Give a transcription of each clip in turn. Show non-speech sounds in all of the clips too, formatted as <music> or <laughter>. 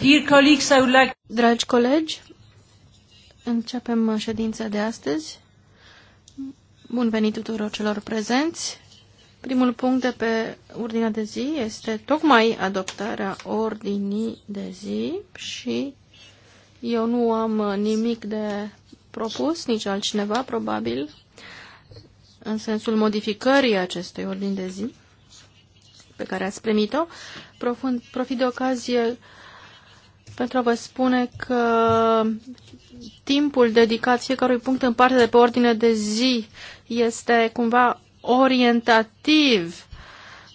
Dear colleagues, I would like... Dragi colegi, începem ședința de astăzi. Bun venit tuturor celor prezenți. Primul punct de pe ordinea de zi este tocmai adoptarea ordinii de zi și eu nu am nimic de propus, nici altcineva, probabil, în sensul modificării acestei ordini de zi pe care ați primit-o. Profit de ocazie pentru a vă spune că timpul dedicat fiecărui punct în parte de pe ordine de zi este cumva orientativ,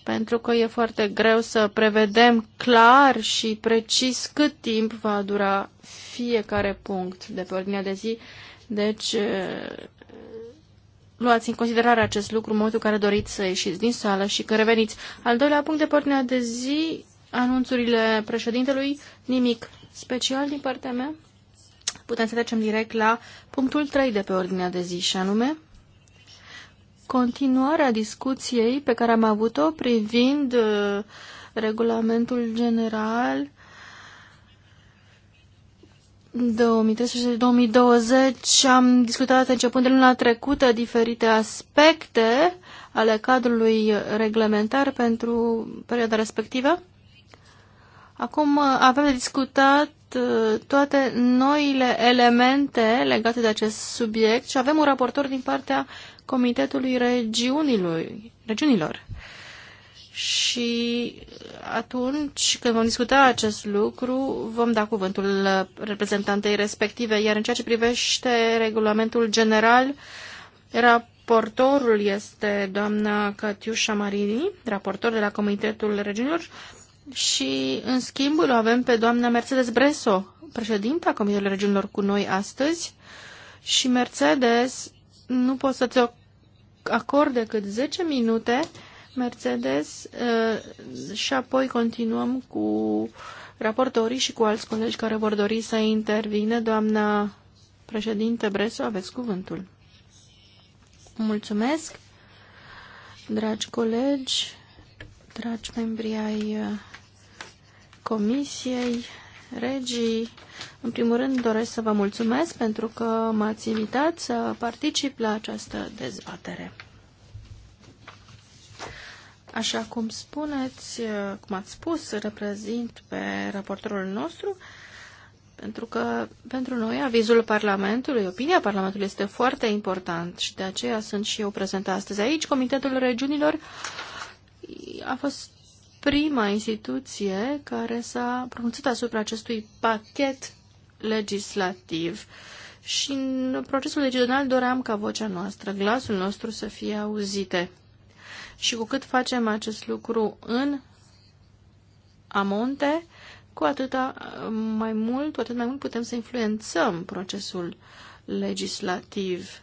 pentru că e foarte greu să prevedem clar și precis cât timp va dura fiecare punct de pe ordinea de zi. Deci, luați în considerare acest lucru în momentul în care doriți să ieșiți din sală și că reveniți. Al doilea punct de pe ordinea de zi anunțurile președintelui, nimic special din partea mea. Putem să trecem direct la punctul 3 de pe ordinea de zi, și anume continuarea discuției pe care am avut-o privind uh, regulamentul general 2013-2020 am discutat începând de luna trecută diferite aspecte ale cadrului reglementar pentru perioada respectivă Acum uh, avem de discutat uh, toate noile elemente legate de acest subiect și avem un raportor din partea Comitetului Regiunilor. Regiunilor. Și atunci când vom discuta acest lucru, vom da cuvântul uh, reprezentantei respective. Iar în ceea ce privește regulamentul general, raportorul este doamna Catiușa Marini, raportor de la Comitetul Regiunilor și, în schimb, o avem pe doamna Mercedes Breso, președinta Comitetului Regiunilor cu noi astăzi. Și, Mercedes, nu pot să-ți acord decât 10 minute, Mercedes, uh, și apoi continuăm cu raportorii și cu alți colegi care vor dori să intervine. Doamna președinte Breso, aveți cuvântul. Mulțumesc, dragi colegi, dragi membri ai uh, Comisiei Regii. În primul rând doresc să vă mulțumesc pentru că m-ați invitat să particip la această dezbatere. Așa cum spuneți, cum ați spus, reprezint pe raportorul nostru, pentru că pentru noi avizul Parlamentului, opinia Parlamentului este foarte important și de aceea sunt și eu prezentă astăzi aici. Comitetul Regiunilor a fost prima instituție care s-a pronunțat asupra acestui pachet legislativ. Și în procesul decizional doream ca vocea noastră, glasul nostru să fie auzite. Și cu cât facem acest lucru în amonte, cu atât mai mult, cu atât mai mult putem să influențăm procesul legislativ.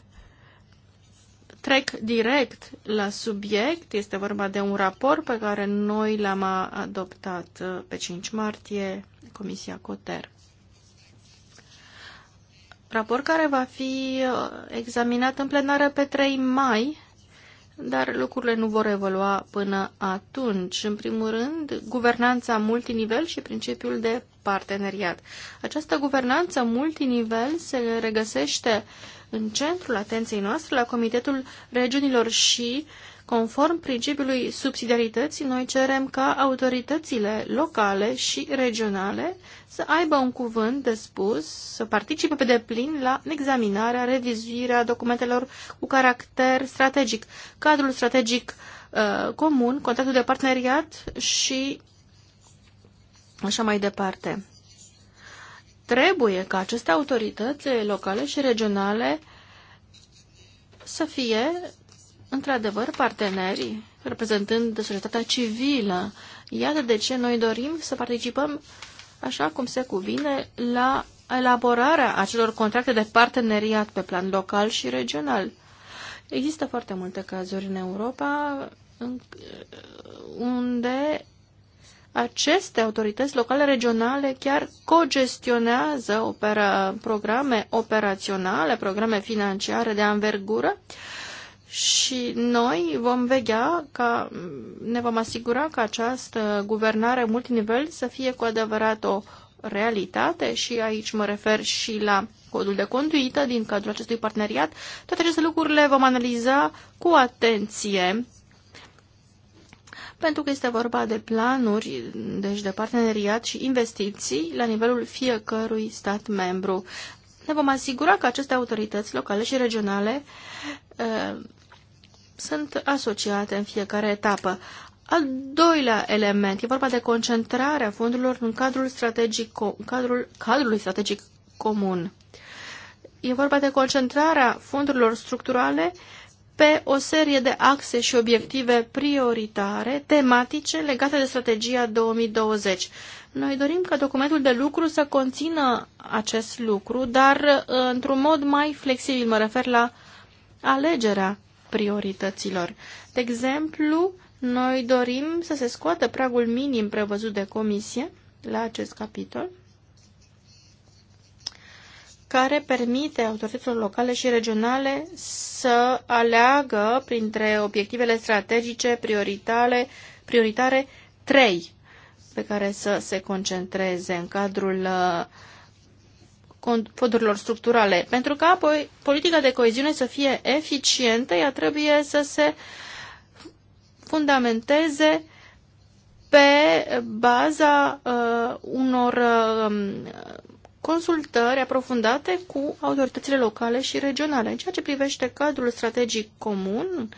Trec direct la subiect. Este vorba de un raport pe care noi l-am adoptat uh, pe 5 martie, Comisia Coter. Raport care va fi uh, examinat în plenară pe 3 mai, dar lucrurile nu vor evolua până atunci. În primul rând, guvernanța multinivel și principiul de parteneriat. Această guvernanță multinivel se regăsește uh, în centrul atenției noastre la Comitetul Regiunilor și, conform principiului subsidiarității, noi cerem ca autoritățile locale și regionale să aibă un cuvânt de spus, să participe pe deplin la examinarea, revizuirea documentelor cu caracter strategic, cadrul strategic uh, comun, contractul de parteneriat și așa mai departe trebuie ca aceste autorități locale și regionale să fie, într-adevăr, partenerii reprezentând societatea civilă. Iată de ce noi dorim să participăm, așa cum se cuvine, la elaborarea acelor contracte de parteneriat pe plan local și regional. Există foarte multe cazuri în Europa unde aceste autorități locale regionale chiar cogestionează opera, programe operaționale, programe financiare de anvergură și noi vom vegea ca ne vom asigura că această guvernare multinivel să fie cu adevărat o realitate și aici mă refer și la codul de conduită din cadrul acestui parteneriat. Toate aceste lucruri le vom analiza cu atenție pentru că este vorba de planuri, deci de parteneriat și investiții la nivelul fiecărui stat membru. Ne vom asigura că aceste autorități locale și regionale sunt asociate în fiecare etapă. Al doilea element e vorba de concentrarea fondurilor în cadrul, strategic, în cadrul cadrului strategic comun. E vorba de concentrarea fondurilor structurale uh, pe o serie de axe și obiective prioritare, tematice, legate de strategia 2020. Noi dorim ca documentul de lucru să conțină acest lucru, dar uh, într-un mod mai flexibil, mă refer la alegerea priorităților. De exemplu, noi dorim să se scoată pragul minim prevăzut de comisie la acest capitol care permite autorităților locale și regionale să aleagă printre obiectivele strategice prioritare, prioritare 3 pe care să se concentreze în cadrul uh, fondurilor structurale. Pentru că apoi politica de coeziune să fie eficientă, ea trebuie să se fundamenteze pe baza uh, unor uh, consultări aprofundate cu autoritățile locale și regionale. În ceea ce privește cadrul strategic comun,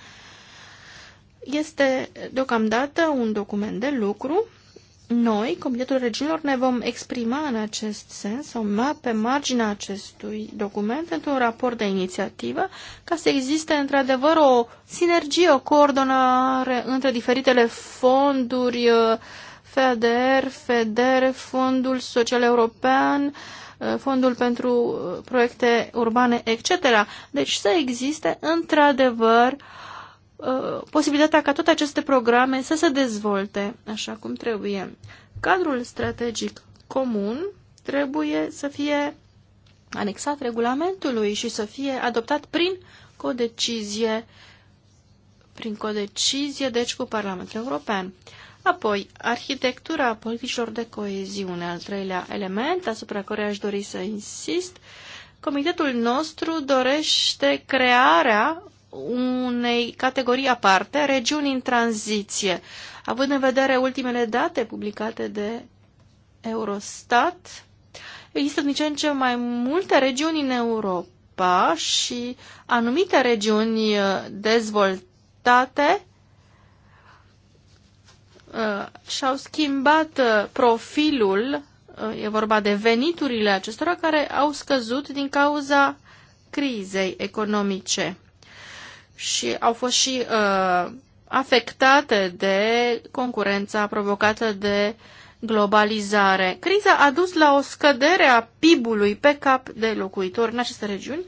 este deocamdată un document de lucru. Noi, Comitetul Regiunilor, ne vom exprima în acest sens, sau ma pe marginea acestui document, într-un raport de inițiativă, ca să existe într-adevăr o sinergie, o coordonare între diferitele fonduri, uh, FADR, FEDER, Fondul Social European, uh, Fondul pentru uh, Proiecte Urbane, etc. Deci să existe într-adevăr uh, posibilitatea ca toate aceste programe să se dezvolte așa cum trebuie. Cadrul strategic comun trebuie să fie anexat regulamentului și să fie adoptat prin codecizie, prin codecizie, deci cu Parlamentul European. Apoi, arhitectura politicilor de coeziune, al treilea element asupra căruia aș dori să insist. Comitetul nostru dorește crearea unei categorii aparte, regiuni în tranziție, având în vedere ultimele date publicate de Eurostat. Există din ce în ce mai multe regiuni în Europa și anumite regiuni eh, dezvoltate Uh, și-au schimbat uh, profilul, uh, e vorba de veniturile acestora care au scăzut din cauza crizei economice și au fost și uh, afectate de concurența provocată de globalizare. Criza a dus la o scădere a PIB-ului pe cap de locuitori în aceste regiuni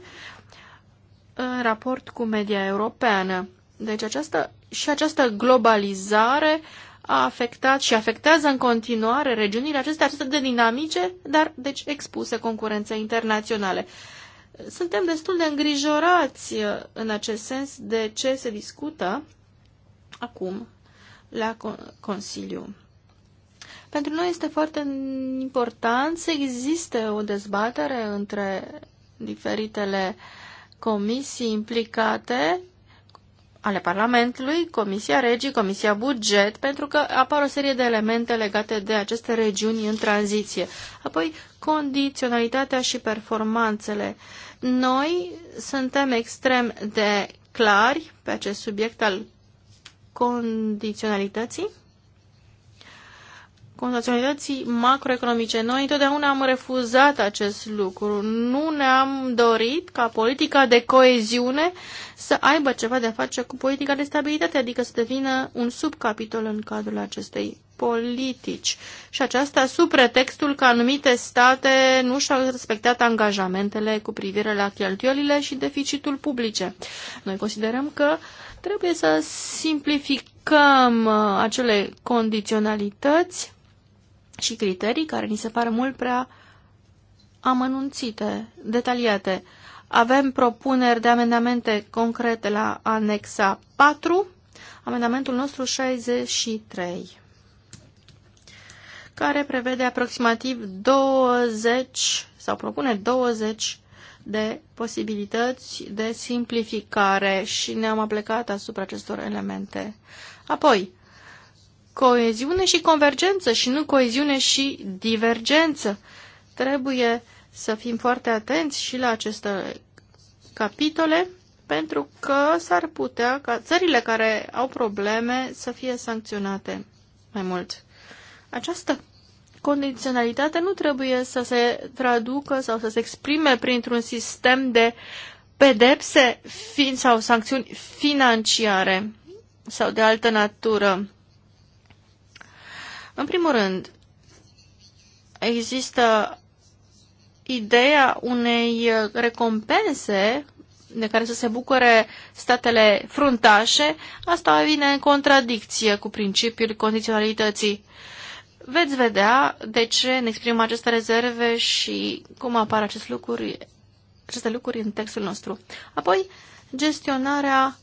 în raport cu media europeană. Deci această, și această globalizare a afectat și afectează în continuare regiunile acestea atât de dinamice, dar deci expuse concurenței internaționale. Suntem destul de îngrijorați uh, în acest sens de ce se discută acum la Consiliu. Pentru noi este foarte important să existe o dezbatere între diferitele comisii implicate ale Parlamentului, Comisia Regii, Comisia Buget, pentru că apar o serie de elemente legate de aceste regiuni în tranziție. Apoi, condiționalitatea și performanțele. Noi suntem extrem de clari pe acest subiect al condiționalității Constaționalității macroeconomice. Noi întotdeauna am refuzat acest lucru. Nu ne-am dorit ca politica de coeziune să aibă ceva de a face cu politica de stabilitate, adică să devină un subcapitol în cadrul acestei politici. Și aceasta sub pretextul că anumite state nu și-au respectat angajamentele cu privire la cheltuielile și deficitul publice. Noi considerăm că trebuie să simplificăm uh, acele condiționalități și criterii care ni se par mult prea amănunțite, detaliate. Avem propuneri de amendamente concrete la anexa 4, amendamentul nostru 63, care prevede aproximativ 20 sau propune 20 de posibilități de simplificare și ne-am aplicat asupra acestor elemente. Apoi, coeziune și convergență și nu coeziune și divergență. Trebuie să fim foarte atenți și la aceste capitole, pentru că s-ar putea ca țările care au probleme să fie sancționate mai mult. Această condiționalitate nu trebuie să se traducă sau să se exprime printr-un sistem de pedepse fin sau sancțiuni financiare sau de altă natură. În primul rând, există ideea unei uh, recompense de care să se bucure statele fruntașe, asta vine în contradicție cu principiul condiționalității. Veți vedea de ce ne exprimăm aceste rezerve și cum apar acest lucruri, aceste lucruri în textul nostru. Apoi, gestionarea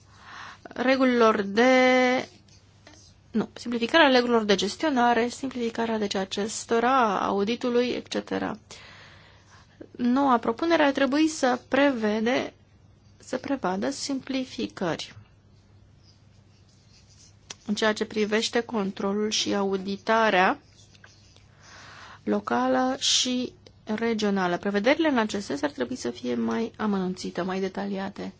regulilor de nu, simplificarea legurilor de gestionare, simplificarea deci acestora, auditului, etc. Noua propunere ar trebui să prevede, să prevadă simplificări în ceea ce privește controlul și auditarea locală și regională. Prevederile în acest sens ar trebui să fie mai amănunțite, mai detaliate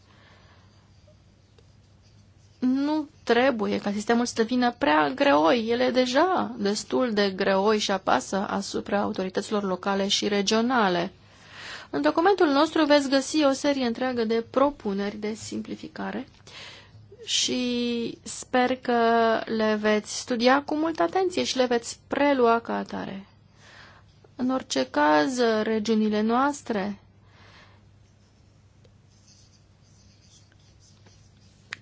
nu trebuie ca sistemul să devină prea greoi. Ele deja destul de greoi și apasă asupra autorităților locale și regionale. În documentul nostru veți găsi o serie întreagă de propuneri de simplificare și sper că le veți studia cu multă atenție și le veți prelua ca atare. În orice caz, regiunile noastre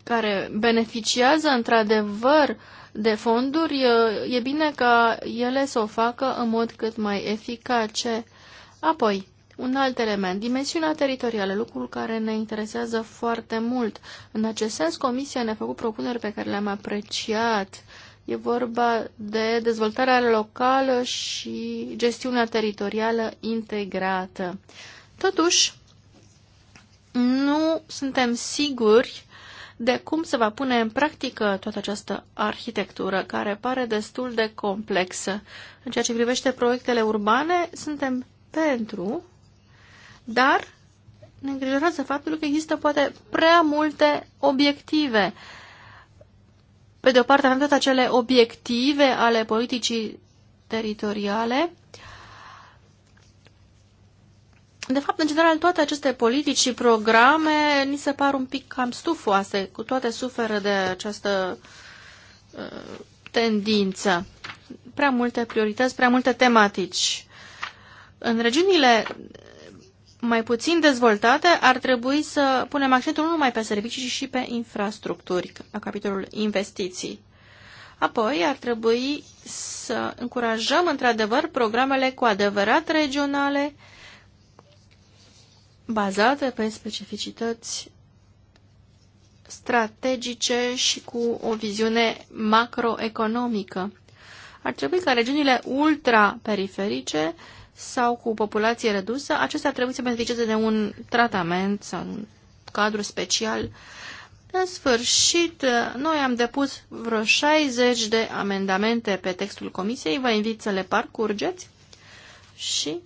care beneficiază într-adevăr de fonduri, e bine ca ele să o facă în mod cât mai eficace. Apoi, un alt element, dimensiunea teritorială, lucrul care ne interesează foarte mult. În acest sens, Comisia ne-a făcut propuneri pe care le-am apreciat. E vorba de dezvoltarea locală și gestiunea teritorială integrată. Totuși, nu suntem siguri de cum se va pune în practică toată această arhitectură, care pare destul de complexă. În ceea ce privește proiectele urbane, suntem pentru, dar ne îngrijorează faptul că există poate prea multe obiective. Pe de o parte avem toate acele obiective ale politicii teritoriale, de fapt, în general, toate aceste politici și programe ni se par un pic cam stufoase, cu toate suferă de această uh, tendință. Prea multe priorități, prea multe tematici. În regiunile mai puțin dezvoltate, ar trebui să punem accentul nu numai pe servicii, ci și pe infrastructuri, la capitolul investiții. Apoi ar trebui să încurajăm, într-adevăr, programele cu adevărat regionale, bazate pe specificități strategice și cu o viziune macroeconomică. Ar trebui ca regiunile ultraperiferice sau cu populație redusă, acestea ar trebui să beneficieze de un tratament sau un cadru special. În sfârșit, noi am depus vreo 60 de amendamente pe textul comisiei, vă invit să le parcurgeți și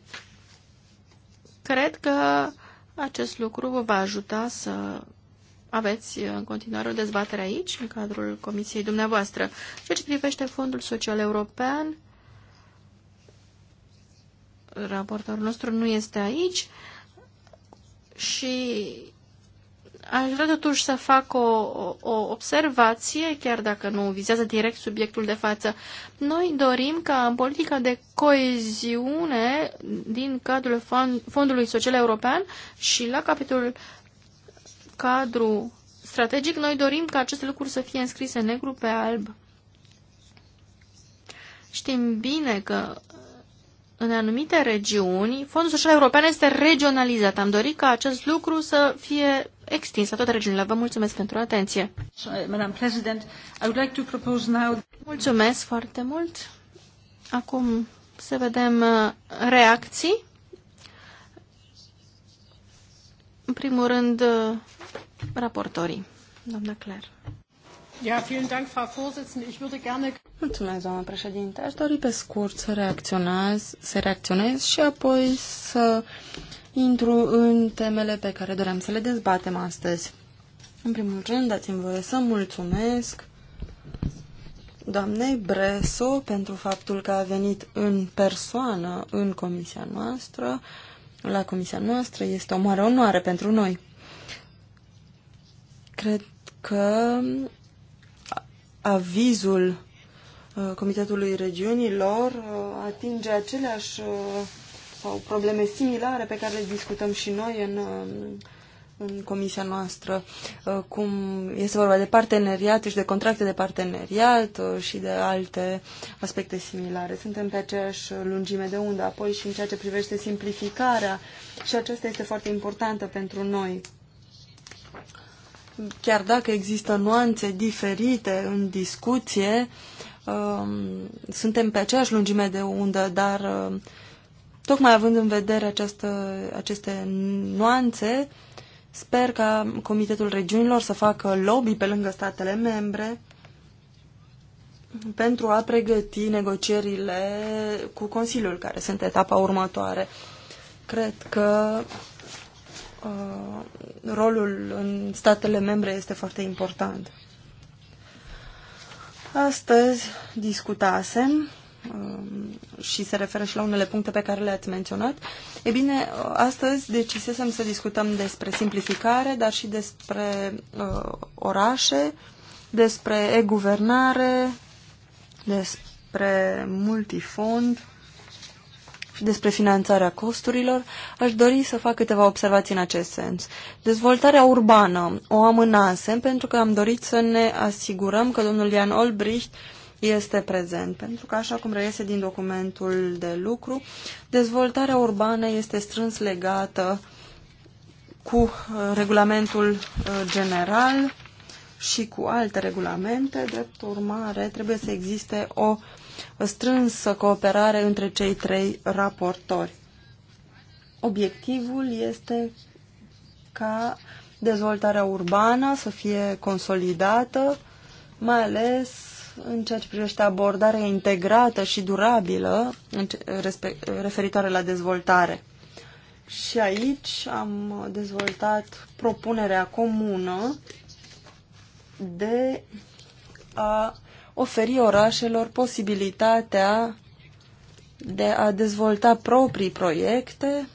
cred că acest lucru vă va ajuta să aveți în continuare o dezbatere aici, în cadrul comisiei dumneavoastră. Ceea ce privește Fondul Social European, raportorul nostru nu este aici și Aș vrea totuși să fac o, o, o observație, chiar dacă nu vizează direct subiectul de față. Noi dorim ca în politica de coeziune din cadrul fond, Fondului Social European și la capitolul cadru strategic, noi dorim ca aceste lucruri să fie înscrise negru pe alb. Știm bine că în anumite regiuni, Fondul Social European este regionalizat. Am dorit ca acest lucru să fie Extinsă toată toate regiunile. Vă mulțumesc pentru atenție. Mulțumesc foarte mult. Acum să vedem uh, reacții. În primul rând, uh, raportorii. Doamna Claire. Mulțumesc, doamna președinte. Aș dori pe scurt să reacționez, să reacționez și apoi să uh, intru în temele pe care doream să le dezbatem astăzi. În primul rând, dați-mi voie să mulțumesc doamnei Breso pentru faptul că a venit în persoană în comisia noastră. La comisia noastră este o mare onoare pentru noi. Cred că avizul uh, Comitetului Regiunilor uh, atinge aceleași uh, sau probleme similare pe care le discutăm și noi în, uh, în comisia noastră, uh, cum este vorba de parteneriat și de contracte de parteneriat uh, și de alte aspecte similare. Suntem pe aceeași lungime de undă, apoi și în ceea ce privește simplificarea și aceasta este foarte importantă pentru noi. Chiar dacă există nuanțe diferite în discuție, um, suntem pe aceeași lungime de undă, dar Tocmai având în vedere această, aceste nuanțe, sper ca Comitetul Regiunilor să facă lobby pe lângă statele membre pentru a pregăti negocierile cu Consiliul, care sunt etapa următoare. Cred că uh, rolul în statele membre este foarte important. Astăzi discutasem și se referă și la unele puncte pe care le-ați menționat. E bine, astăzi decisesem să discutăm despre simplificare, dar și despre uh, orașe, despre e-guvernare, despre multifond și despre finanțarea costurilor, aș dori să fac câteva observații în acest sens. Dezvoltarea urbană o amânasem pentru că am dorit să ne asigurăm că domnul Ian Olbricht uh, este prezent, pentru că, așa cum reiese din documentul de lucru, dezvoltarea urbană este strâns legată cu uh, regulamentul uh, general și cu alte regulamente. Drept urmare, trebuie să existe o strânsă cooperare între cei trei raportori. Obiectivul este ca dezvoltarea urbană să fie consolidată, mai ales în ceea ce privește abordarea integrată și durabilă referitoare la dezvoltare. Și aici am dezvoltat propunerea comună de a oferi orașelor posibilitatea de a dezvolta proprii proiecte,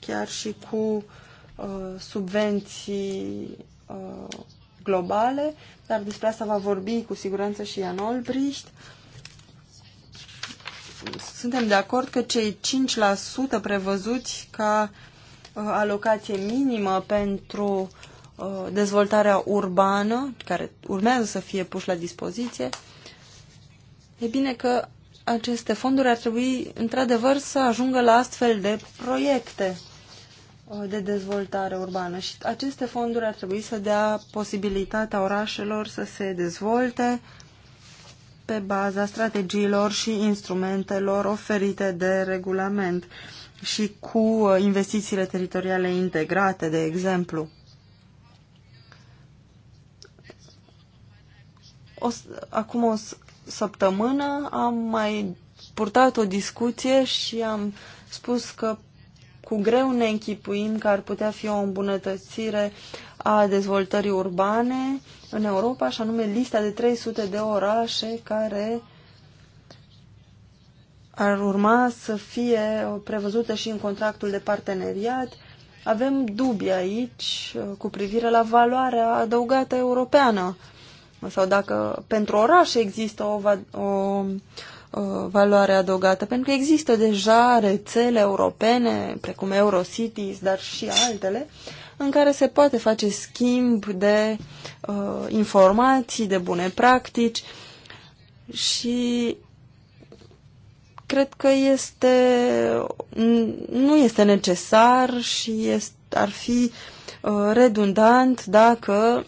chiar și cu uh, subvenții uh, globale, dar despre asta va vorbi cu siguranță și Ian Olbricht. Suntem de acord că cei 5% prevăzuți ca uh, alocație minimă pentru uh, dezvoltarea urbană, care urmează să fie puși la dispoziție, e bine că aceste fonduri ar trebui într-adevăr să ajungă la astfel de proiecte. Uh, de dezvoltare urbană și aceste fonduri ar trebui să dea posibilitatea orașelor să se dezvolte pe baza strategiilor și instrumentelor oferite de regulament și cu uh, investițiile teritoriale integrate, de exemplu. O, acum o săptămână am mai purtat o discuție și am spus că cu greu ne închipuim că ar putea fi o îmbunătățire a dezvoltării urbane în Europa, și anume lista de 300 de orașe care ar urma să fie prevăzute și în contractul de parteneriat. Avem dubii aici uh, cu privire la valoarea adăugată europeană sau dacă pentru oraș există o, o Uh, valoare adăugată, pentru că există deja rețele europene, precum Eurocities, dar și altele, în care se poate face schimb de uh, informații, de bune practici și cred că este, nu este necesar și este, ar fi uh, redundant dacă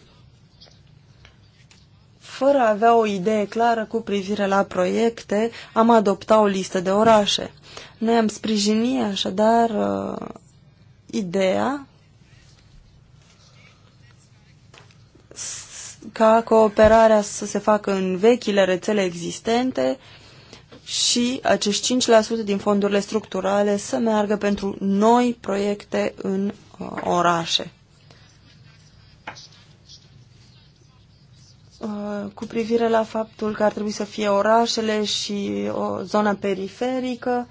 fără a avea o idee clară cu privire la proiecte, am adoptat o listă de orașe. Noi am sprijinit așadar uh, ideea ca cooperarea să se facă în vechile rețele existente și acești 5% din fondurile structurale să meargă pentru noi proiecte în uh, orașe. Uh, cu privire la faptul că ar trebui să fie orașele și o zona periferică.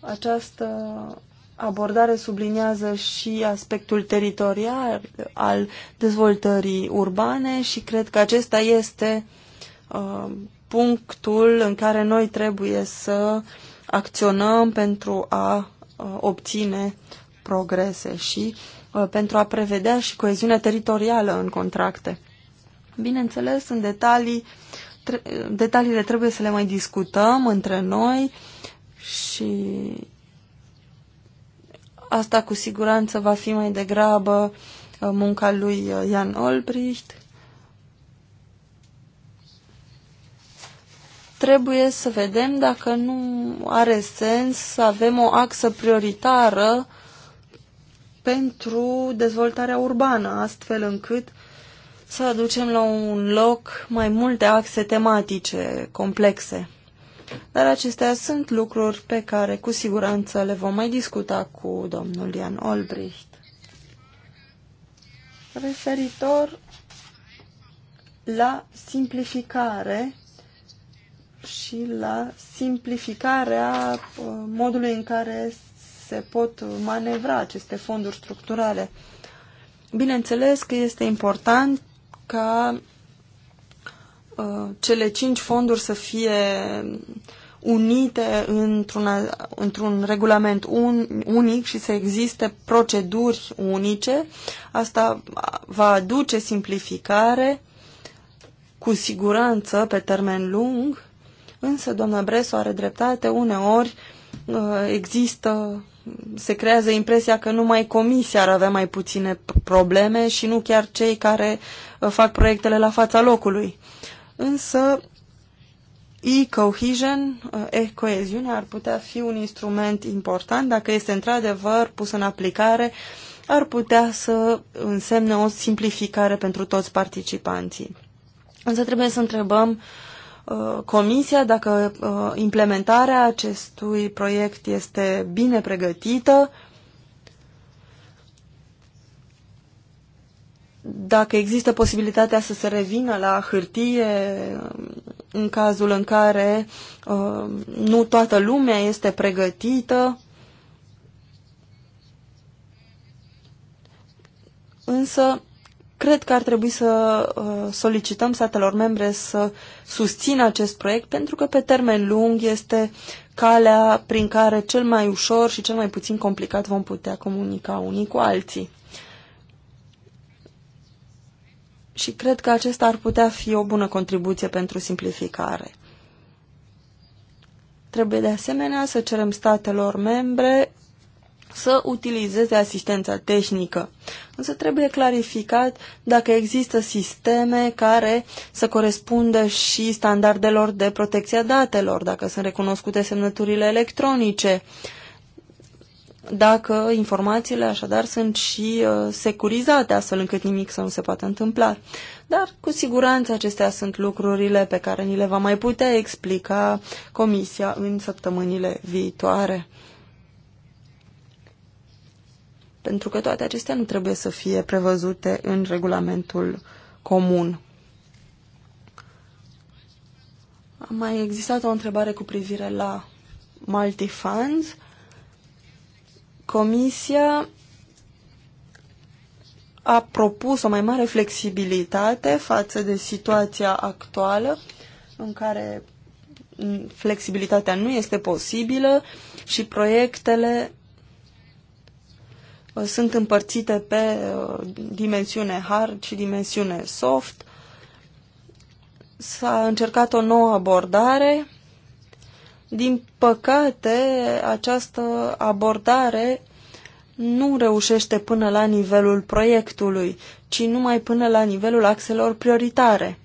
Această abordare subliniază și aspectul teritorial al dezvoltării urbane și cred că acesta este uh, punctul în care noi trebuie să acționăm pentru a uh, obține progrese și pentru a prevedea și coeziunea teritorială în contracte. Bineînțeles, în detalii, tre detaliile trebuie să le mai discutăm între noi și asta cu siguranță va fi mai degrabă uh, munca lui Jan uh, Olbricht. Trebuie să vedem dacă nu are sens să avem o axă prioritară pentru dezvoltarea urbană, astfel încât uh, să aducem la un loc mai multe axe tematice complexe. Dar acestea sunt lucruri pe care cu siguranță le vom mai discuta cu domnul Ian Olbricht. Referitor la simplificare și la simplificarea uh, modului în care se pot manevra aceste fonduri structurale. Bineînțeles că este important ca uh, cele cinci fonduri să fie unite într-un, într-un regulament un, unic și să existe proceduri unice. Asta va aduce simplificare cu siguranță pe termen lung, însă doamna Bresu are dreptate, uneori uh, există se creează impresia că numai comisia ar avea mai puține probleme și nu chiar cei care uh, fac proiectele la fața locului. Însă, e-cohesion, uh, e-coeziunea ar putea fi un instrument important dacă este într-adevăr pus în aplicare ar putea să însemne o simplificare pentru toți participanții. Însă trebuie să întrebăm uh, Uh, comisia dacă uh, implementarea acestui proiect este bine pregătită, dacă există posibilitatea să se revină la hârtie um, în cazul în care uh, nu toată lumea este pregătită, însă Cred că ar trebui să uh, solicităm statelor membre să susțină acest proiect, pentru că pe termen lung este calea prin care cel mai ușor și cel mai puțin complicat vom putea comunica unii cu alții. Și cred că acesta ar putea fi o bună contribuție pentru simplificare. Trebuie de asemenea să cerem statelor membre să utilizeze asistența tehnică. Însă trebuie clarificat dacă există sisteme care să corespundă și standardelor de protecție a datelor, dacă sunt recunoscute semnăturile electronice, dacă informațiile așadar sunt și uh, securizate, astfel încât nimic să nu se poată întâmpla. Dar cu siguranță acestea sunt lucrurile pe care ni le va mai putea explica Comisia în săptămânile viitoare pentru că toate acestea nu trebuie să fie prevăzute în regulamentul comun. A mai existat o întrebare cu privire la multifunds. Comisia a propus o mai mare flexibilitate față de situația actuală în care flexibilitatea nu este posibilă și proiectele Uh, sunt împărțite pe uh, dimensiune hard și dimensiune soft. S-a încercat o nouă abordare. Din păcate, această abordare nu reușește până la nivelul proiectului, ci numai până la nivelul axelor prioritare.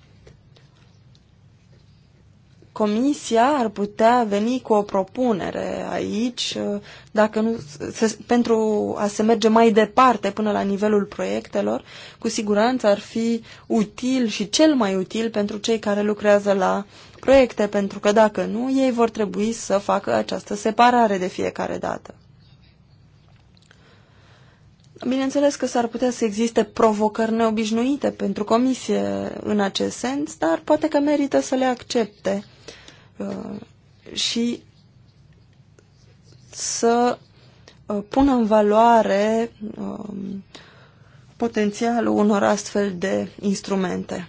Comisia ar putea veni cu o propunere aici uh, dacă nu, se, pentru a se merge mai departe până la nivelul proiectelor. Cu siguranță ar fi util și cel mai util pentru cei care lucrează la proiecte, pentru că dacă nu, ei vor trebui să facă această separare de fiecare dată. Bineînțeles că s-ar putea să existe provocări neobișnuite pentru comisie în acest sens, dar poate că merită să le accepte Uh, și să uh, pună în valoare um, potențialul unor astfel de instrumente.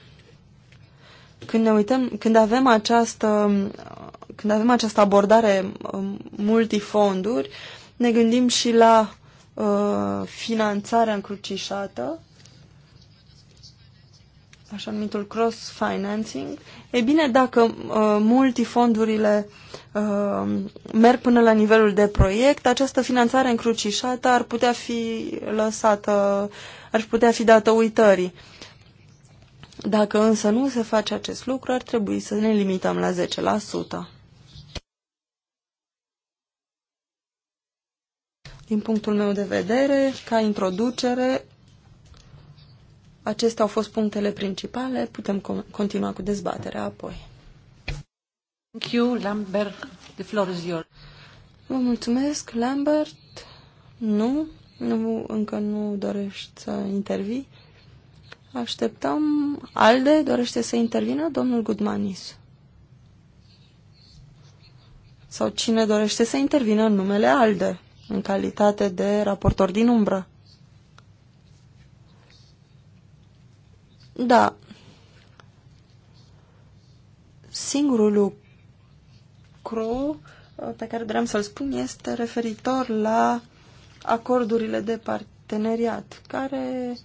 Când ne uităm, când avem această, când avem această abordare um, multifonduri, ne gândim și la uh, finanțarea încrucișată așa numitul cross-financing, e bine dacă uh, multifondurile uh, merg până la nivelul de proiect, această finanțare încrucișată ar putea fi lăsată, ar putea fi dată uitării. Dacă însă nu se face acest lucru, ar trebui să ne limităm la 10%. Din punctul meu de vedere, ca introducere, Acestea au fost punctele principale. Putem continua cu dezbaterea apoi. Thank you, Lambert. The floor is yours. Vă mulțumesc, Lambert. Nu, nu încă nu dorești să intervii. Așteptăm. Alde dorește să intervină domnul Gudmanis. Sau cine dorește să intervină în numele Alde, în calitate de raportor din umbră? Da. Singurul lucru uh, pe care vreau să-l spun este referitor la acordurile de parteneriat, care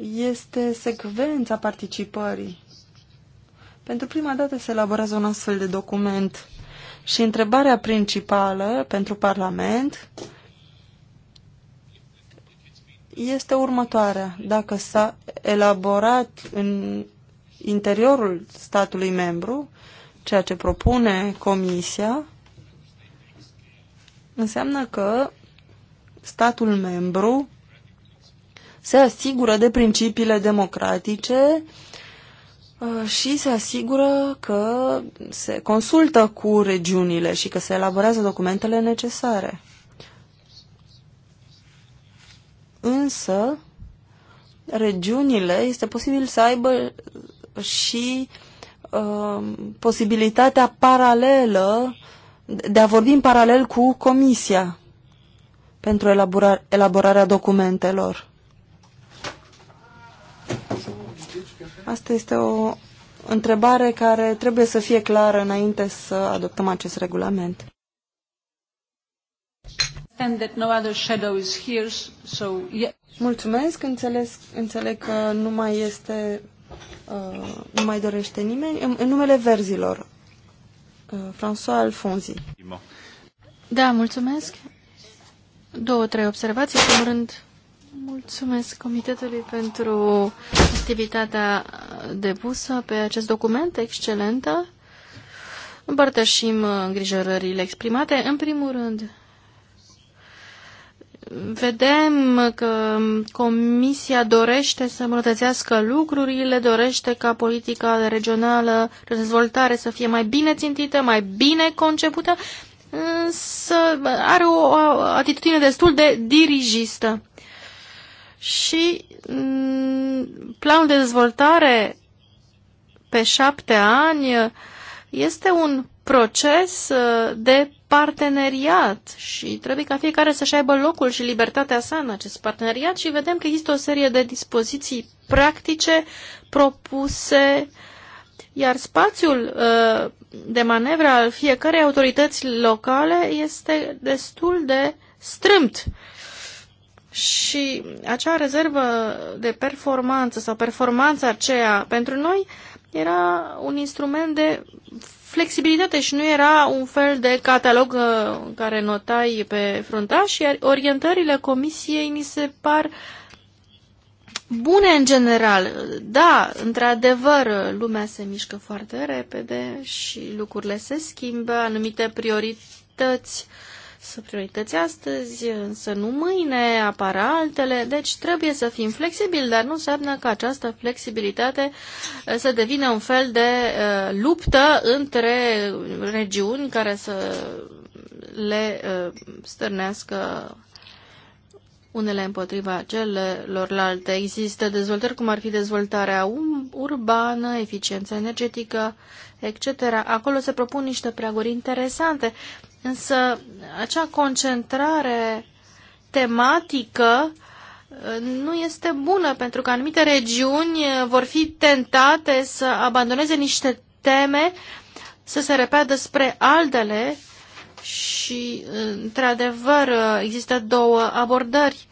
este secvența participării. Pentru prima dată se elaborează un astfel de document și întrebarea principală pentru Parlament este următoarea. Dacă s-a elaborat în interiorul statului membru, ceea ce propune Comisia, înseamnă că statul membru se asigură de principiile democratice uh, și se asigură că se consultă cu regiunile și că se elaborează documentele necesare. însă regiunile este posibil să aibă și uh, posibilitatea paralelă de a vorbi în paralel cu Comisia pentru elabora elaborarea documentelor. Asta este o întrebare care trebuie să fie clară înainte să adoptăm acest regulament. Mulțumesc, înțeles, înțeleg că nu mai este, uh, nu mai dorește nimeni. În, în numele verzilor, uh, François Alfonzi. Da, mulțumesc. Două, trei observații. În primul rând, mulțumesc Comitetului pentru activitatea depusă pe acest document excelentă. Împărtășim uh, îngrijorările exprimate. În primul rând, vedem că Comisia dorește să îmbunătățească lucrurile, dorește ca politica regională de dezvoltare să fie mai bine țintită, mai bine concepută, însă are o atitudine destul de dirigistă. Și mm, planul de dezvoltare pe șapte ani este un proces uh, de parteneriat și trebuie ca fiecare să-și aibă locul și libertatea sa în acest parteneriat și vedem că există o serie de dispoziții practice propuse, iar spațiul uh, de manevră al fiecarei autorități locale este destul de strâmt. Și acea rezervă de performanță sau performanța aceea pentru noi era un instrument de flexibilitate și nu era un fel de catalog uh, în care notai pe fruntaș, iar orientările comisiei mi se par bune în general. Da, într-adevăr, lumea se mișcă foarte repede și lucrurile se schimbă, anumite priorități să priorități astăzi, însă nu mâine, apar altele, deci trebuie să fim flexibili, dar nu înseamnă că această flexibilitate eh, să devină un fel de uh, luptă între regiuni care să le uh, stârnească unele împotriva celorlalte. Există dezvoltări cum ar fi dezvoltarea um, urbană, eficiența energetică, etc. Acolo se propun niște preaguri interesante. Însă acea concentrare tematică uh, nu este bună, pentru că anumite regiuni uh, vor fi tentate să abandoneze niște teme, să se repeadă spre altele și, uh, într-adevăr, există două abordări,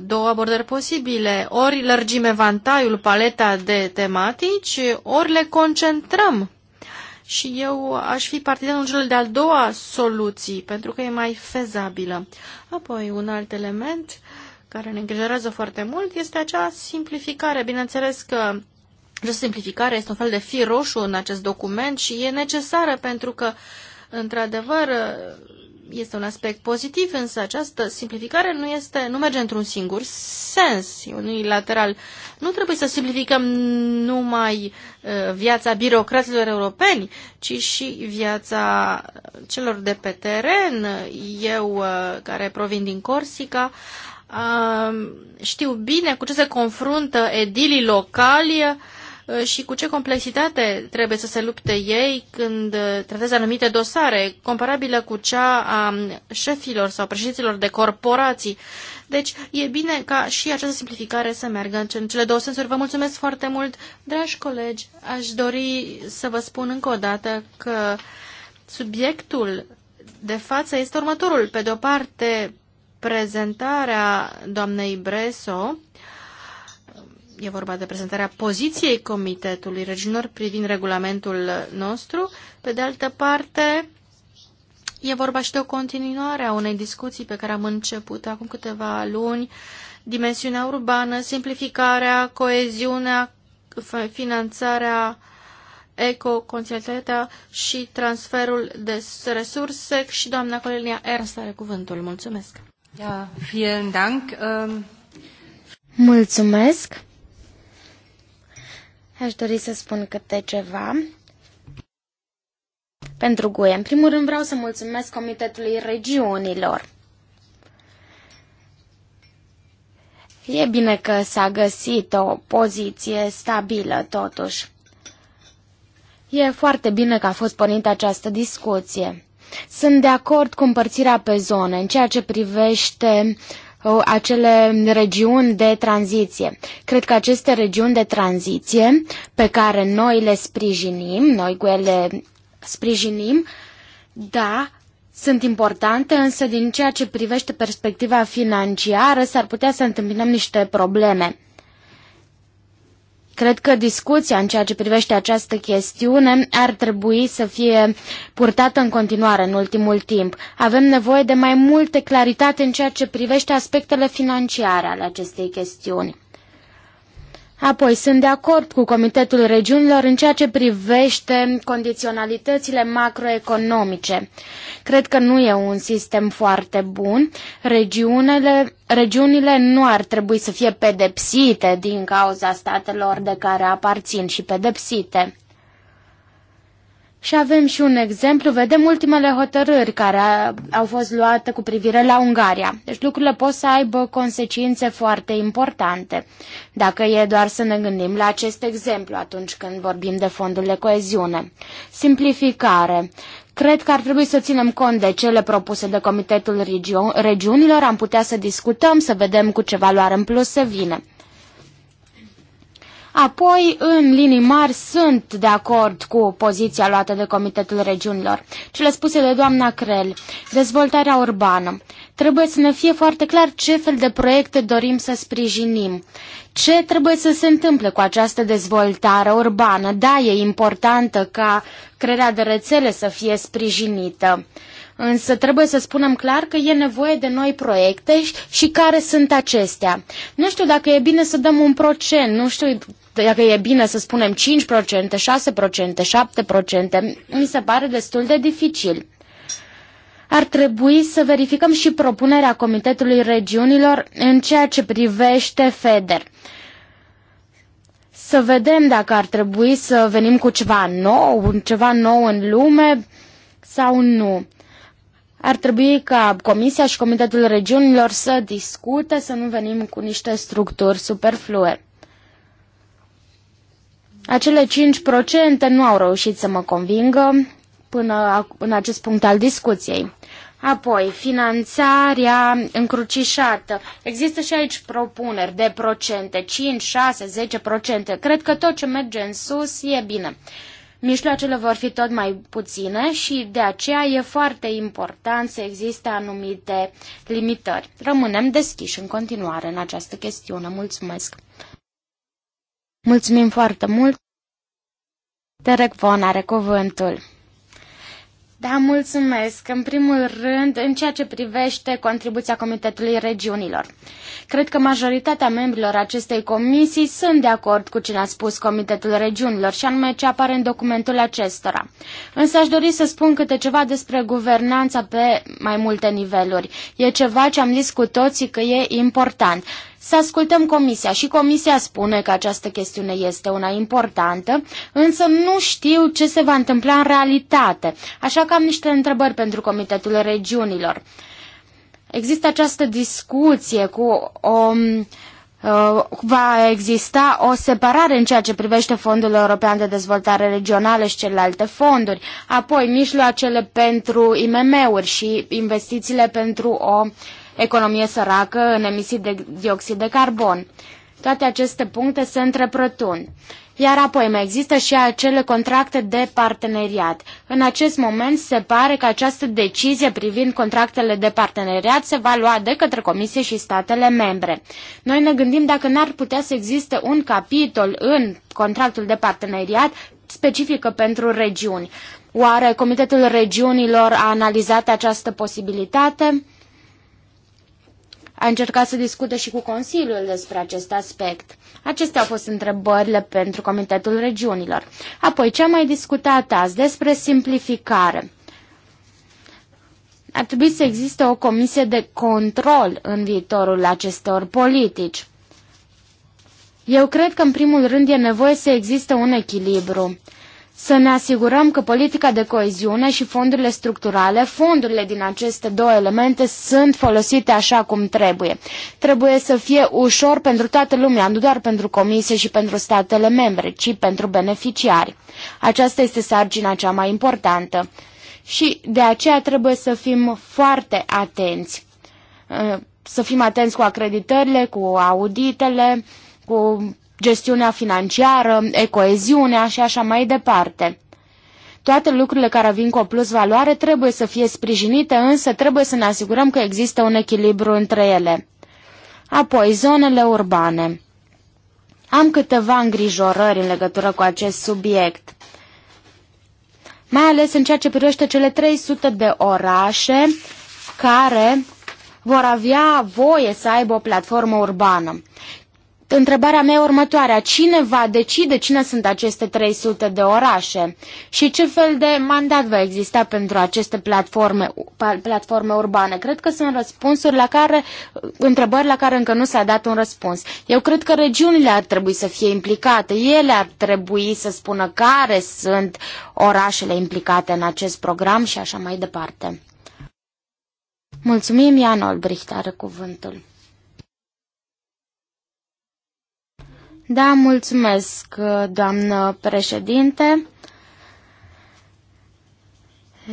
două abordări posibile. Ori lărgim evantaiul, paleta de tematici, ori le concentrăm și eu aș fi partidanul cel de-al doua soluții, pentru că e mai fezabilă. Apoi, un alt element care ne îngrijorează foarte mult este acea simplificare. Bineînțeles că această simplificare este un fel de fir roșu în acest document și e necesară pentru că, într-adevăr, este un aspect pozitiv, însă această simplificare nu, este, nu merge într-un singur sens, unilateral. Nu trebuie să simplificăm numai uh, viața birocraților europeni, ci și viața celor de pe teren. Eu, uh, care provin din Corsica, uh, știu bine cu ce se confruntă edilii locali Uh, și cu ce complexitate trebuie să se lupte ei când uh, tratează anumite dosare, comparabilă cu cea a um, șefilor sau președinților de corporații. Deci e bine ca și această simplificare să meargă în cele două sensuri. Vă mulțumesc foarte mult, dragi colegi. Aș dori să vă spun încă o dată că subiectul de față este următorul. Pe de o parte, prezentarea doamnei Breso, E vorba de prezentarea poziției Comitetului Regiunilor privind regulamentul nostru. Pe de altă parte, e vorba și de o continuare a unei discuții pe care am început acum câteva luni. Dimensiunea urbană, simplificarea, coeziunea, finanțarea eco, și transferul de resurse și doamna Cornelia Ernst are cuvântul. Mulțumesc! Ja, vielen Dank! Ähm, Mulțumesc! Aș dori să spun câte ceva. Pentru GUE, în primul rând vreau să mulțumesc Comitetului Regiunilor. E bine că s-a găsit o poziție stabilă, totuși. E foarte bine că a fost pornită această discuție. Sunt de acord cu împărțirea pe zone în ceea ce privește uh, Uh, acele regiuni de tranziție. Cred că aceste regiuni de tranziție pe care noi le sprijinim, noi cu ele sprijinim, da, sunt importante, însă din ceea ce privește perspectiva financiară s-ar putea să întâmpinăm niște probleme Cred că discuția în ceea ce privește această chestiune ar trebui să fie purtată în continuare în ultimul timp. Avem nevoie de mai multe claritate în ceea ce privește aspectele financiare ale acestei chestiuni. Apoi, sunt de acord cu Comitetul Regiunilor în ceea ce privește condiționalitățile macroeconomice. Cred că nu e un sistem foarte bun. Regiunile, regiunile nu ar trebui să fie pedepsite din cauza statelor de care aparțin și pedepsite. Și avem și un exemplu, vedem ultimele hotărâri care au fost luate cu privire la Ungaria. Deci lucrurile pot să aibă consecințe foarte importante. Dacă e doar să ne gândim la acest exemplu atunci când vorbim de fondul de coeziune. Simplificare. Cred că ar trebui să ținem cont de cele propuse de Comitetul Regiunilor, am putea să discutăm, să vedem cu ce valoare în plus se vine. Apoi, în linii mari, sunt de acord cu poziția luată de Comitetul Regiunilor. Cele spuse de doamna Crel, dezvoltarea urbană. Trebuie să ne fie foarte clar ce fel de proiecte dorim să sprijinim. Ce trebuie să se întâmple cu această dezvoltare urbană? Da, e importantă ca crearea de rețele să fie sprijinită. Însă trebuie să spunem clar că e nevoie de noi proiecte și care sunt acestea. Nu știu dacă e bine să dăm un procent, nu știu dacă e bine să spunem 5%, 6%, 7%, mi se pare destul de dificil. Ar trebui să verificăm și propunerea Comitetului Regiunilor în ceea ce privește FEDER. Să vedem dacă ar trebui să venim cu ceva nou, ceva nou în lume sau nu. Ar trebui ca Comisia și Comitetul Regiunilor să discute, să nu venim cu niște structuri superflue. Acele 5% nu au reușit să mă convingă până în acest punct al discuției. Apoi, finanțarea încrucișată. Există și aici propuneri de procente, 5, 6, 10 procente. Cred că tot ce merge în sus e bine. Mijloacele vor fi tot mai puține și de aceea e foarte important să existe anumite limitări. Rămânem deschiși în continuare în această chestiune. Mulțumesc! Mulțumim foarte mult! Terec Von are cuvântul. Da, mulțumesc. În primul rând, în ceea ce privește contribuția Comitetului Regiunilor. Cred că majoritatea membrilor acestei comisii sunt de acord cu ce a spus Comitetul Regiunilor și anume ce apare în documentul acestora. Însă aș dori să spun câte ceva despre guvernanța pe mai multe niveluri. E ceva ce am zis cu toții că e important. Să ascultăm comisia și comisia spune că această chestiune este una importantă, însă nu știu ce se va întâmpla în realitate, așa că am niște întrebări pentru Comitetul Regiunilor. Există această discuție cu o... Uh, va exista o separare în ceea ce privește Fondul European de Dezvoltare Regională și celelalte fonduri, apoi mijloacele pentru IMM-uri și investițiile pentru o economie săracă în emisii de dioxid de carbon. Toate aceste puncte se întreprătun. Iar apoi mai există și acele contracte de parteneriat. În acest moment se pare că această decizie privind contractele de parteneriat se va lua de către Comisie și statele membre. Noi ne gândim dacă n-ar putea să existe un capitol în contractul de parteneriat specifică pentru regiuni. Oare Comitetul Regiunilor a analizat această posibilitate? a încercat să discute și cu Consiliul despre acest aspect. Acestea au fost întrebările pentru Comitetul Regiunilor. Apoi, ce am mai discutat azi despre simplificare? Ar trebui să existe o comisie de control în viitorul acestor politici. Eu cred că, în primul rând, e nevoie să existe un echilibru să ne asigurăm că politica de coeziune și fondurile structurale, fondurile din aceste două elemente sunt folosite așa cum trebuie. Trebuie să fie ușor pentru toată lumea, nu doar pentru comisie și pentru statele membre, ci pentru beneficiari. Aceasta este sarcina cea mai importantă și de aceea trebuie să fim foarte atenți. Să fim atenți cu acreditările, cu auditele, cu gestiunea financiară, ecoeziunea și așa mai departe. Toate lucrurile care vin cu o plus valoare trebuie să fie sprijinite, însă trebuie să ne asigurăm că există un echilibru între ele. Apoi, zonele urbane. Am câteva îngrijorări în legătură cu acest subiect mai ales în ceea ce privește cele 300 de orașe care vor avea voie să aibă o platformă urbană. Întrebarea mea e următoarea. Cine va decide cine sunt aceste 300 de orașe? Și ce fel de mandat va exista pentru aceste platforme, platforme urbane? Cred că sunt răspunsuri la care, întrebări la care încă nu s-a dat un răspuns. Eu cred că regiunile ar trebui să fie implicate. Ele ar trebui să spună care sunt orașele implicate în acest program și așa mai departe. Mulțumim, Ian Olbricht are cuvântul. Da, mulțumesc, doamnă președinte.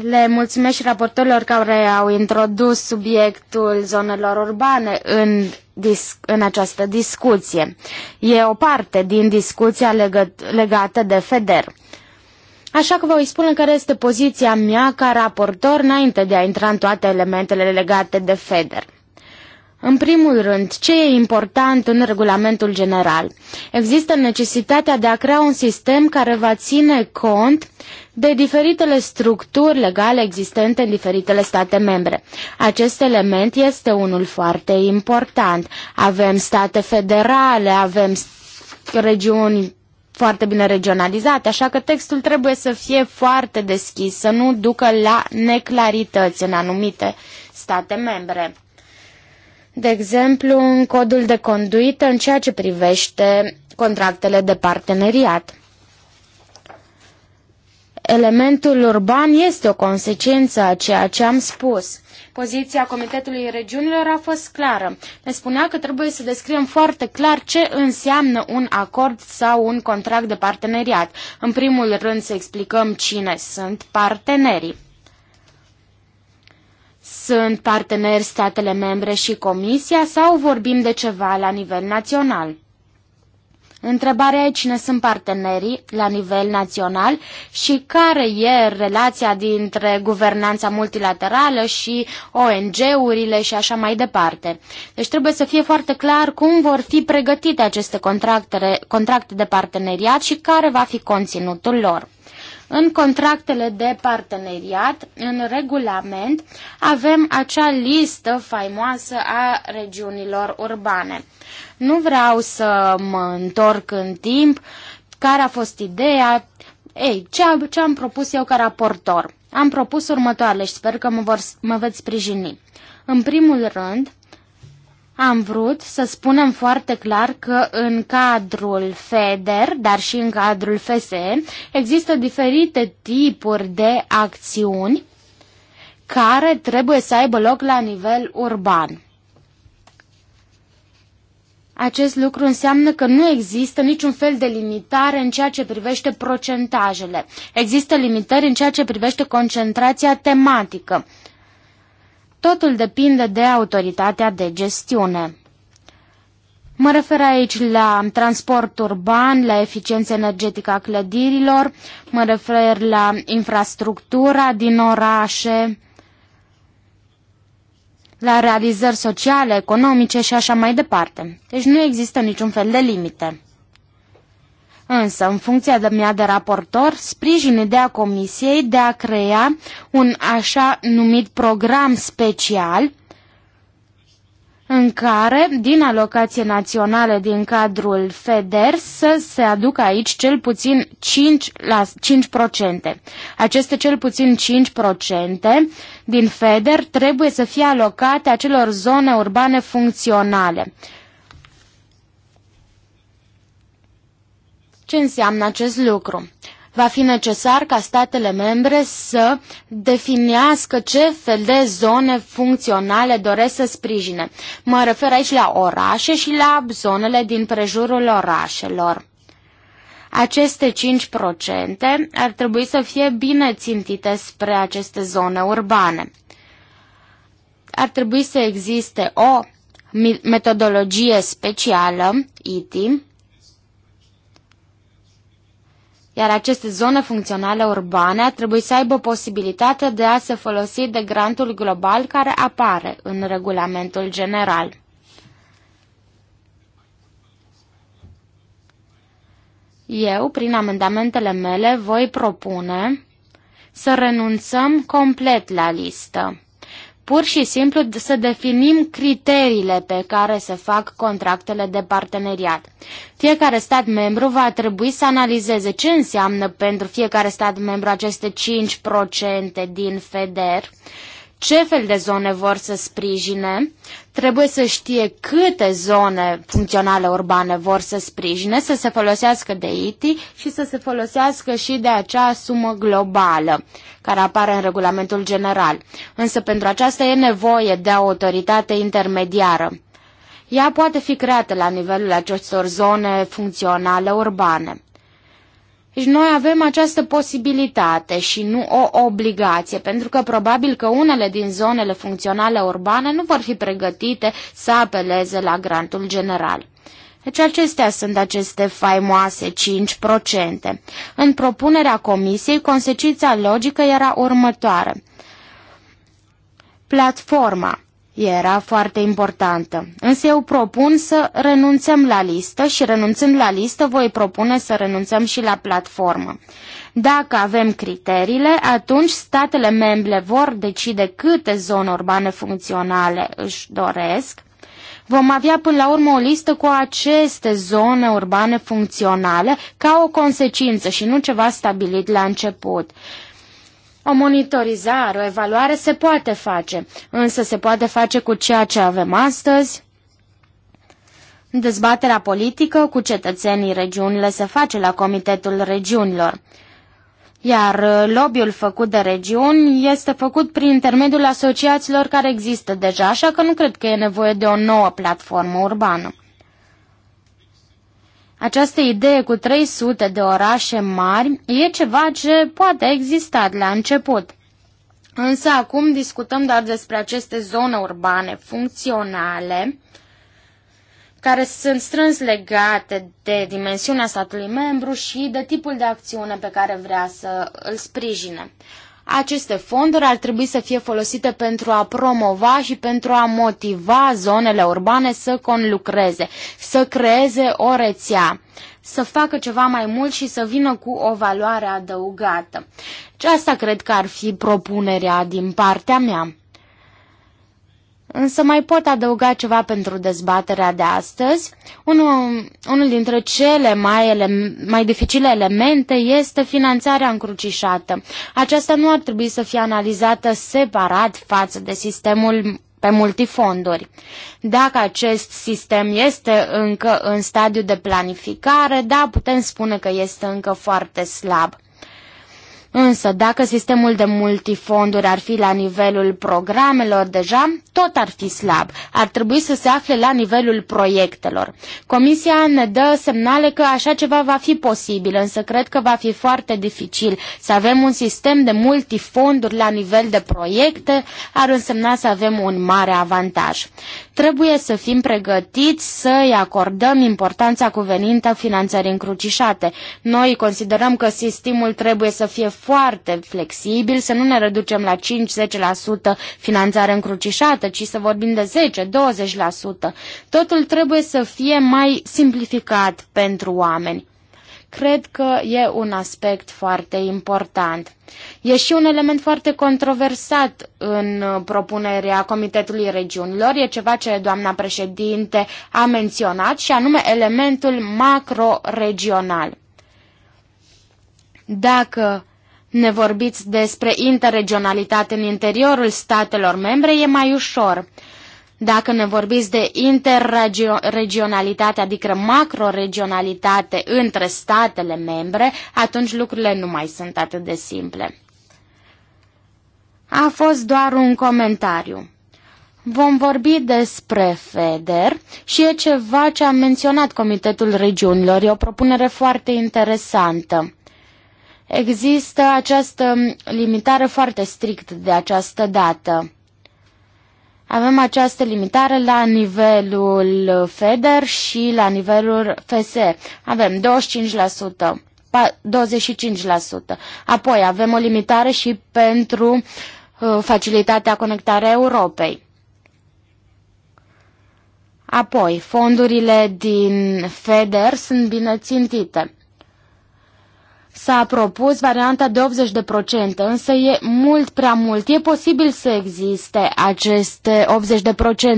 Le mulțumesc și raportorilor care au introdus subiectul zonelor urbane în, dis- în această discuție. E o parte din discuția legă- legată de FEDER. Așa că vă voi spune care este poziția mea ca raportor înainte de a intra în toate elementele legate de FEDER. În primul rând, ce e important în regulamentul general? Există necesitatea de a crea un sistem care va ține cont de diferitele structuri legale existente în diferitele state membre. Acest element este unul foarte important. Avem state federale, avem regiuni foarte bine regionalizate, așa că textul trebuie să fie foarte deschis, să nu ducă la neclarități în anumite state membre de exemplu, în codul de conduită în ceea ce privește contractele de parteneriat. Elementul urban este o consecință a ceea ce am spus. Poziția Comitetului Regiunilor a fost clară. Ne spunea că trebuie să descriem foarte clar ce înseamnă un acord sau un contract de parteneriat. În primul rând să explicăm cine sunt partenerii. Sunt parteneri statele membre și Comisia sau vorbim de ceva la nivel național? Întrebarea e cine sunt partenerii la nivel național și care e relația dintre guvernanța multilaterală și ONG-urile și așa mai departe. Deci trebuie să fie foarte clar cum vor fi pregătite aceste contracte, de parteneriat și care va fi conținutul lor. În contractele de parteneriat, în regulament, avem acea listă faimoasă a regiunilor urbane. Nu vreau să mă întorc în timp care a fost ideea, ei, ce am, ce am propus eu ca raportor. Am propus următoarele și sper că mă, vor, mă veți sprijini. În primul rând, am vrut să spunem foarte clar că în cadrul FEDER, dar și în cadrul FSE, există diferite tipuri de acțiuni care trebuie să aibă loc la nivel urban. Acest lucru înseamnă că nu există niciun fel de limitare în ceea ce privește procentajele. Există limitări în ceea ce privește concentrația tematică. Totul depinde de autoritatea de gestiune. Mă refer aici la transport urban, la eficiență energetică a clădirilor, mă refer la infrastructura din orașe, la realizări sociale, economice și așa mai departe. Deci nu există niciun fel de limite. Însă, în funcția de mea de raportor, sprijin ideea Comisiei de a crea un așa numit program special în care, din alocație națională din cadrul FEDER, să se aducă aici cel puțin 5, la 5%. Aceste cel puțin 5% din FEDER trebuie să fie alocate acelor zone urbane funcționale Ce înseamnă acest lucru? Va fi necesar ca statele membre să definească ce fel de zone funcționale doresc să sprijine. Mă refer aici la orașe și la zonele din prejurul orașelor. Aceste 5% ar trebui să fie bine țintite spre aceste zone urbane. Ar trebui să existe o metodologie specială, ITI, iar aceste zone funcționale urbane ar trebui să aibă posibilitatea de a se folosi de grantul global care apare în regulamentul general. Eu, prin amendamentele mele, voi propune să renunțăm complet la listă pur și simplu să definim criteriile pe care se fac contractele de parteneriat. Fiecare stat membru va trebui să analizeze ce înseamnă pentru fiecare stat membru aceste 5% din FEDER ce fel de zone vor să sprijine, trebuie să știe câte zone funcționale urbane vor să sprijine, să se folosească de ITI și să se folosească și de acea sumă globală care apare în regulamentul general. Însă pentru aceasta e nevoie de o autoritate intermediară. Ea poate fi creată la nivelul acestor zone funcționale urbane. Deci noi avem această posibilitate și nu o obligație, pentru că probabil că unele din zonele funcționale urbane nu vor fi pregătite să apeleze la grantul general. Deci acestea sunt aceste faimoase 5%. În propunerea comisiei, consecința logică era următoare. Platforma era foarte importantă. Însă eu propun să renunțăm la listă și renunțând la listă voi propune să renunțăm și la platformă. Dacă avem criteriile, atunci statele membre vor decide câte zone urbane funcționale își doresc. Vom avea până la urmă o listă cu aceste zone urbane funcționale ca o consecință și nu ceva stabilit la început. O monitorizare, o evaluare se poate face, însă se poate face cu ceea ce avem astăzi. Dezbaterea politică cu cetățenii regiunile se face la Comitetul Regiunilor iar uh, lobby-ul făcut de regiuni este făcut prin intermediul asociațiilor care există deja, așa că nu cred că e nevoie de o nouă platformă urbană. Această idee cu 300 de orașe mari e ceva ce poate a existat la început. Însă acum discutăm doar despre aceste zone urbane funcționale care sunt strâns legate de dimensiunea statului membru și de tipul de acțiune pe care vrea să îl sprijine. Aceste fonduri ar trebui să fie folosite pentru a promova și pentru a motiva zonele urbane să conlucreze, să creeze o rețea să facă ceva mai mult și să vină cu o valoare adăugată. Și asta cred că ar fi propunerea din partea mea. Însă mai pot adăuga ceva pentru dezbaterea de astăzi. Unul, unul dintre cele mai, ele, mai dificile elemente este finanțarea încrucișată. Aceasta nu ar trebui să fie analizată separat față de sistemul pe multifonduri. Dacă acest sistem este încă în stadiu de planificare, da, putem spune că este încă foarte slab. Însă, dacă sistemul de multifonduri ar fi la nivelul programelor deja, tot ar fi slab. Ar trebui să se afle la nivelul proiectelor. Comisia ne dă semnale că așa ceva va fi posibil, însă cred că va fi foarte dificil. Să avem un sistem de multifonduri la nivel de proiecte ar însemna să avem un mare avantaj. Trebuie să fim pregătiți să-i acordăm importanța cuvenită finanțării încrucișate. Noi considerăm că sistemul trebuie să fie foarte flexibil, să nu ne reducem la 5-10% finanțare încrucișată, ci să vorbim de 10-20%. Totul trebuie să fie mai simplificat pentru oameni cred că e un aspect foarte important. E și un element foarte controversat în propunerea Comitetului Regiunilor. E ceva ce doamna președinte a menționat și anume elementul macro-regional. Dacă ne vorbiți despre interregionalitate în interiorul statelor membre, e mai ușor. Dacă ne vorbiți de interregionalitate, adică macroregionalitate între statele membre, atunci lucrurile nu mai sunt atât de simple. A fost doar un comentariu. Vom vorbi despre FEDER și e ceva ce a menționat Comitetul Regiunilor. E o propunere foarte interesantă. Există această limitare foarte strictă de această dată. Avem această limitare la nivelul FEDER și la nivelul FSE. Avem 25%. 25%. Apoi avem o limitare și pentru uh, facilitatea conectarea Europei. Apoi, fondurile din FEDER sunt bine țintite. S-a propus varianta de 80%, însă e mult prea mult. E posibil să existe aceste 80%,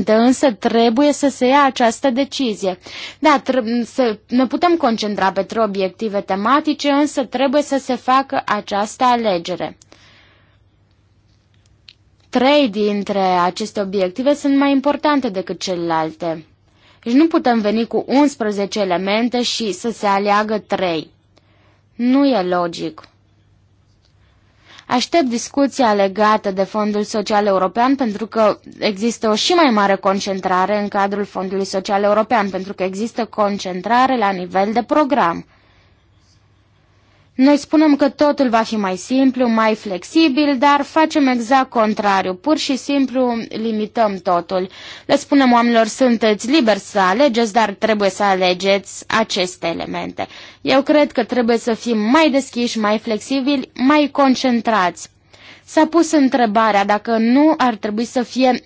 însă trebuie să se ia această decizie. Da, să ne putem concentra pe trei obiective tematice, însă trebuie să se facă această alegere. Trei dintre aceste obiective sunt mai importante decât celelalte. Deci nu putem veni cu 11 elemente și să se aleagă trei. Nu e logic. Aștept discuția legată de Fondul Social European pentru că există o și mai mare concentrare în cadrul Fondului Social European, pentru că există concentrare la nivel de program. Noi spunem că totul va fi mai simplu, mai flexibil, dar facem exact contrariu. Pur și simplu limităm totul. Le spunem oamenilor, sunteți liberi să alegeți, dar trebuie să alegeți aceste elemente. Eu cred că trebuie să fim mai deschiși, mai flexibili, mai concentrați. S-a pus întrebarea dacă nu ar trebui să fie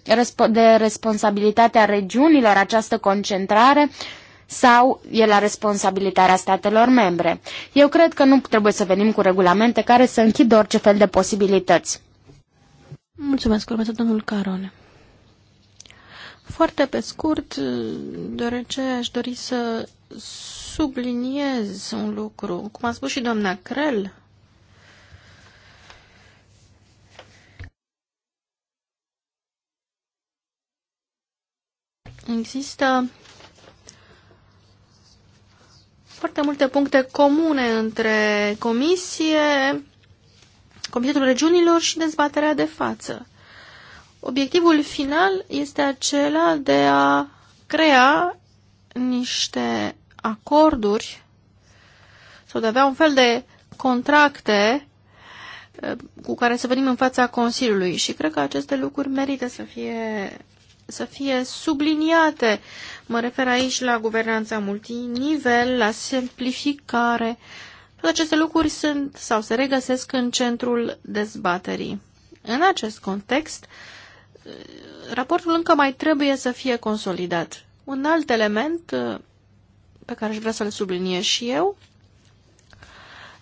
de responsabilitatea regiunilor această concentrare sau e la responsabilitatea statelor membre. Eu cred că nu trebuie să venim cu regulamente care să închidă orice fel de posibilități. Mulțumesc, urmează domnul Carone. Foarte pe scurt, deoarece aș dori să subliniez un lucru. Cum a spus și doamna Crel, există foarte multe puncte comune între comisie, Comitetul Regiunilor și dezbaterea de față. Obiectivul final este acela de a crea niște acorduri sau de a avea un fel de contracte eh, cu care să venim în fața Consiliului și cred că aceste lucruri merită să fie să fie subliniate. Mă refer aici la guvernanța multinivel, la simplificare. Toate aceste lucruri sunt sau se regăsesc în centrul dezbaterii. În acest context, raportul încă mai trebuie să fie consolidat. Un alt element uh, pe care aș vrea să-l subliniez și eu,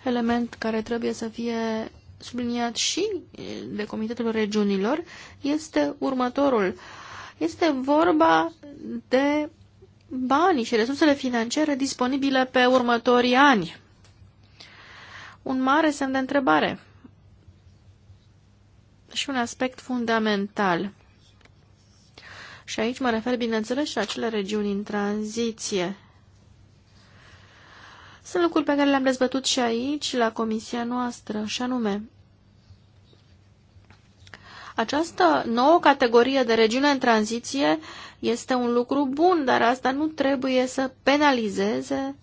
element care trebuie să fie subliniat și uh, de Comitetul Regiunilor, este următorul. Este vorba de banii și resursele financiare disponibile pe următorii ani. Un mare semn de întrebare și un aspect fundamental. Și aici mă refer, bineînțeles, și acele regiuni în tranziție. Sunt lucruri pe care le-am dezbătut și aici, la comisia noastră, și anume, această nouă categorie de regiune în tranziție este un lucru bun, dar asta nu trebuie să penalizeze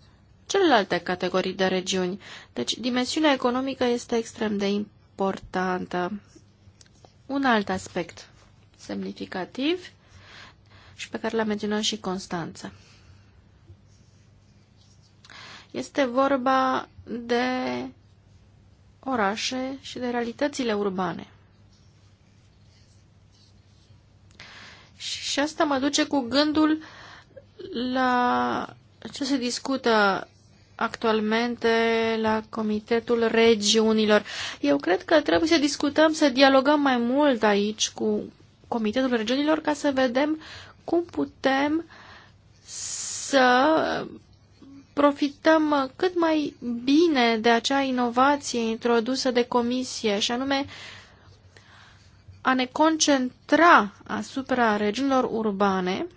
celelalte categorii de regiuni. Deci, dimensiunea economică este extrem de importantă. Un alt aspect semnificativ și pe care l-a menționat și Constanța. Este vorba de orașe și de realitățile urbane. Și asta mă duce cu gândul la ce se discută actualmente la Comitetul Regiunilor. Eu cred că trebuie să discutăm, să dialogăm mai mult aici cu Comitetul Regiunilor ca să vedem cum putem să profităm cât mai bine de acea inovație introdusă de comisie, și anume uh, a ne concentra asupra regiunilor urbane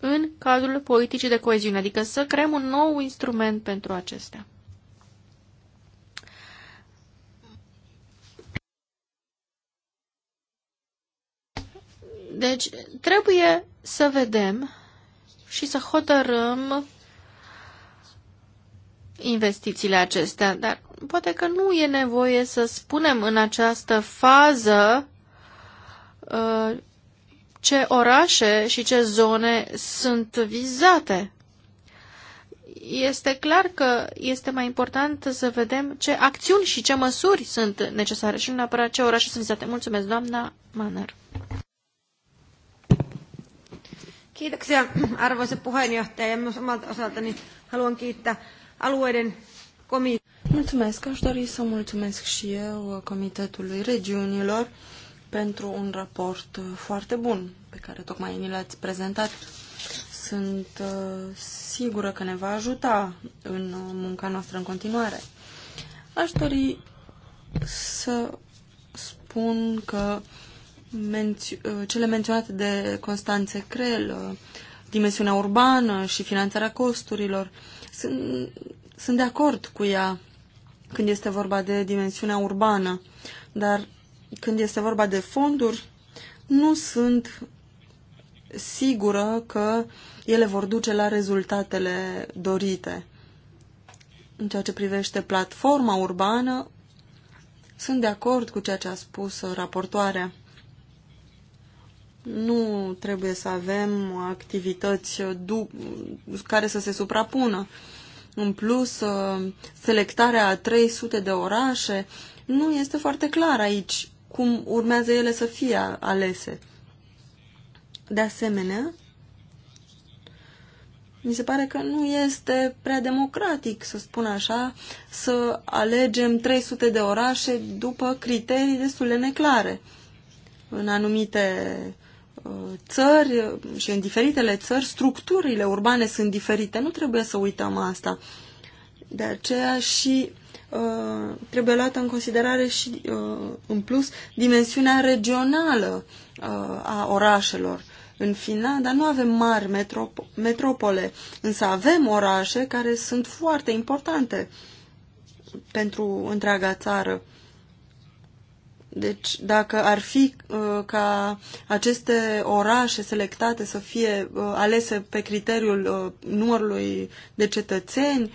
în cadrul politicii de coeziune, adică să creăm un nou instrument pentru acestea. Deci, trebuie să vedem și să hotărâm investițiile acestea, dar poate că nu e nevoie să spunem în această fază uh, ce orașe și ce zone sunt vizate. Este clar că este mai important să vedem ce acțiuni și ce măsuri sunt necesare și nu neapărat ce orașe sunt vizate. Mulțumesc, doamna Manner. Kiitoksia, arvoisa puheenjohtaja. Ja myös omalta osaltani haluan kiittää alueiden komi... Mulțumesc. Aș dori să mulțumesc și eu Comitetului Regiunilor pentru un raport uh, foarte bun pe care tocmai ni l-ați prezentat. Sunt uh, sigură că ne va ajuta în uh, munca noastră în continuare. Aș dori să spun că menți cele menționate de Constanțe Crel, dimensiunea urbană și finanțarea costurilor, sunt, sunt de acord cu ea când este vorba de dimensiunea urbană, dar când este vorba de fonduri, nu sunt sigură că ele vor duce la rezultatele dorite. În ceea ce privește platforma urbană, sunt de acord cu ceea ce a spus raportoarea. Nu trebuie să avem activități care să se suprapună. Uh, în plus, uh, selectarea a 300 de orașe nu este foarte clar aici cum urmează ele să fie alese. De asemenea, mi se pare că nu este prea democratic, să spun așa, să alegem 300 de orașe după criterii destul de neclare. În anumite țări și în diferitele țări structurile urbane sunt diferite. Nu trebuie să uităm asta. De aceea și uh, trebuie luată în considerare și, uh, în plus, dimensiunea regională uh, a orașelor. În final, dar nu avem mari metrop metropole, însă avem orașe care sunt foarte importante pentru întreaga țară. Uh, deci, dacă ar fi uh, ca aceste orașe selectate să fie uh, alese pe criteriul uh, numărului de cetățeni,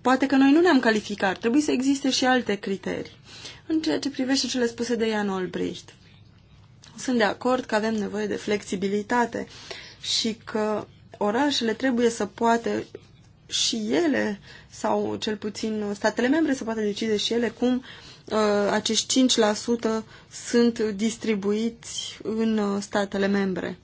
poate că noi nu ne-am calificat. Trebuie să existe și alte criterii. În ceea ce privește cele spuse de Ian Olbricht, sunt de acord că avem nevoie de flexibilitate și că orașele trebuie să poată și ele, sau cel puțin statele membre, să poată decide și ele cum uh, Uh, acești 5% sunt distribuiți în uh, statele membre.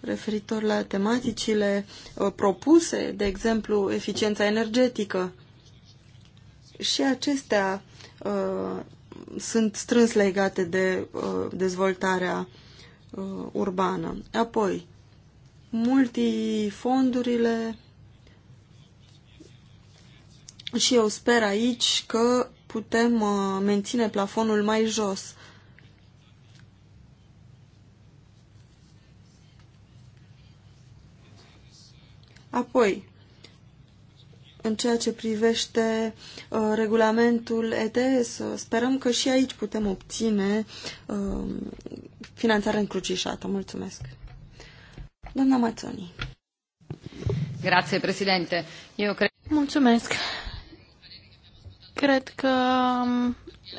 Referitor la tematicile uh, propuse, de exemplu, eficiența energetică, și acestea sunt strâns legate de dezvoltarea urbană. Apoi, multifondurile și eu sper aici că putem uh, menține plafonul mai jos. Apoi, în ceea ce privește uh, regulamentul ETS, uh, sperăm că și aici putem obține uh, finanțare încrucișată. Mulțumesc. Doamna Mazzoni. Grazie, președinte. Eu cred... Mulțumesc. Cred că, um,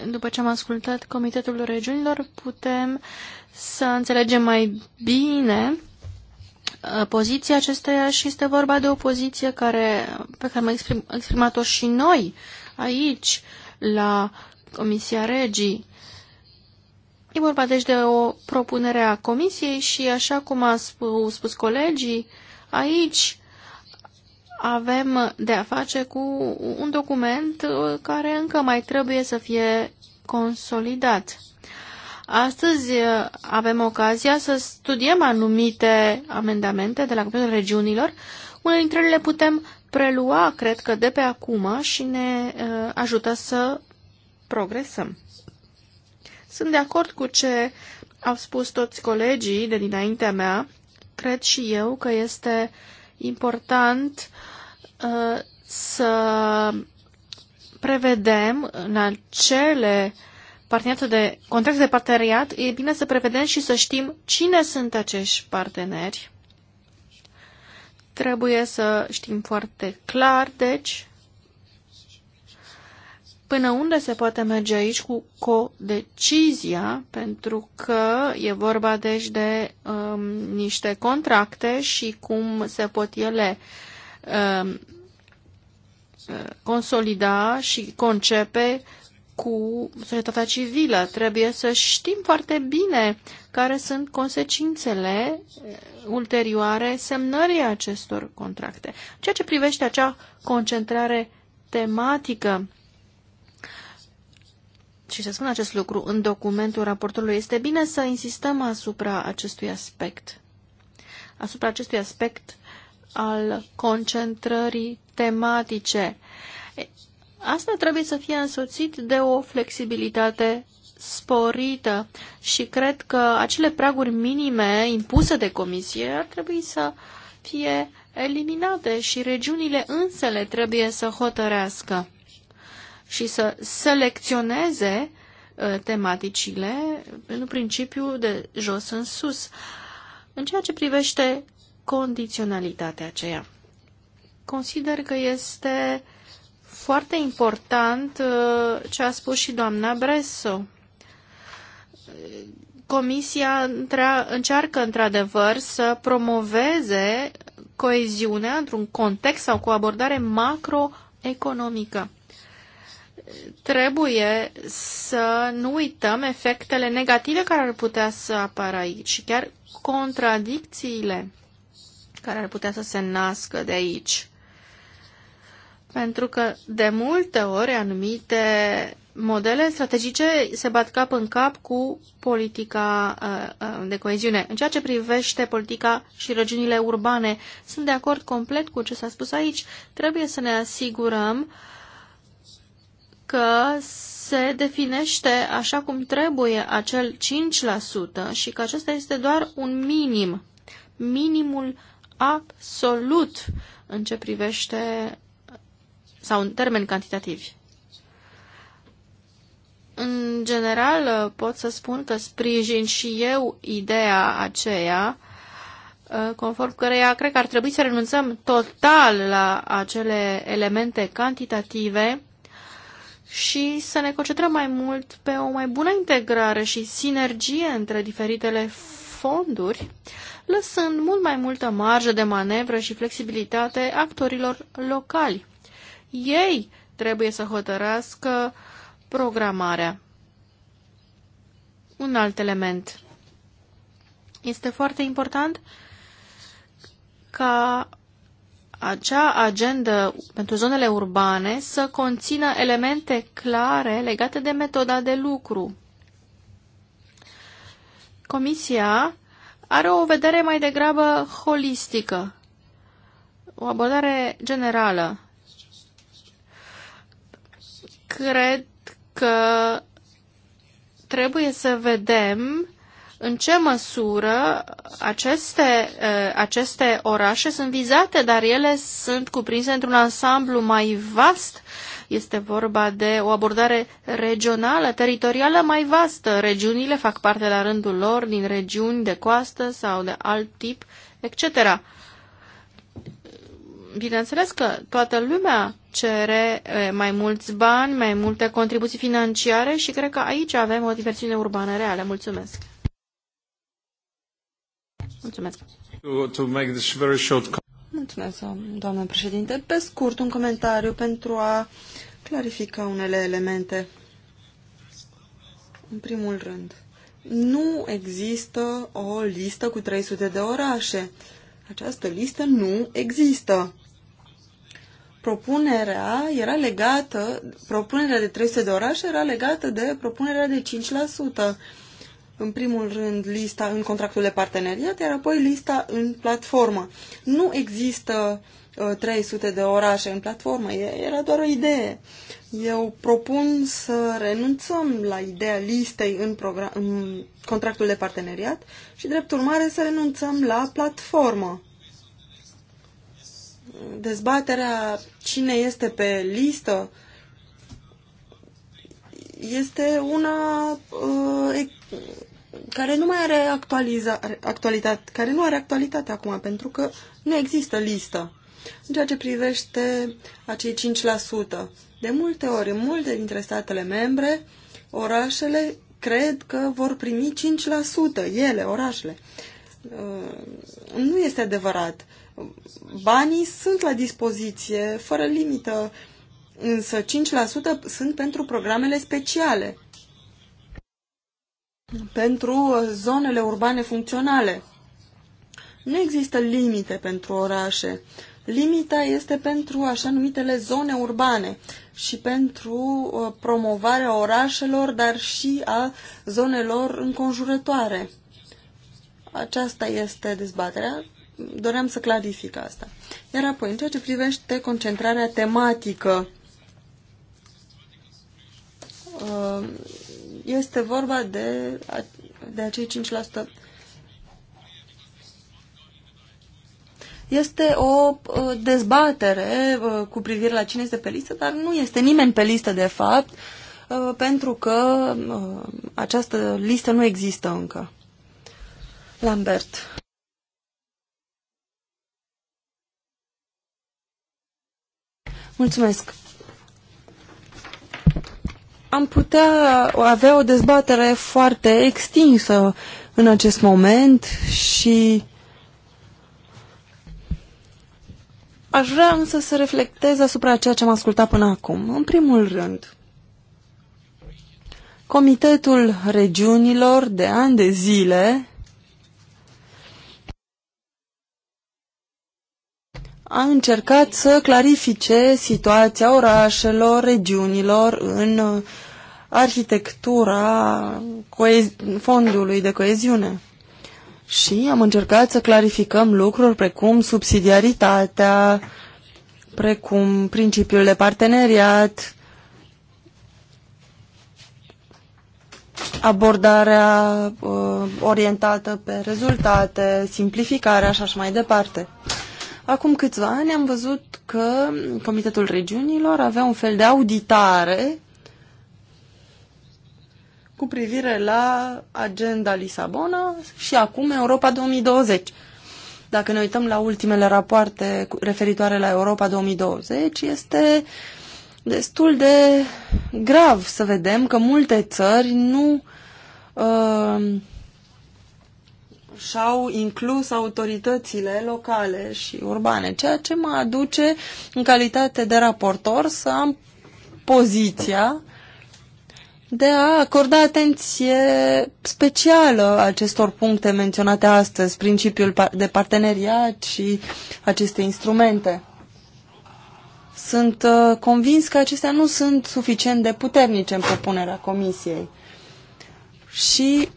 după ce am ascultat Comitetul Regiunilor, putem să înțelegem mai bine uh, poziția acesteia și este vorba de o poziție care, pe care am exprim, exprimat-o și noi aici, la Comisia Regii. E vorba deci de o propunere a Comisiei și, așa cum a spus, spus colegii, aici avem de a face cu un document uh, care încă mai trebuie să fie consolidat. Astăzi uh, avem ocazia să studiem anumite amendamente de la Comitetul Regiunilor. Unele dintre ele le putem prelua, cred că, de pe acum și ne uh, ajută să progresăm. Sunt de acord cu ce au spus toți colegii de dinaintea mea. Cred și eu că este important uh, să prevedem în acele parteneriate de contracte de parteneriat, e bine să prevedem și să știm cine sunt acești parteneri. Trebuie să știm foarte clar, deci, până unde se poate merge aici cu codecizia, pentru că e vorba deci de um, niște contracte și cum se pot ele um, consolida și concepe cu societatea civilă. Trebuie să știm foarte bine care sunt consecințele eh, ulterioare semnării acestor contracte. Ceea ce privește acea concentrare tematică, și să spun acest lucru în documentul raportului, este bine să insistăm asupra acestui aspect. Asupra acestui aspect al concentrării tematice. Asta trebuie să fie însoțit de o flexibilitate sporită și cred că acele praguri minime impuse de comisie ar trebui să fie eliminate și regiunile însele trebuie să hotărească și să selecționeze uh, tematicile în principiu de jos în sus. În ceea ce privește condiționalitatea aceea. Consider că este foarte important uh, ce a spus și doamna Bresso. Comisia încearcă într-adevăr să promoveze coeziunea într-un context sau cu o abordare macroeconomică. Trebuie să nu uităm efectele negative care ar putea să apară aici și chiar contradicțiile care ar putea să se nască de aici. Pentru că de multe ori anumite modele strategice se bat cap în cap cu politica uh, uh, de coeziune. În ceea ce privește politica și regiunile urbane, sunt de acord complet cu ce s-a spus aici. Trebuie să ne asigurăm că se definește așa cum trebuie acel 5% și că acesta este doar un minim, minimul absolut în ce privește sau în termeni cantitativi. În general, pot să spun că sprijin și eu ideea aceea, conform căreia cred că ar trebui să renunțăm total la acele elemente cantitative și să ne concentrăm mai mult pe o mai bună integrare și sinergie între diferitele fonduri lăsând mult mai multă marjă de manevră și flexibilitate actorilor locali. Ei trebuie să hotărească programarea. Un alt element. Este foarte important ca acea agendă pentru zonele urbane să conțină elemente clare legate de metoda de lucru. Comisia are o vedere mai degrabă holistică, o abordare generală. Cred că trebuie să vedem în ce măsură aceste, eh, aceste orașe sunt vizate, dar ele sunt cuprinse într-un ansamblu mai vast este vorba de o abordare regională, teritorială mai vastă. Regiunile fac parte la rândul lor din regiuni de coastă sau de alt tip, etc. Bineînțeles că toată lumea cere mai mulți bani, mai multe contribuții financiare și cred că aici avem o diversiune urbană reală. Mulțumesc! Mulțumesc! To, make this very short... Mulțumesc, doamnă președinte. Pe scurt, un comentariu pentru a clarifica unele elemente. În primul rând, nu există o listă cu 300 de orașe. Această listă nu există. Propunerea era legată, propunerea de 300 de orașe era legată de propunerea de 5%. În primul rând lista în contractul de parteneriat, iar apoi lista în platformă. Nu există uh, 300 uh, de orașe în platformă. Era doar o idee. Eu propun să renunțăm la ideea listei în, program, în contractul de parteneriat și, drept urmare, să renunțăm la platformă. Dezbaterea cine este pe listă este una uh, care nu mai are actualitate, care nu are actualitate acum, pentru că nu există listă. În ceea ce privește acei 5%, de multe ori, în multe dintre statele membre, orașele cred că vor primi 5%, ele, orașele. Uh, nu este adevărat. Banii sunt la dispoziție, fără limită, însă 5% sunt pentru programele speciale, pentru uh, zonele urbane funcționale. Nu există limite pentru orașe. Limita este pentru așa numitele zone urbane și pentru uh, promovarea orașelor, dar și a zonelor înconjurătoare. Aceasta este dezbaterea. Doream să clarific asta. Iar apoi, în ceea ce privește concentrarea tematică, uh, este vorba de, de acei Este o uh, dezbatere uh, cu privire la cine este pe listă, dar nu este nimeni pe listă de fapt, uh, pentru că această listă nu există încă. Lambert. Mulțumesc. Am putea avea o dezbatere foarte extinsă în acest moment și Aș vrea însă să reflectez asupra ceea ce am ascultat până acum. În primul rând, Comitetul Regiunilor de ani de zile a încercat să clarifice situația orașelor, regiunilor în uh, arhitectura fondului de coeziune și am încercat să clarificăm lucruri precum subsidiaritatea, precum principiul de parteneriat, abordarea uh, orientată pe rezultate, simplificarea și așa mai departe. Acum câțiva ani am văzut că Comitetul Regiunilor avea un fel de auditare cu privire la agenda Lisabona și acum Europa 2020. Dacă ne uităm la ultimele rapoarte referitoare la Europa 2020, este destul de grav să vedem că multe țări nu uh, și-au inclus autoritățile locale și urbane, ceea ce mă aduce în calitate de raportor să am poziția uh, de a acorda atenție specială acestor puncte menționate astăzi, principiul de parteneriat și aceste instrumente. Sunt uh, convins că acestea nu sunt suficient de puternice în propunerea Comisiei. Și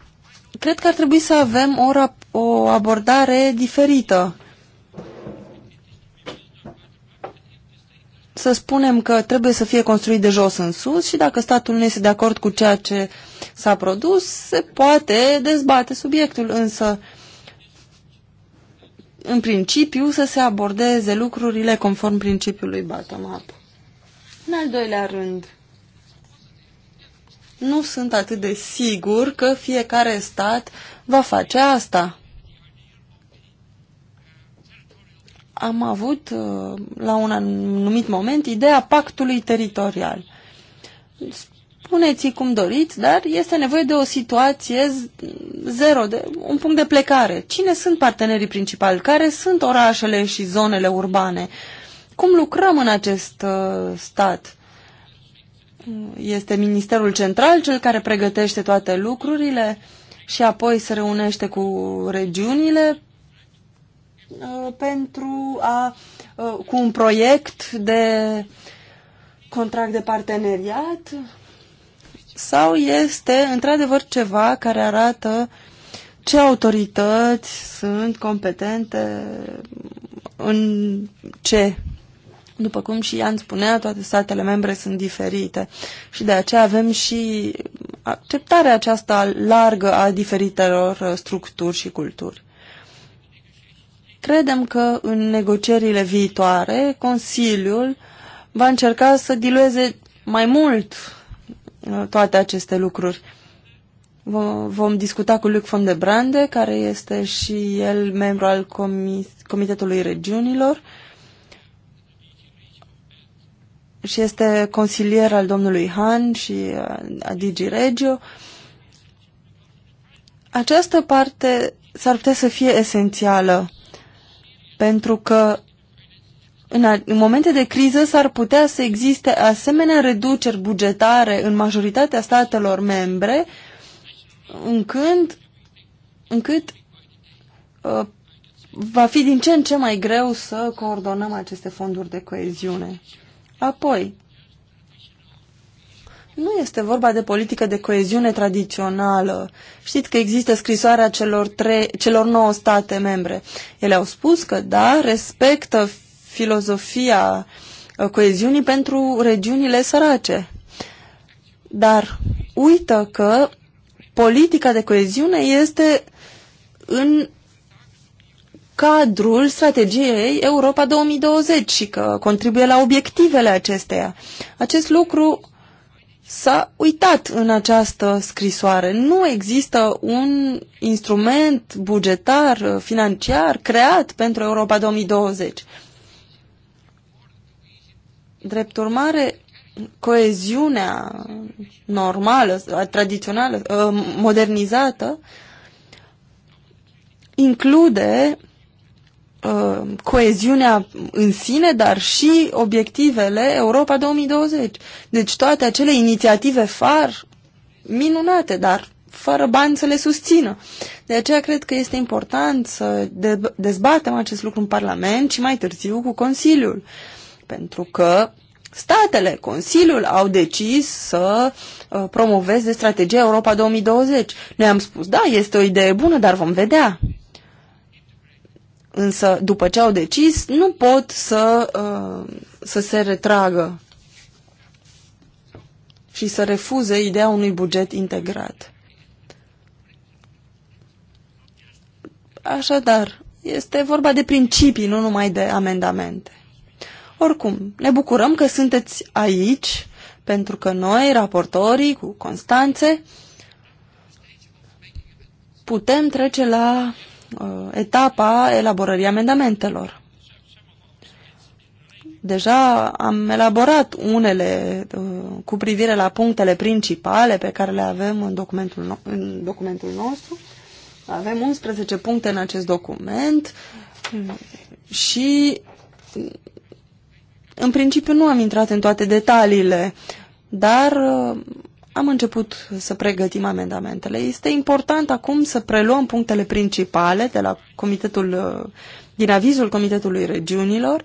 cred că ar trebui să avem o, o abordare diferită să spunem că trebuie să fie construit de jos în sus și dacă statul nu este de acord cu ceea ce s-a produs, se poate dezbate subiectul, însă în principiu să se abordeze lucrurile conform principiului bottom-up. În al doilea rând, nu sunt atât de sigur că fiecare stat va face asta. am avut uh, la un anumit moment ideea pactului teritorial. Spuneți cum doriți, dar este nevoie de o situație zero, de un punct de plecare. Cine sunt partenerii principali? Care sunt orașele și zonele urbane? Cum lucrăm în acest uh, stat? Este Ministerul Central cel care pregătește toate lucrurile și apoi se reunește cu regiunile Uh, pentru a, uh, cu un proiect de contract de parteneriat sau este într-adevăr ceva care arată ce autorități sunt competente în ce. După cum și Ian spunea, toate statele membre sunt diferite și de aceea avem și acceptarea aceasta largă a diferitelor uh, structuri și culturi. Credem că în negocierile viitoare Consiliul va încerca să dilueze mai mult uh, toate aceste lucruri. Vom discuta cu Luc von de Brande, care este și el membru al Comitetului Regiunilor și este consilier al domnului Han și uh, a Digi Regio. Această parte s-ar putea să fie esențială pentru că în, a, în momente de criză s-ar putea să existe asemenea reduceri bugetare în majoritatea statelor membre, încât, încât uh, va fi din ce în ce mai greu să coordonăm aceste fonduri de coeziune. Apoi, nu este vorba de politică de coeziune tradițională. Știți că există scrisoarea celor, tre- celor nouă state membre. Ele au spus că, da, respectă filozofia uh, coeziunii pentru regiunile sărace. Dar uită că politica de coeziune este în cadrul strategiei Europa 2020 și că contribuie la obiectivele acesteia. Acest lucru s-a uitat în această scrisoare. Nu există un instrument bugetar, financiar creat pentru Europa 2020. Drept urmare, coeziunea normală, tradițională, modernizată, include Uh, coeziunea în sine, dar și obiectivele Europa 2020. Deci toate acele inițiative far minunate, dar fără bani să le susțină. De aceea cred că este important să dezbatem acest lucru în Parlament și mai târziu cu Consiliul. Pentru că statele, Consiliul au decis să uh, promoveze strategia Europa 2020. Noi am spus, da, este o idee bună, dar vom vedea. Însă, după ce au decis, nu pot să, uh, să se retragă și să refuze ideea unui buget integrat. Așadar, este vorba de principii, nu numai de amendamente. Oricum, ne bucurăm că sunteți aici, pentru că noi, raportorii, cu Constanțe, putem trece la Uh, etapa elaborării amendamentelor. Deja am elaborat unele uh, cu privire la punctele principale pe care le avem în documentul, no în documentul nostru. Avem 11 puncte în acest document și în principiu nu am intrat în toate detaliile, dar uh, am început să pregătim amendamentele. Este important acum să preluăm punctele principale de la comitetul, din avizul Comitetului Regiunilor,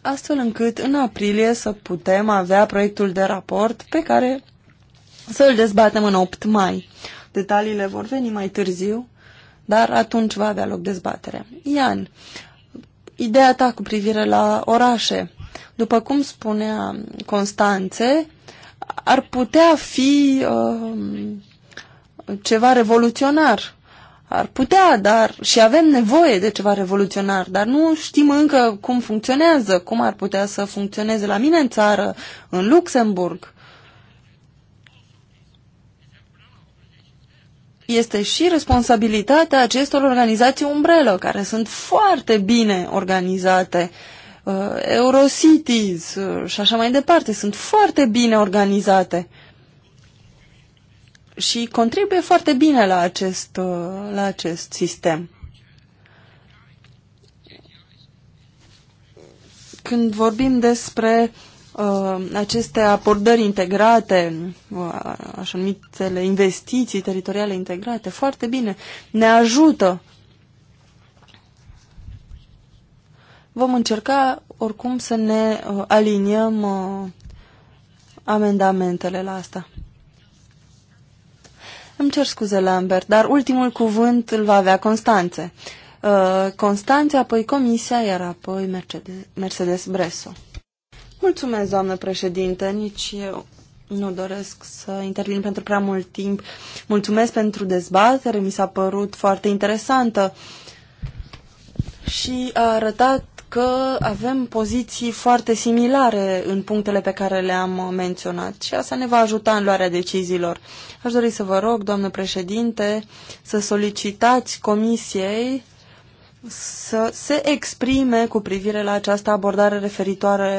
astfel încât în aprilie să putem avea proiectul de raport pe care să îl dezbatem în 8 mai. Detaliile vor veni mai târziu, dar atunci va avea loc dezbaterea. Ian, ideea ta cu privire la orașe. După cum spunea Constanțe, ar putea fi uh, ceva revoluționar. Ar putea, dar și avem nevoie de ceva revoluționar, dar nu știm încă cum funcționează, cum ar putea să funcționeze la mine în țară, în Luxemburg. Este și responsabilitatea acestor organizații umbrelă, care sunt foarte bine organizate uh, Uh, Eurocities uh, și așa mai departe. Sunt foarte bine organizate și contribuie foarte bine la acest, uh, la acest sistem. Când vorbim despre uh, aceste abordări integrate, uh, așa numitele investiții teritoriale integrate, foarte bine, ne ajută Vom încerca oricum să ne uh, aliniem uh, amendamentele la asta. Îmi cer scuze, Lambert, dar ultimul cuvânt îl va avea Constanțe. Uh, Constanțe, apoi Comisia, iar apoi Mercedes, Mercedes Mulțumesc, doamnă președinte, nici eu nu doresc să intervin pentru prea mult timp. Mulțumesc pentru dezbatere, mi s-a părut foarte interesantă și a arătat că avem poziții foarte similare în punctele pe care le-am menționat și asta ne va ajuta în luarea deciziilor. Aș dori să vă rog, doamnă președinte, să solicitați comisiei să se exprime cu privire la această abordare referitoare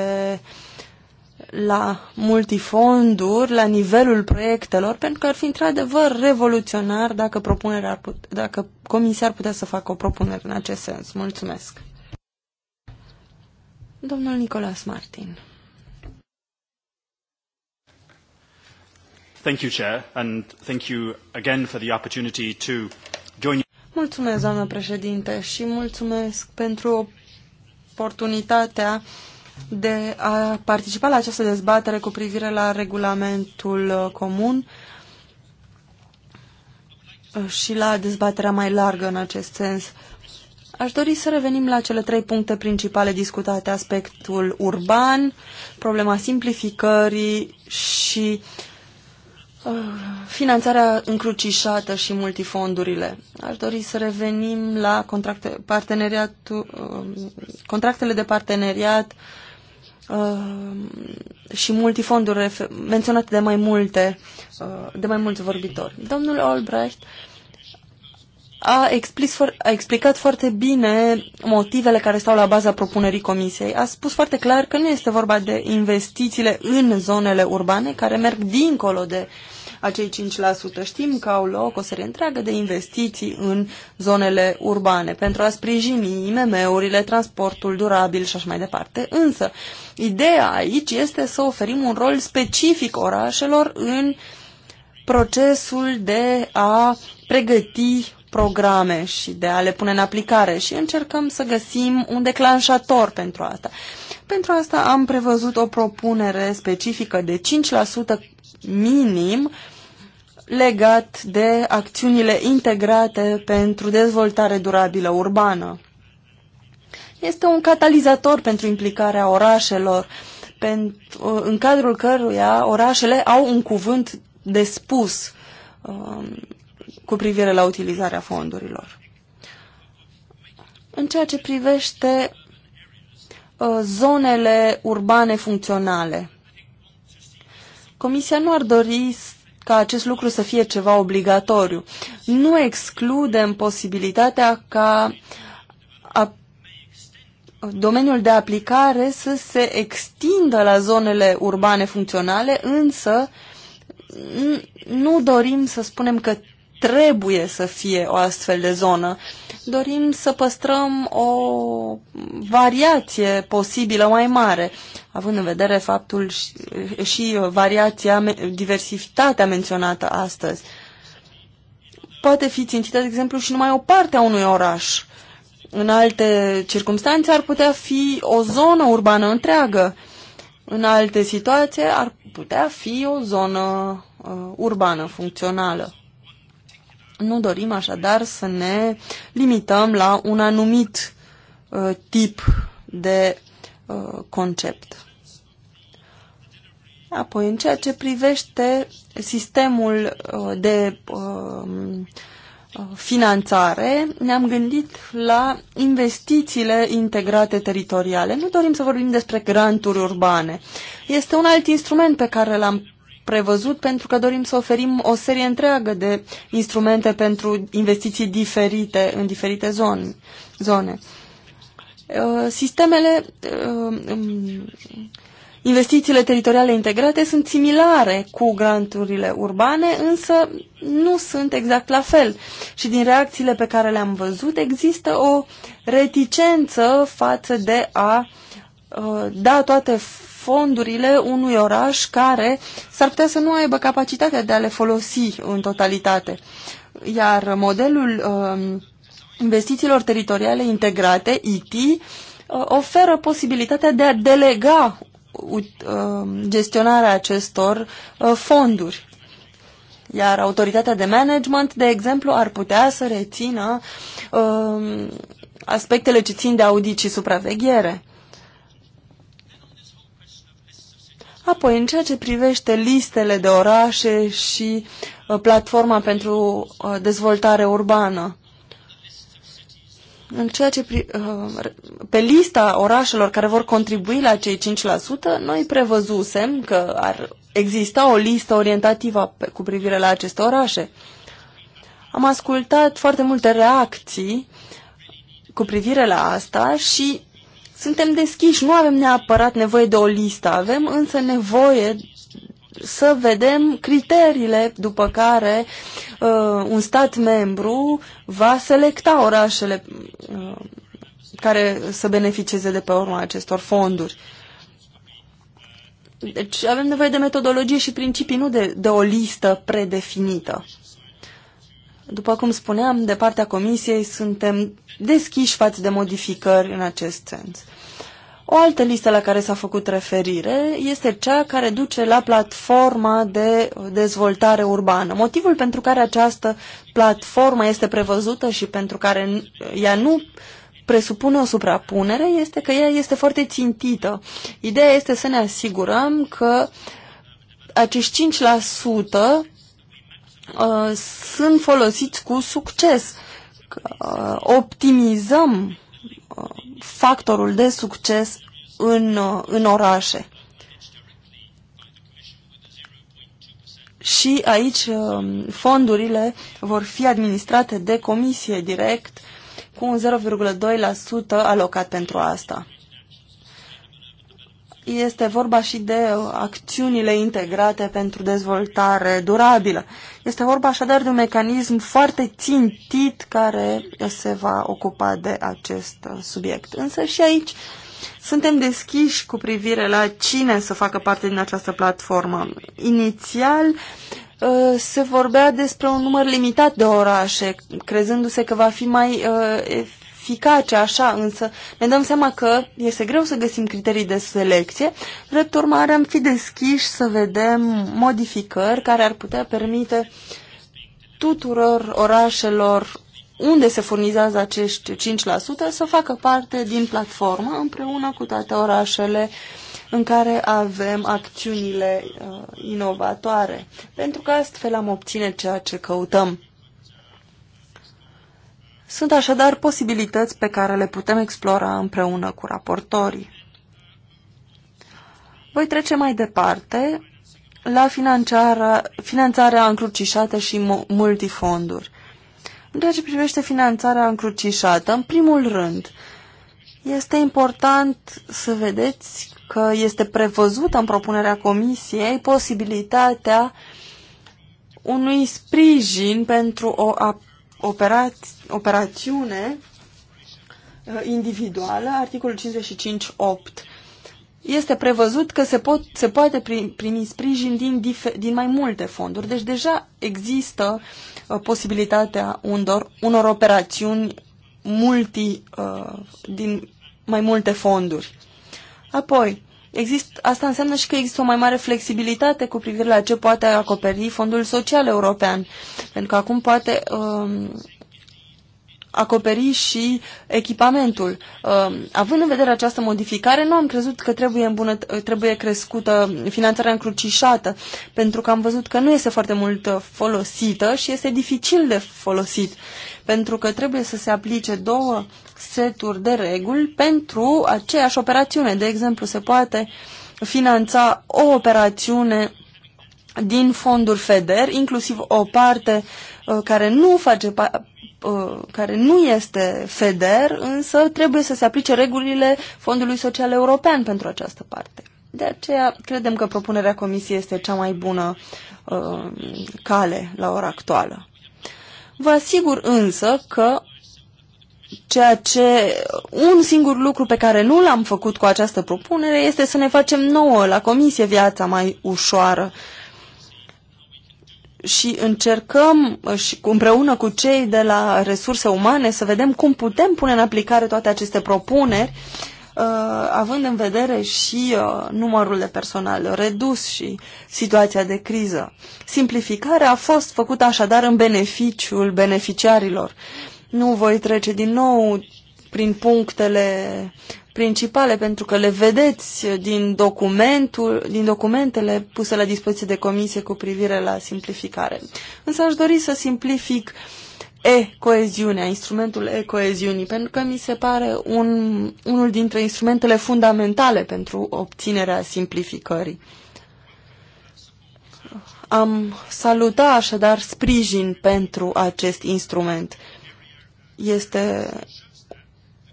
la multifonduri, la nivelul proiectelor, pentru că ar fi într-adevăr revoluționar dacă, propunerea ar put- dacă Comisia ar putea să facă o propunere în acest sens. Mulțumesc! Domnul Nicolas Martin. Thank you, Chair, and thank you again for the opportunity to join Mulțumesc, doamnă președinte, și mulțumesc pentru oportunitatea de a participa la această dezbatere cu privire la regulamentul uh, comun uh, și la dezbaterea mai largă în acest sens. Aș dori să revenim la cele trei puncte principale discutate, aspectul urban, problema simplificării și uh, finanțarea încrucișată și multifondurile. Aș dori să revenim la contracte, parteneriatul, uh, contractele de parteneriat uh, și multifonduri menționate de mai multe, de mai mulți vorbitori. Domnul Albrecht a, explis, a explicat foarte bine motivele care stau la baza propunerii comisiei. A spus foarte clar că nu este vorba de investițiile în zonele urbane care merg dincolo de acei 5%. Știm că au loc o serie întreagă de investiții în zonele urbane pentru a sprijini IMM-urile, transportul durabil și așa mai departe. Însă, ideea aici este să oferim un rol specific orașelor în procesul de a pregăti programe și de a le pune în aplicare și încercăm să găsim un declanșator pentru asta. Pentru asta am prevăzut o propunere specifică de 5% minim legat de acțiunile integrate pentru dezvoltare durabilă urbană. Este un catalizator pentru implicarea orașelor, pentru, în cadrul căruia orașele au un cuvânt de spus um, cu privire la utilizarea fondurilor. În ceea ce privește uh, zonele urbane funcționale, Comisia nu ar dori ca acest lucru să fie ceva obligatoriu. Nu excludem posibilitatea ca a, domeniul de aplicare să se extindă la zonele urbane funcționale, însă nu dorim să spunem că trebuie să fie o astfel de zonă. Dorim să păstrăm o variație posibilă mai mare, având în vedere faptul și, și variația, diversitatea menționată astăzi. Poate fi țintită, de exemplu, și numai o parte a unui oraș. În alte circunstanțe ar putea fi o zonă urbană întreagă. În alte situații ar putea fi o zonă uh, urbană funcțională. Nu dorim așadar să ne limităm la un anumit uh, tip de uh, concept. Apoi, în ceea ce privește sistemul uh, de um, uh, finanțare, ne-am gândit la investițiile integrate teritoriale. Nu dorim să vorbim despre granturi urbane. Este un alt instrument pe care l-am prevăzut pentru că dorim să oferim o serie întreagă de instrumente pentru investiții diferite în diferite zone. zone. Uh, sistemele, uh, um, investițiile teritoriale integrate sunt similare cu granturile urbane, însă nu sunt exact la fel. Și din reacțiile pe care le-am văzut există o reticență față de a uh, Uh, da toate fondurile unui oraș care s-ar putea să nu aibă capacitatea de a le folosi în totalitate. Iar modelul uh, investițiilor teritoriale integrate, IT, uh, oferă posibilitatea de a delega gestionarea acestor fonduri. Iar autoritatea de management, de exemplu, ar putea să rețină aspectele ce țin de audit și supraveghere. Apoi, în ceea ce privește listele de orașe și uh, platforma pentru uh, dezvoltare urbană, în ceea ce pri, uh, pe lista orașelor care vor contribui la cei 5%, noi prevăzusem că ar exista o listă orientativă cu privire la aceste orașe. Am ascultat foarte multe reacții cu privire la asta și suntem deschiși, nu avem neapărat nevoie de o listă, avem însă nevoie să vedem criteriile după care uh, un stat membru va selecta orașele uh, care să beneficieze de pe urma acestor fonduri. Deci avem nevoie de metodologie și principii, nu de, de o listă predefinită. După cum spuneam, de partea Comisiei suntem deschiși față de modificări în acest sens. O altă listă la care s-a făcut referire este cea care duce la platforma de dezvoltare urbană. Motivul pentru care această platformă este prevăzută și pentru care ea nu presupune o suprapunere este că ea este foarte țintită. Ideea este să ne asigurăm că acești 5% Uh, sunt folosiți cu succes. Uh, optimizăm uh, factorul de succes în, uh, în orașe. Și aici uh, fondurile vor fi administrate de comisie direct cu un 0,2% alocat pentru asta este vorba și de uh, acțiunile integrate pentru dezvoltare durabilă. Este vorba așadar de un mecanism foarte țintit care se va ocupa de acest uh, subiect. Însă și aici suntem deschiși cu privire la cine să facă parte din această platformă. Inițial uh, se vorbea despre un număr limitat de orașe, crezându-se că va fi mai eficace așa, însă ne dăm seama că este greu să găsim criterii de selecție. Drept urmare, am fi deschiși să vedem modificări care ar putea permite tuturor orașelor unde se furnizează acești 5% să facă parte din platformă împreună cu toate orașele în care avem acțiunile uh, inovatoare, pentru că astfel am obține ceea ce căutăm. Sunt așadar posibilități pe care le putem explora împreună cu raportorii. Voi trece mai departe la finanțarea încrucișată și multifonduri. În ceea ce privește finanțarea încrucișată, în primul rând, este important să vedeți că este prevăzută în propunerea comisiei posibilitatea unui sprijin pentru o operați, operațiune uh, individuală, articolul 55.8. Este prevăzut că se, pot, se poate primi sprijin din, dife, din mai multe fonduri, deci deja există uh, posibilitatea unor, unor operațiuni multi, uh, din mai multe fonduri. Apoi, Exist, asta înseamnă și că există o mai mare flexibilitate cu privire la ce poate acoperi Fondul Social European, pentru că acum poate um, acoperi și echipamentul. Um, având în vedere această modificare, nu am crezut că trebuie, îmbunăt- trebuie crescută finanțarea încrucișată, pentru că am văzut că nu este foarte mult uh, folosită și este dificil de folosit, pentru că trebuie să se aplice două seturi de reguli pentru aceeași operațiune. De exemplu, se poate finanța o operațiune din fonduri FEDER, inclusiv o parte uh, care nu face Uh, care nu este FEDER, însă trebuie să se aplice regulile Fondului Social European pentru această parte. De aceea credem că propunerea Comisiei este cea mai bună uh, cale la ora actuală. Vă asigur însă că ceea ce un singur lucru pe care nu l-am făcut cu această propunere este să ne facem nouă la comisie viața mai ușoară și încercăm uh, și împreună cu cei de la resurse umane să vedem cum putem pune în aplicare toate aceste propuneri, uh, având în vedere și uh, numărul de personal redus și situația de criză. Simplificarea a fost făcută așadar în beneficiul beneficiarilor. Nu voi trece din nou prin punctele principale, pentru că le vedeți din, documentul, din documentele puse la dispoziție de comisie cu privire la simplificare. Însă aș dori să simplific e-coeziunea, instrumentul e-coeziunii, pentru că mi se pare un, unul dintre instrumentele fundamentale pentru obținerea simplificării. Am salutat așadar sprijin pentru acest instrument. Este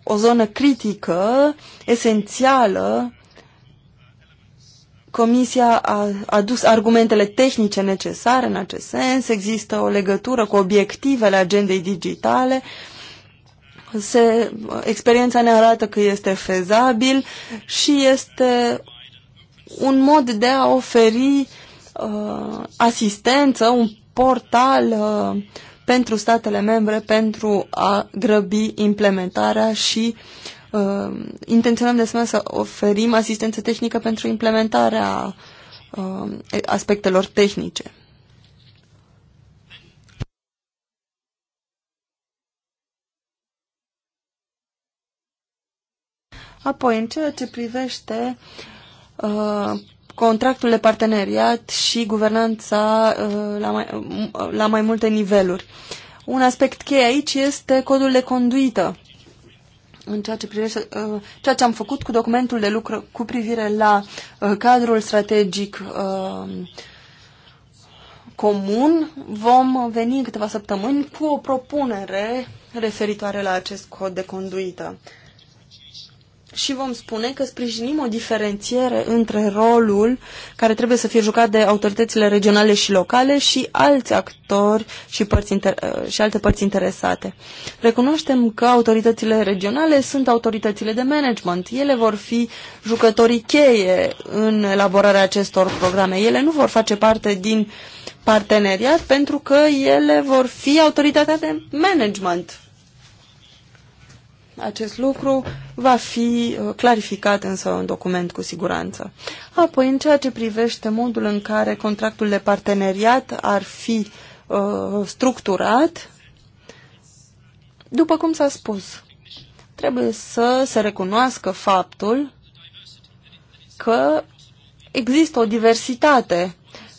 o zonă critică, esențială. Comisia a adus argumentele tehnice necesare în acest sens, există o legătură cu obiectivele agendei digitale, se, experiența ne arată că este fezabil și este un mod de a oferi uh, asistență, un portal uh, pentru statele membre pentru a grăbi implementarea și uh, intenționăm de asemenea să oferim asistență tehnică pentru implementarea uh, aspectelor tehnice. Apoi, în ceea ce privește uh, contractul de parteneriat și guvernanța uh, la mai, uh, la mai multe niveluri. Un aspect cheie aici este codul de conduită în ceea ce privește uh, ceea ce am făcut cu documentul de lucru cu privire la uh, cadrul strategic uh, comun, vom veni în câteva săptămâni cu o propunere referitoare la acest cod de conduită și vom spune că sprijinim o diferențiere între rolul care trebuie să fie jucat de autoritățile regionale și locale și alți actori și, părți inter- uh, și alte părți interesate. Recunoaștem că autoritățile regionale sunt autoritățile de management. Ele vor fi jucătorii cheie în elaborarea acestor programe. Ele nu vor face parte din parteneriat pentru că ele vor fi autoritatea de management acest lucru va fi uh, clarificat însă în document cu siguranță. Apoi, în ceea ce privește modul în care contractul de parteneriat ar fi uh, structurat, după cum s-a spus, trebuie să se recunoască faptul că există o diversitate,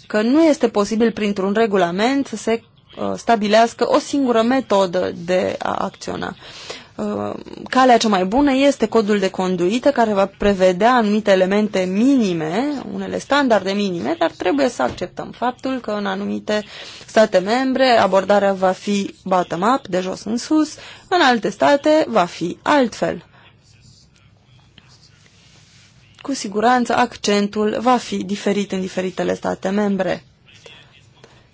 că nu este posibil printr-un regulament să se uh, stabilească o singură metodă de a acționa. Uh, calea cea mai bună este codul de conduită care va prevedea anumite elemente minime, unele standarde minime, dar trebuie să acceptăm faptul că în anumite state membre abordarea va fi bottom-up, de jos în sus, în alte state va fi altfel. Cu siguranță accentul va fi diferit în diferitele state membre.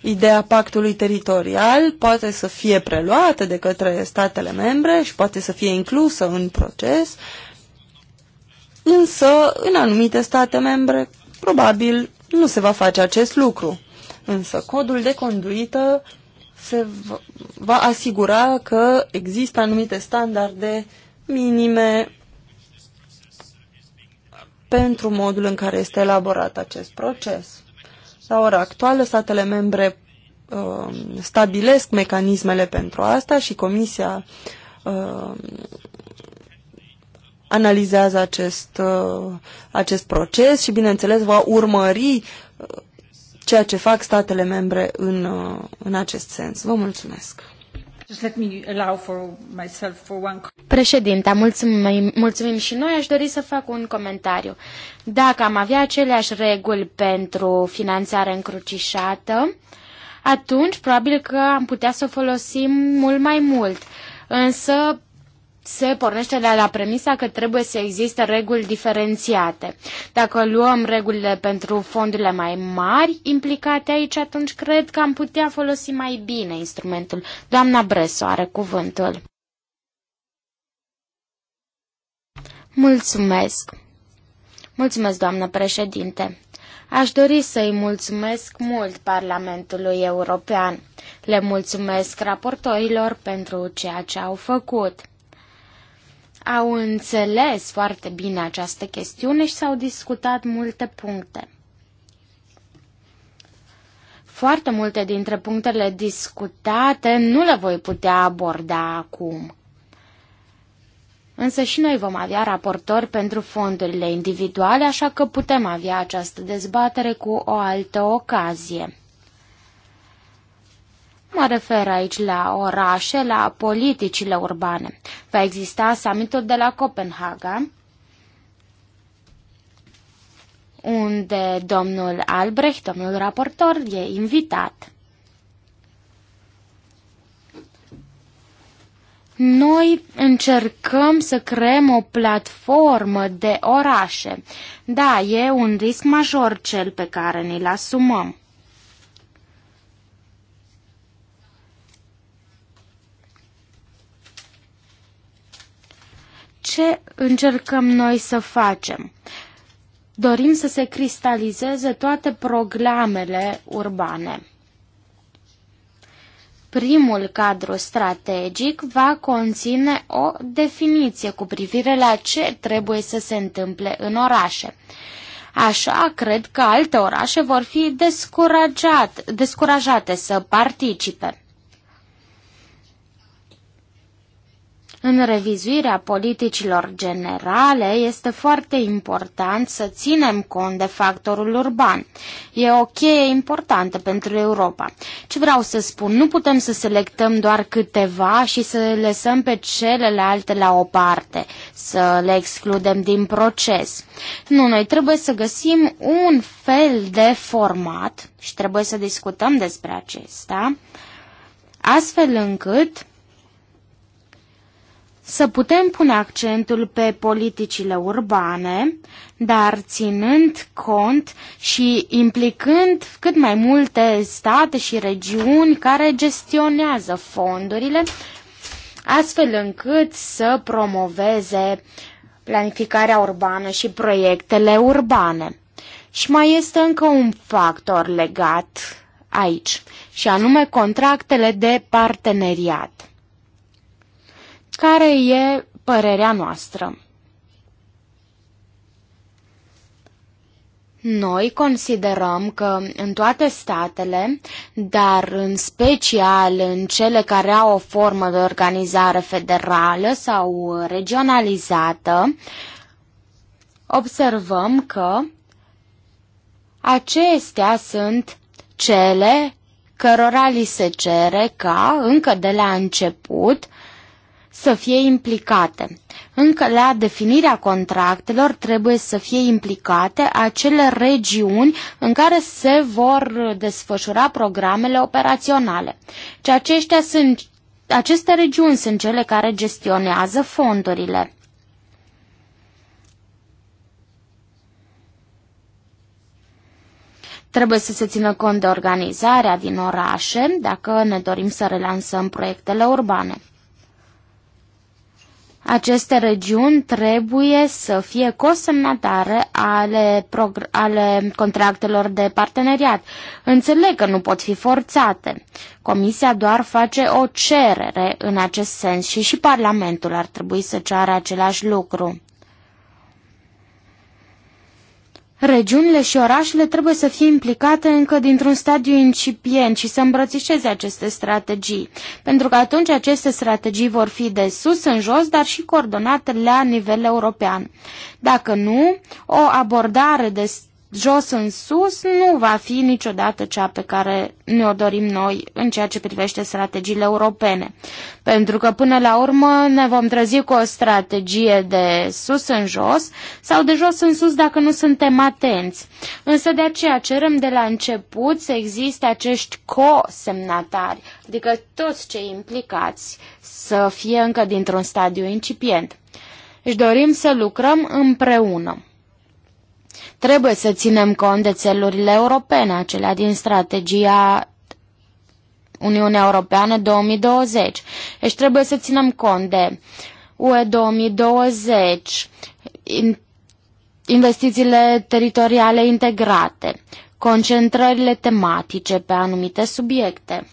Ideea pactului teritorial poate să fie preluată de către statele membre și poate să fie inclusă în proces, însă în anumite state membre probabil nu se va face acest lucru. Însă codul de conduită se va asigura că există anumite standarde minime pentru modul în care este elaborat acest proces. La ora actuală, statele membre uh, stabilesc mecanismele pentru asta și Comisia uh, analizează acest, uh, acest proces și, bineînțeles, va urmări uh, ceea ce fac statele membre în, uh, în acest sens. Vă mulțumesc! Președinte, mulțumim, mulțumim și noi. Aș dori să fac un comentariu. Dacă am avea aceleași reguli pentru finanțare încrucișată, atunci probabil că am putea să o folosim mult mai mult. Însă se pornește de la premisa că trebuie să existe reguli diferențiate. Dacă luăm regulile pentru fondurile mai mari implicate aici, atunci cred că am putea folosi mai bine instrumentul. Doamna Bresu are cuvântul. Mulțumesc. Mulțumesc, doamnă președinte. Aș dori să-i mulțumesc mult Parlamentului European. Le mulțumesc raportorilor pentru ceea ce au făcut au înțeles foarte bine această chestiune și s-au discutat multe puncte. Foarte multe dintre punctele discutate nu le voi putea aborda acum. Însă și noi vom avea raportori pentru fondurile individuale, așa că putem avea această dezbatere cu o altă ocazie. Mă refer aici la orașe, la politicile urbane. Va exista summitul de la Copenhaga, unde domnul Albrecht, domnul raportor, e invitat. Noi încercăm să creăm o platformă de orașe. Da, e un risc major cel pe care ne-l asumăm. Ce încercăm noi să facem? Dorim să se cristalizeze toate programele urbane. Primul cadru strategic va conține o definiție cu privire la ce trebuie să se întâmple în orașe. Așa, cred că alte orașe vor fi descurajate, descurajate să participe. În revizuirea politicilor generale este foarte important să ținem cont de factorul urban. E o cheie importantă pentru Europa. Ce vreau să spun? Nu putem să selectăm doar câteva și să le lăsăm pe celelalte la o parte, să le excludem din proces. Nu, noi trebuie să găsim un fel de format și trebuie să discutăm despre acesta, astfel încât să putem pune accentul pe politicile urbane, dar ținând cont și implicând cât mai multe state și regiuni care gestionează fondurile, astfel încât să promoveze planificarea urbană și proiectele urbane. Și mai este încă un factor legat aici, și anume contractele de parteneriat care e părerea noastră. Noi considerăm că în toate statele, dar în special în cele care au o formă de organizare federală sau regionalizată, observăm că acestea sunt cele cărora li se cere ca, încă de la început, să fie implicate. Încă la definirea contractelor trebuie să fie implicate acele regiuni în care se vor desfășura programele operaționale. Ce aceștia sunt, aceste regiuni sunt cele care gestionează fondurile. Trebuie să se țină cont de organizarea din orașe dacă ne dorim să relansăm proiectele urbane. Aceste regiuni trebuie să fie cosemnatare ale, ale contractelor de parteneriat. Înțeleg că nu pot fi forțate. Comisia doar face o cerere în acest sens și și Parlamentul ar trebui să ceară același lucru. Regiunile și orașele trebuie să fie implicate încă dintr-un stadiu incipient și să îmbrățișeze aceste strategii, pentru că atunci aceste strategii vor fi de sus în jos, dar și coordonate la nivel european. Dacă nu, o abordare de jos în sus nu va fi niciodată cea pe care ne-o dorim noi în ceea ce privește strategiile europene. Pentru că până la urmă ne vom trezi cu o strategie de sus în jos sau de jos în sus dacă nu suntem atenți. Însă de aceea cerem de la început să existe acești co-semnatari, adică toți cei implicați să fie încă dintr-un stadiu incipient. Își dorim să lucrăm împreună. Trebuie să ținem cont de țelurile europene, acelea din strategia Uniunea Europeană 2020. Deci trebuie să ținem cont de UE 2020, investițiile teritoriale integrate, concentrările tematice pe anumite subiecte.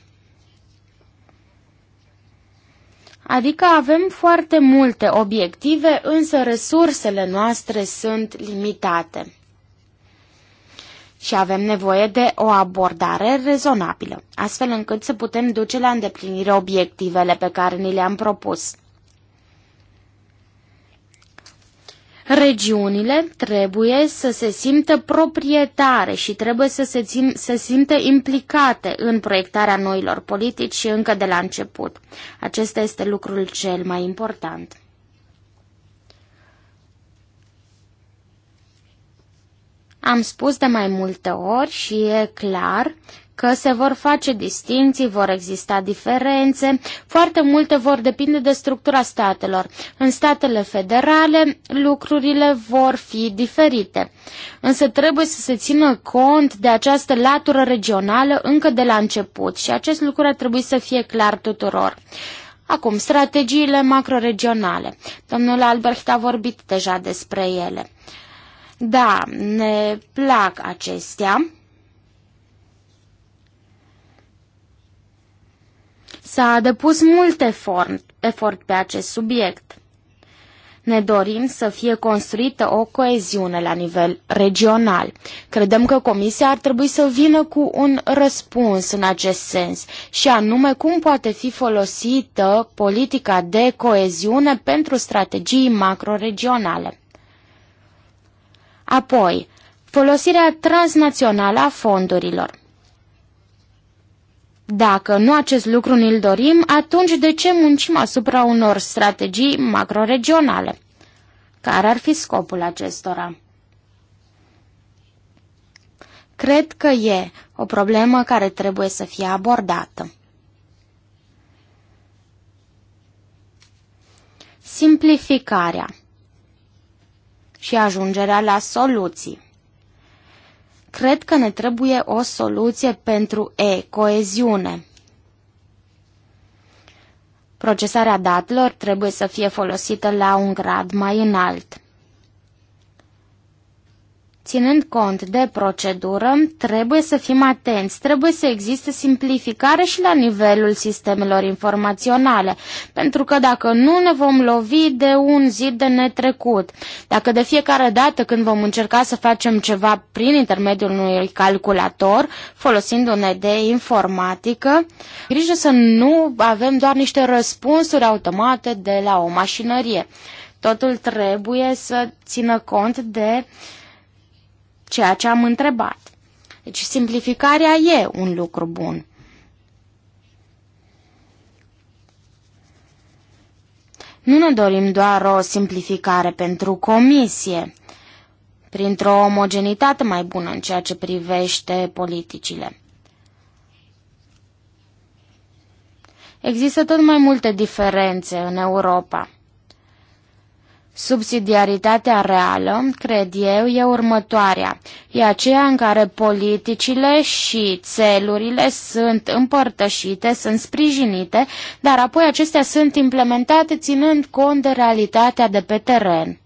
Adică avem foarte multe obiective, însă resursele noastre sunt limitate. Și avem nevoie de o abordare rezonabilă, astfel încât să putem duce la îndeplinire obiectivele pe care ni le-am propus. Regiunile trebuie să se simtă proprietare și trebuie să se, țin, să simtă implicate în proiectarea noilor politici și încă de la început. Acesta este lucrul cel mai important. Am spus de mai multe ori și e clar că se vor face distinții, vor exista diferențe, foarte multe vor depinde de structura statelor. În statele federale lucrurile vor fi diferite. Însă trebuie să se țină cont de această latură regională încă de la început și acest lucru ar trebui să fie clar tuturor. Acum, strategiile macroregionale. Domnul Albert a vorbit deja despre ele. Da, ne plac acestea. S-a depus mult efort, efort pe acest subiect. Ne dorim să fie construită o coeziune la nivel regional. Credem că Comisia ar trebui să vină cu un răspuns în acest sens și anume cum poate fi folosită politica de coeziune pentru strategii macroregionale. Apoi, folosirea transnațională a fondurilor. Dacă nu acest lucru ne-l dorim, atunci de ce muncim asupra unor strategii macroregionale? Care ar fi scopul acestora? Cred că e o problemă care trebuie să fie abordată. Simplificarea și ajungerea la soluții. Cred că ne trebuie o soluție pentru E, coeziune. Procesarea datelor trebuie să fie folosită la un grad mai înalt. Ținând cont de procedură, trebuie să fim atenți, trebuie să existe simplificare și la nivelul sistemelor informaționale, pentru că dacă nu ne vom lovi de un zid de netrecut, dacă de fiecare dată când vom încerca să facem ceva prin intermediul unui calculator, folosind o de informatică, grijă să nu avem doar niște răspunsuri automate de la o mașinărie. Totul trebuie să țină cont de uh, ceea ce am întrebat. Deci simplificarea e un lucru bun. Nu ne dorim doar o simplificare pentru comisie, printr-o omogenitate mai bună în ceea ce privește politicile. Există tot mai multe diferențe în Europa. Subsidiaritatea reală, cred eu, e următoarea. E aceea în care politicile și țelurile sunt împărtășite, sunt sprijinite, dar apoi acestea sunt implementate ținând cont de realitatea de pe teren.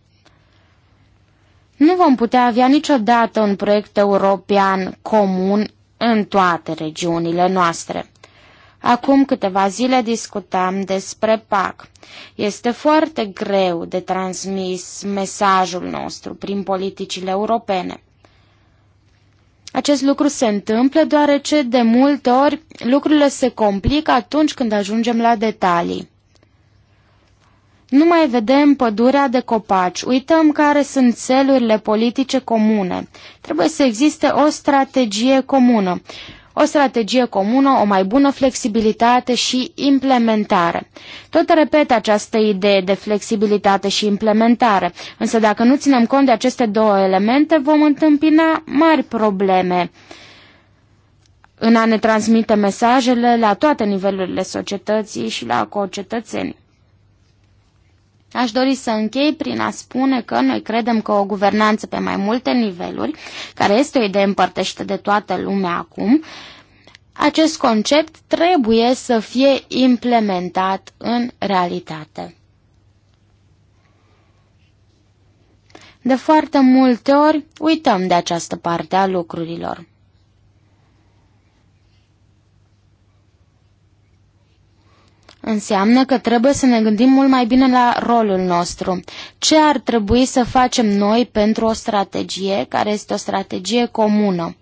Nu vom putea avea niciodată un proiect european comun în toate regiunile noastre. Acum câteva zile discutam despre PAC. Este foarte greu de transmis mesajul nostru prin politicile europene. Acest lucru se întâmplă deoarece de multe ori lucrurile se complică atunci când ajungem la detalii. Nu mai vedem pădurea de copaci, uităm care sunt țelurile politice comune. Trebuie să existe o strategie comună o strategie comună, o mai bună flexibilitate și implementare. Tot repet această idee de flexibilitate și implementare, însă dacă nu ținem cont de aceste două elemente, vom întâmpina mari probleme în a ne transmite mesajele la toate nivelurile societății și la cocetățenii. Aș dori să închei prin a spune că noi credem că o guvernanță pe mai multe niveluri, care este o idee împărtășită de toată lumea acum, acest concept trebuie să fie implementat în realitate. De foarte multe ori uităm de această parte a lucrurilor. Înseamnă că trebuie să ne gândim mult mai bine la rolul nostru. Ce ar trebui să facem noi pentru o strategie care este o strategie comună?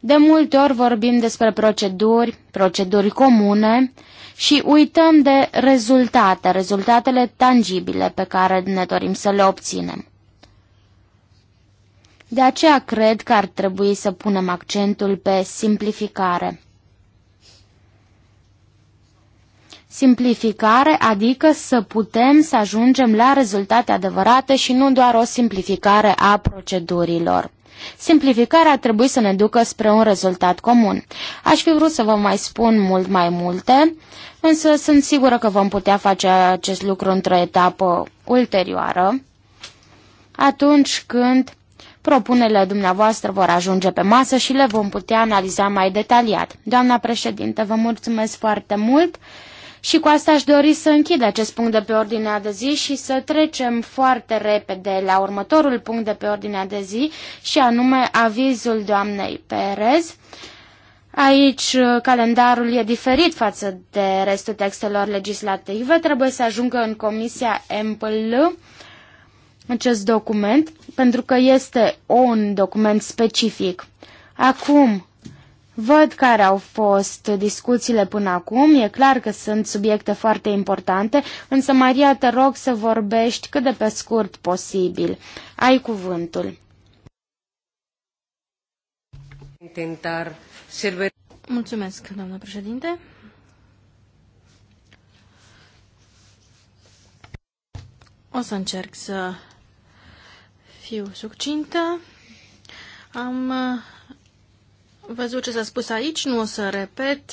De multe ori vorbim despre proceduri, proceduri comune și uităm de rezultate, rezultatele tangibile pe care ne dorim să le obținem. De aceea cred că ar trebui să punem accentul pe simplificare. Simplificare, adică să putem să ajungem la rezultate adevărate și nu doar o simplificare a procedurilor. Simplificarea ar trebui să ne ducă spre un rezultat comun. Aș fi vrut să vă mai spun mult mai multe, însă sunt sigură că vom putea face acest lucru într-o etapă ulterioară, atunci când propunerile dumneavoastră vor ajunge pe masă și le vom putea analiza mai detaliat. Doamna președinte, vă mulțumesc foarte mult! Și cu asta aș dori să închid acest punct de pe ordinea de zi și să trecem foarte repede la următorul punct de pe ordinea de zi și anume avizul doamnei Perez. Aici uh, calendarul e diferit față de restul textelor legislative. Trebuie să ajungă în Comisia MPL acest document pentru că este un document specific. Acum, Văd care au fost discuțiile până acum, e clar că sunt subiecte foarte importante, însă, Maria, te rog să vorbești cât de pe scurt posibil. Ai cuvântul. Mulțumesc, doamna președinte. O să încerc să fiu succintă. Am văzut ce s-a spus aici, nu o să repet.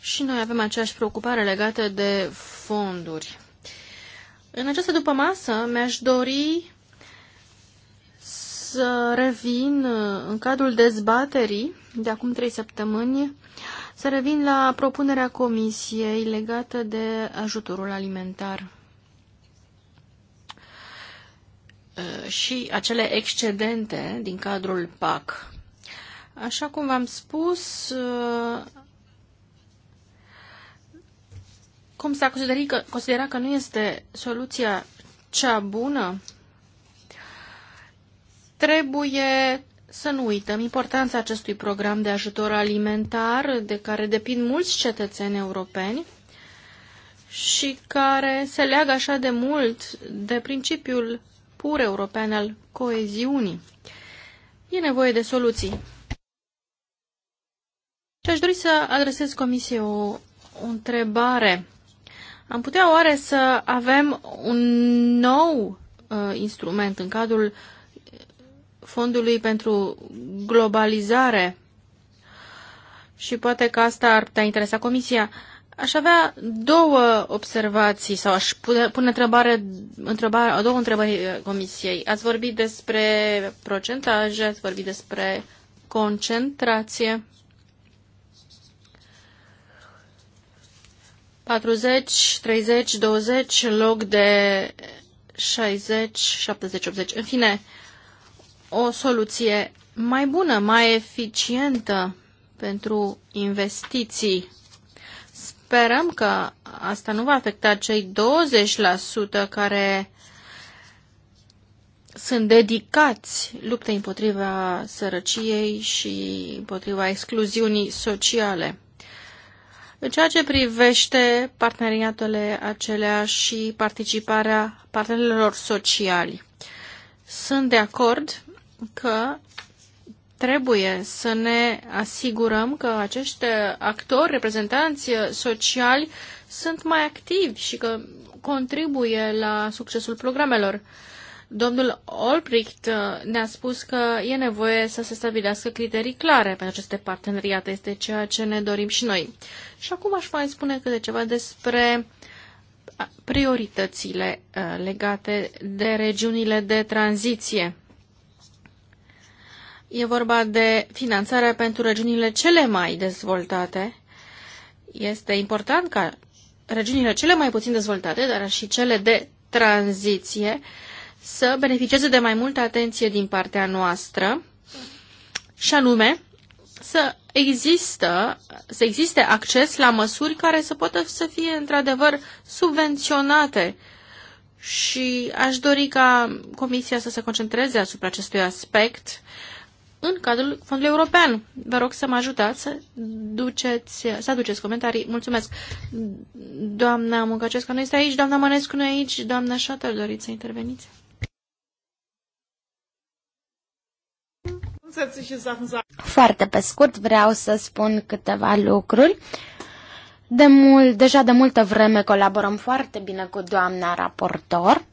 Și noi avem aceeași preocupare legată de fonduri. În această dupămasă masă mi-aș dori să revin în cadrul dezbaterii de acum trei săptămâni, să revin la propunerea comisiei legată de ajutorul alimentar și acele excedente din cadrul PAC. Așa cum v-am spus, uh, cum s-a considerat că, considera că nu este soluția cea bună, trebuie să nu uităm importanța acestui program de ajutor alimentar de care depind mulți cetățeni europeni și care se leagă așa de mult de principiul pur european al coeziunii. E nevoie de soluții și aș dori să adresez Comisiei o, o întrebare. Am putea oare să avem un nou uh, instrument în cadrul Fondului pentru Globalizare? Și poate că asta ar putea interesa Comisia. Aș avea două observații sau aș pune, pune întrebare, întrebare, două întrebări uh, Comisiei. Ați vorbit despre procentaje, ați vorbit despre concentrație 40, 30, 20, în loc de 60, 70, 80. În fine, o soluție mai bună, mai eficientă pentru investiții. Sperăm că asta nu va afecta cei 20% care sunt dedicați luptei împotriva sărăciei și împotriva excluziunii sociale. În ceea ce privește parteneriatele acelea și participarea partenerilor sociali, sunt de acord că trebuie să ne asigurăm că acești actori, reprezentanți sociali, sunt mai activi și că contribuie la succesul programelor. Domnul Olbricht uh, ne-a spus că e nevoie să se stabilească criterii clare pentru aceste parteneriate. Este ceea ce ne dorim și noi. Și acum aș mai spune câte ceva despre uh, prioritățile uh, legate de regiunile de tranziție. E vorba de finanțarea pentru regiunile cele mai dezvoltate. Este important ca regiunile cele mai puțin dezvoltate, dar și cele de tranziție, să beneficieze de mai multă atenție din partea noastră și anume să există, să existe acces la măsuri care să poată să fie într-adevăr subvenționate și aș dori ca Comisia să se concentreze asupra acestui aspect în cadrul Fondului European. Vă rog să mă ajutați să, duceți, să aduceți comentarii. Mulțumesc. Doamna Muncacescu nu este aici, doamna Mănescu nu e aici, doamna Șatăl, doriți să interveniți? Foarte pe scurt vreau să spun câteva lucruri. De mult, deja de multă vreme colaborăm foarte bine cu doamna raportor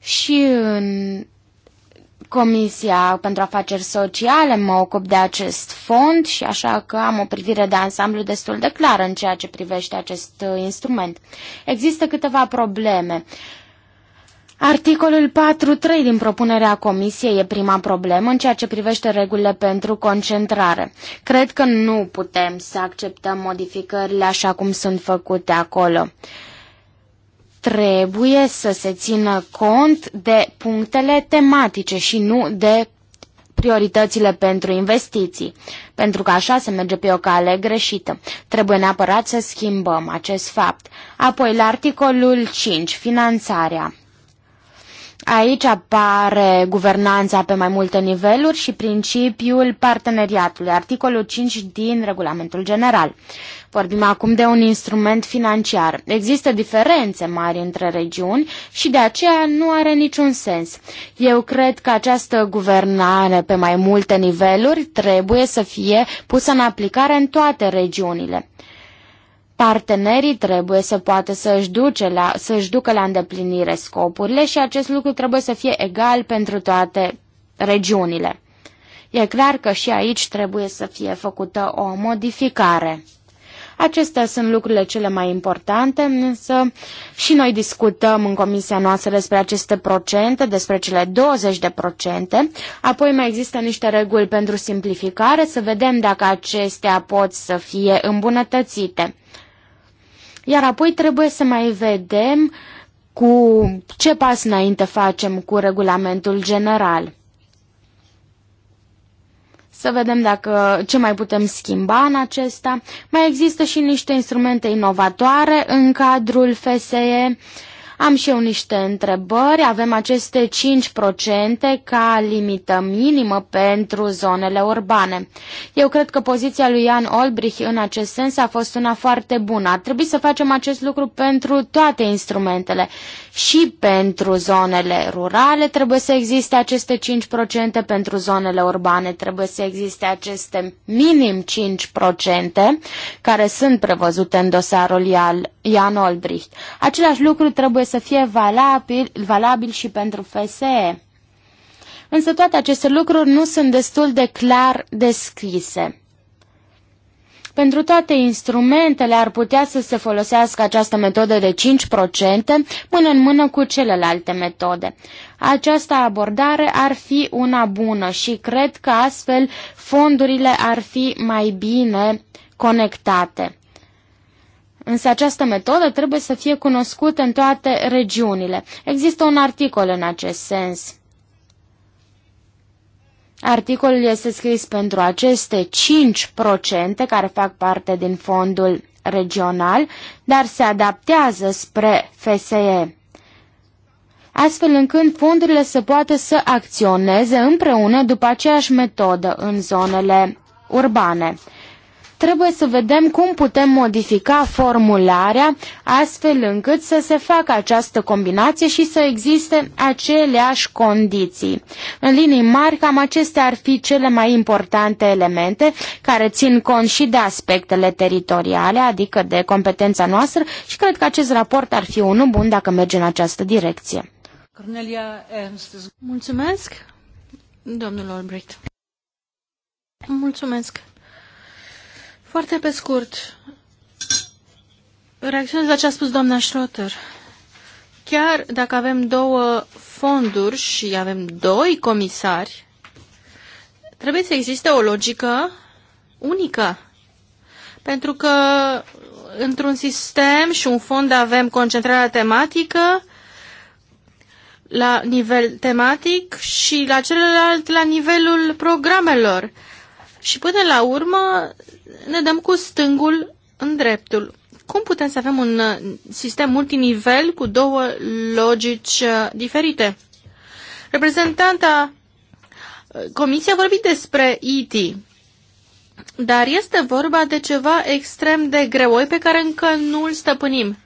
și în Comisia pentru Afaceri Sociale mă ocup de acest fond și așa că am o privire de ansamblu destul de clară în ceea ce privește acest instrument. Există câteva probleme. Uh, Articolul 4.3 din propunerea Comisiei e prima problemă în ceea ce privește regulile pentru concentrare. Cred că nu putem să acceptăm modificările așa cum sunt făcute acolo. Trebuie să se țină cont de punctele tematice și nu de prioritățile pentru investiții, pentru că așa se merge pe o cale greșită. Trebuie neapărat să schimbăm acest fapt. Apoi, la articolul 5, finanțarea. Aici apare guvernanța pe mai multe niveluri și principiul parteneriatului, articolul 5 din regulamentul general. Vorbim acum de un instrument financiar. Există diferențe mari între regiuni și de aceea nu are niciun sens. Eu cred că această guvernare pe mai multe niveluri trebuie să fie pusă în aplicare în toate regiunile. Partenerii trebuie să poată să-și, duce la, să ducă la îndeplinire scopurile și acest lucru trebuie să fie egal pentru toate regiunile. E clar că și aici trebuie să fie făcută o modificare. Acestea sunt lucrurile cele mai importante, însă și noi discutăm în comisia noastră despre aceste procente, despre cele 20 de procente. Apoi mai există niște reguli pentru simplificare, să vedem dacă acestea pot să fie îmbunătățite. Iar apoi trebuie să mai vedem cu ce pas înainte facem cu regulamentul general. Să vedem dacă ce mai putem schimba în acesta. Mai există și niște instrumente inovatoare în cadrul FSE. Uh, am și eu niște întrebări. Avem aceste 5% ca limită minimă pentru zonele urbane. Eu cred că poziția lui Jan Olbrich în acest sens a fost una foarte bună. Ar trebui să facem acest lucru pentru toate instrumentele. Și pentru zonele rurale trebuie să existe aceste 5%, pentru zonele urbane trebuie să existe aceste minim 5% care sunt prevăzute în dosarul Ian Olbricht. Același lucru trebuie să fie valabil, valabil și pentru FSE. Însă toate aceste lucruri nu sunt destul de clar descrise. Pentru toate instrumentele ar putea să se folosească această metodă de 5% mână în mână cu celelalte metode. Această abordare ar fi una bună și cred că astfel fondurile ar fi mai bine conectate. Însă această metodă trebuie să fie cunoscută în toate regiunile. Există un articol în acest sens. Articolul este scris pentru aceste 5% care fac parte din fondul regional, dar se adaptează spre FSE, astfel încât fondurile se poată să acționeze împreună după aceeași metodă în zonele urbane. Trebuie să vedem cum putem modifica formularea astfel încât să se facă această combinație și să existe aceleași condiții. În linii mari, cam acestea ar fi cele mai importante elemente care țin cont și de aspectele teritoriale, adică de competența noastră și cred că acest raport ar fi unul bun dacă merge în această direcție. Cornelia Ernst. Mulțumesc, domnul Albrecht. Mulțumesc. Foarte pe scurt, reacționez la ce a spus doamna Schroeter. Chiar dacă avem două fonduri și avem doi comisari, trebuie să existe o logică unică. Pentru că într-un sistem și un fond avem concentrarea tematică la nivel tematic și la celălalt la nivelul programelor și până la urmă ne dăm cu stângul în dreptul. Cum putem să avem un uh, sistem multinivel cu două logici uh, diferite? Reprezentanta uh, Comisia a vorbit despre IT, dar este vorba de ceva extrem de greoi pe care încă nu îl stăpânim.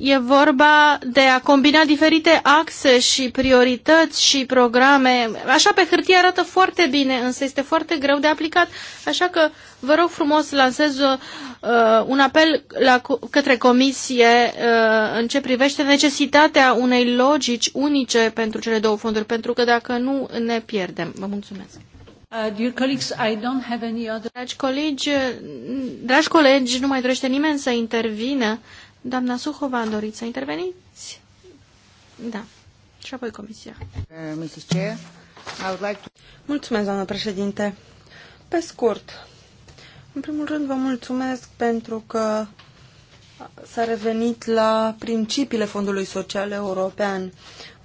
E vorba de a combina diferite axe și priorități și programe. Așa pe hârtie arată foarte bine, însă este foarte greu de aplicat. Așa că vă rog frumos să lansez uh, un apel la, către comisie uh, în ce privește necesitatea unei logici unice pentru cele două fonduri, pentru că dacă nu ne pierdem. Vă mulțumesc. Uh, dragi colegi, dragi colegi, nu mai dorește nimeni să intervină. Doamna Suhova, dorit să interveniți? Da. Și apoi comisia. Uh, mulțumesc, doamnă președinte. Pe scurt, în primul rând vă mulțumesc pentru că s-a revenit la principiile Fondului Social European.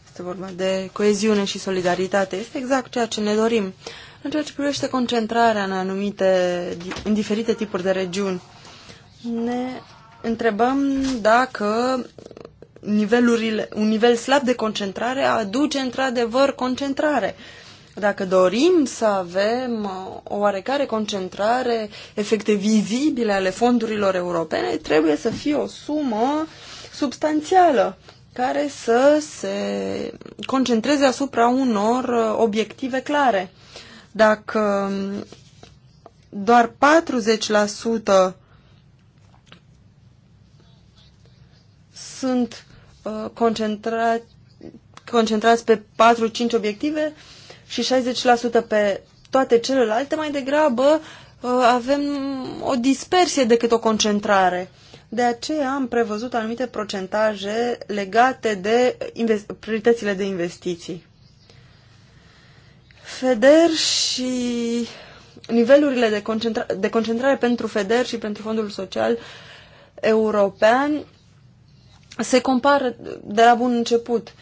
Este vorba de coeziune și solidaritate. Este exact ceea ce ne dorim. În ceea ce privește concentrarea în anumite, în diferite tipuri de regiuni, ne întrebăm dacă nivelurile, un nivel slab de concentrare aduce într-adevăr concentrare. Dacă dorim să avem uh, o oarecare concentrare efecte vizibile ale fondurilor europene, trebuie să fie o sumă substanțială care să se concentreze asupra unor uh, obiective clare. Dacă um, doar sunt uh, concentra concentrați pe 4-5 obiective și 60% pe toate celelalte, mai degrabă uh, avem o dispersie decât o concentrare. De aceea am prevăzut anumite procentaje legate de prioritățile de investiții. FEDER și nivelurile de, concentra- de concentrare pentru FEDER și pentru Fondul Social European se compară de la bun început.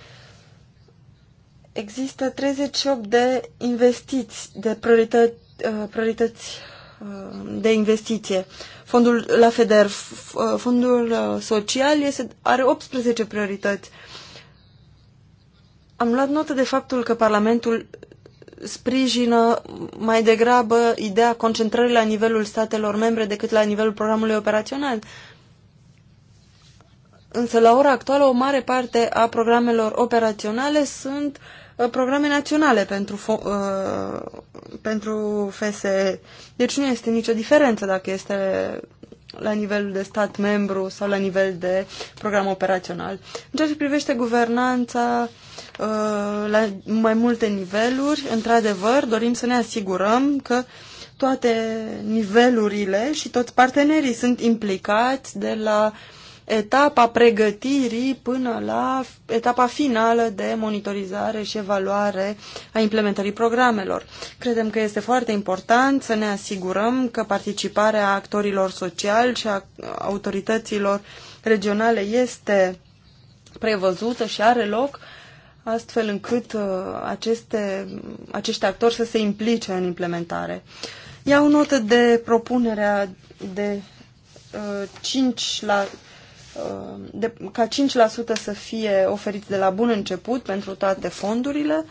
Există 38 de investiți, de priorități, uh, priorități uh, de investiție. Fondul la FEDER, uh, fondul social este, are 18 priorități. Am luat notă de faptul că Parlamentul sprijină mai degrabă ideea concentrării la nivelul statelor membre decât la nivelul programului operațional. Însă, la ora actuală, o mare parte a programelor operaționale sunt uh, programe naționale pentru, uh, pentru FSE. Deci nu este nicio diferență dacă este la nivel de stat membru sau la nivel de program operațional. În ceea ce privește guvernanța uh, la mai multe niveluri, într-adevăr, dorim să ne asigurăm că toate nivelurile și toți partenerii sunt implicați de la uh, etapa pregătirii până la etapa finală de monitorizare și evaluare a implementării programelor. Credem că este foarte important să ne asigurăm că participarea actorilor sociali și a autorităților regionale este prevăzută și are loc astfel încât uh, aceste, acești actori să se implice în implementare. Iau notă de propunerea de 5%, uh, la Uh, de, ca 5% să fie oferit de la bun început pentru toate fondurile.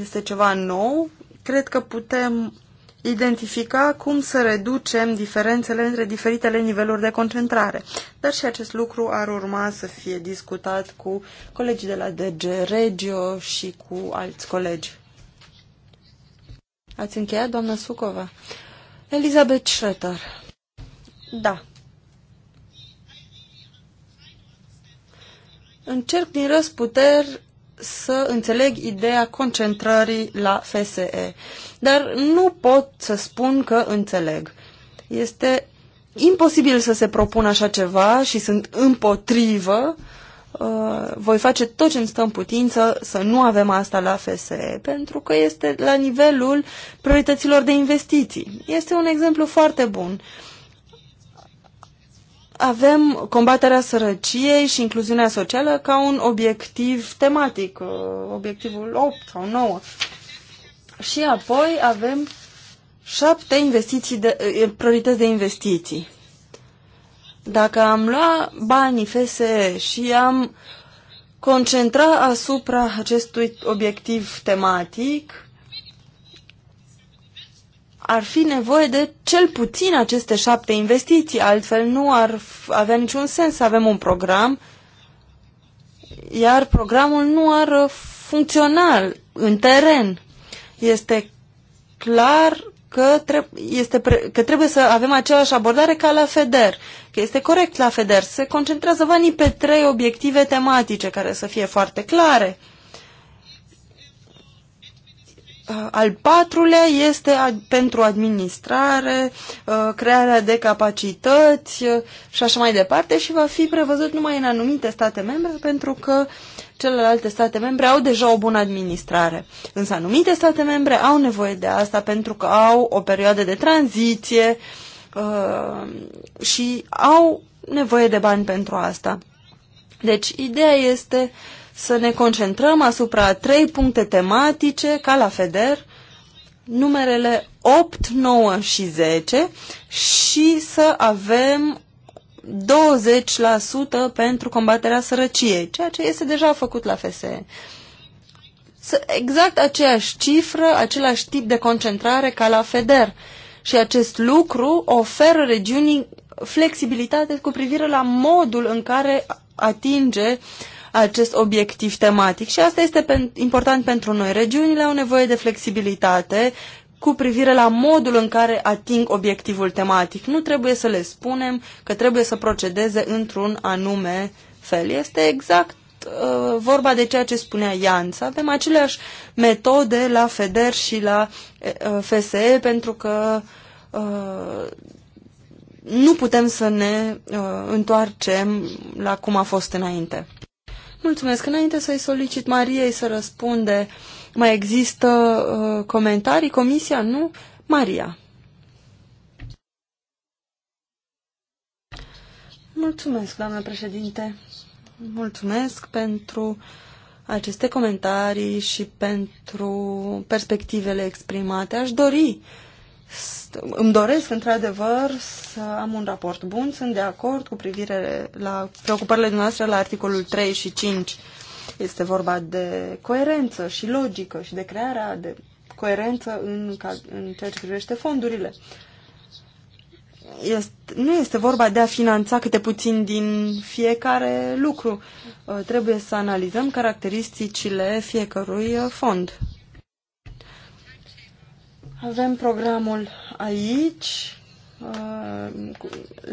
Este ceva nou. Cred că putem identifica cum să reducem diferențele între diferitele niveluri de concentrare. Dar și acest lucru ar urma să fie discutat cu colegii de la DG Regio și cu alți colegi. Ați încheiat, doamna Sucova? Elizabeth Schroeter. Da, Încerc din răsputeri să înțeleg ideea concentrării la FSE, dar nu pot să spun că înțeleg. Este imposibil să se propună așa ceva și sunt împotrivă. Uh, voi face tot ce îmi stă în putință să nu avem asta la FSE, pentru că este la nivelul priorităților de investiții. Este un exemplu foarte bun avem combaterea sărăciei și incluziunea socială ca un obiectiv tematic, uh, obiectivul 8 sau 9. Și apoi avem șapte investiții de, uh, priorități de investiții. Dacă am lua banii FSE și am concentra asupra acestui obiectiv tematic, ar fi nevoie de cel puțin aceste șapte investiții, altfel nu ar avea niciun sens să avem un program, iar programul nu ar uh, funcționa în teren. Este clar că, treb- este pre- că trebuie să avem aceeași abordare ca la FEDER, că este corect la FEDER. Se concentrează banii pe trei obiective tematice care să fie foarte clare – al patrulea este pentru administrare, uh, crearea de capacități uh, și așa mai departe și va fi prevăzut numai în anumite state membre pentru că celelalte state membre au deja o bună administrare. Însă anumite state membre au nevoie de asta pentru că au o perioadă de tranziție uh, și au nevoie de bani pentru asta. Deci, ideea este uh, să ne concentrăm asupra trei puncte tematice, ca la FEDER, numerele 8, 9 și 10 și să avem 20% pentru combaterea sărăciei, ceea ce este deja făcut la FSE. Exact aceeași cifră, același tip de concentrare ca la FEDER. Și acest lucru oferă regiunii flexibilitate cu privire la modul în care atinge acest obiectiv tematic și asta este pen important pentru noi. Regiunile au nevoie de flexibilitate cu privire la modul în care ating obiectivul tematic. Nu trebuie să le spunem că trebuie să procedeze într-un anume fel. Este exact uh, vorba de ceea ce spunea Ian. Să avem aceleași metode la FEDER și la uh, FSE pentru că uh, nu putem să ne uh, întoarcem la cum a fost înainte. Mulțumesc. Înainte să-i solicit Mariei să răspunde, mai există uh, comentarii? Comisia? Nu? Maria. Mulțumesc, doamnă președinte. Mulțumesc pentru aceste comentarii și pentru perspectivele exprimate. Aș dori uh, îmi doresc într-adevăr să am un raport bun, sunt de acord cu privire la preocupările noastre la articolul 3 și 5. Este vorba de coerență și logică și de crearea de coerență în, în ceea ce privește fondurile. Este, nu este vorba de a finanța câte puțin din fiecare lucru. Uh, trebuie să analizăm caracteristicile fiecărui uh, fond. Avem programul aici. Uh,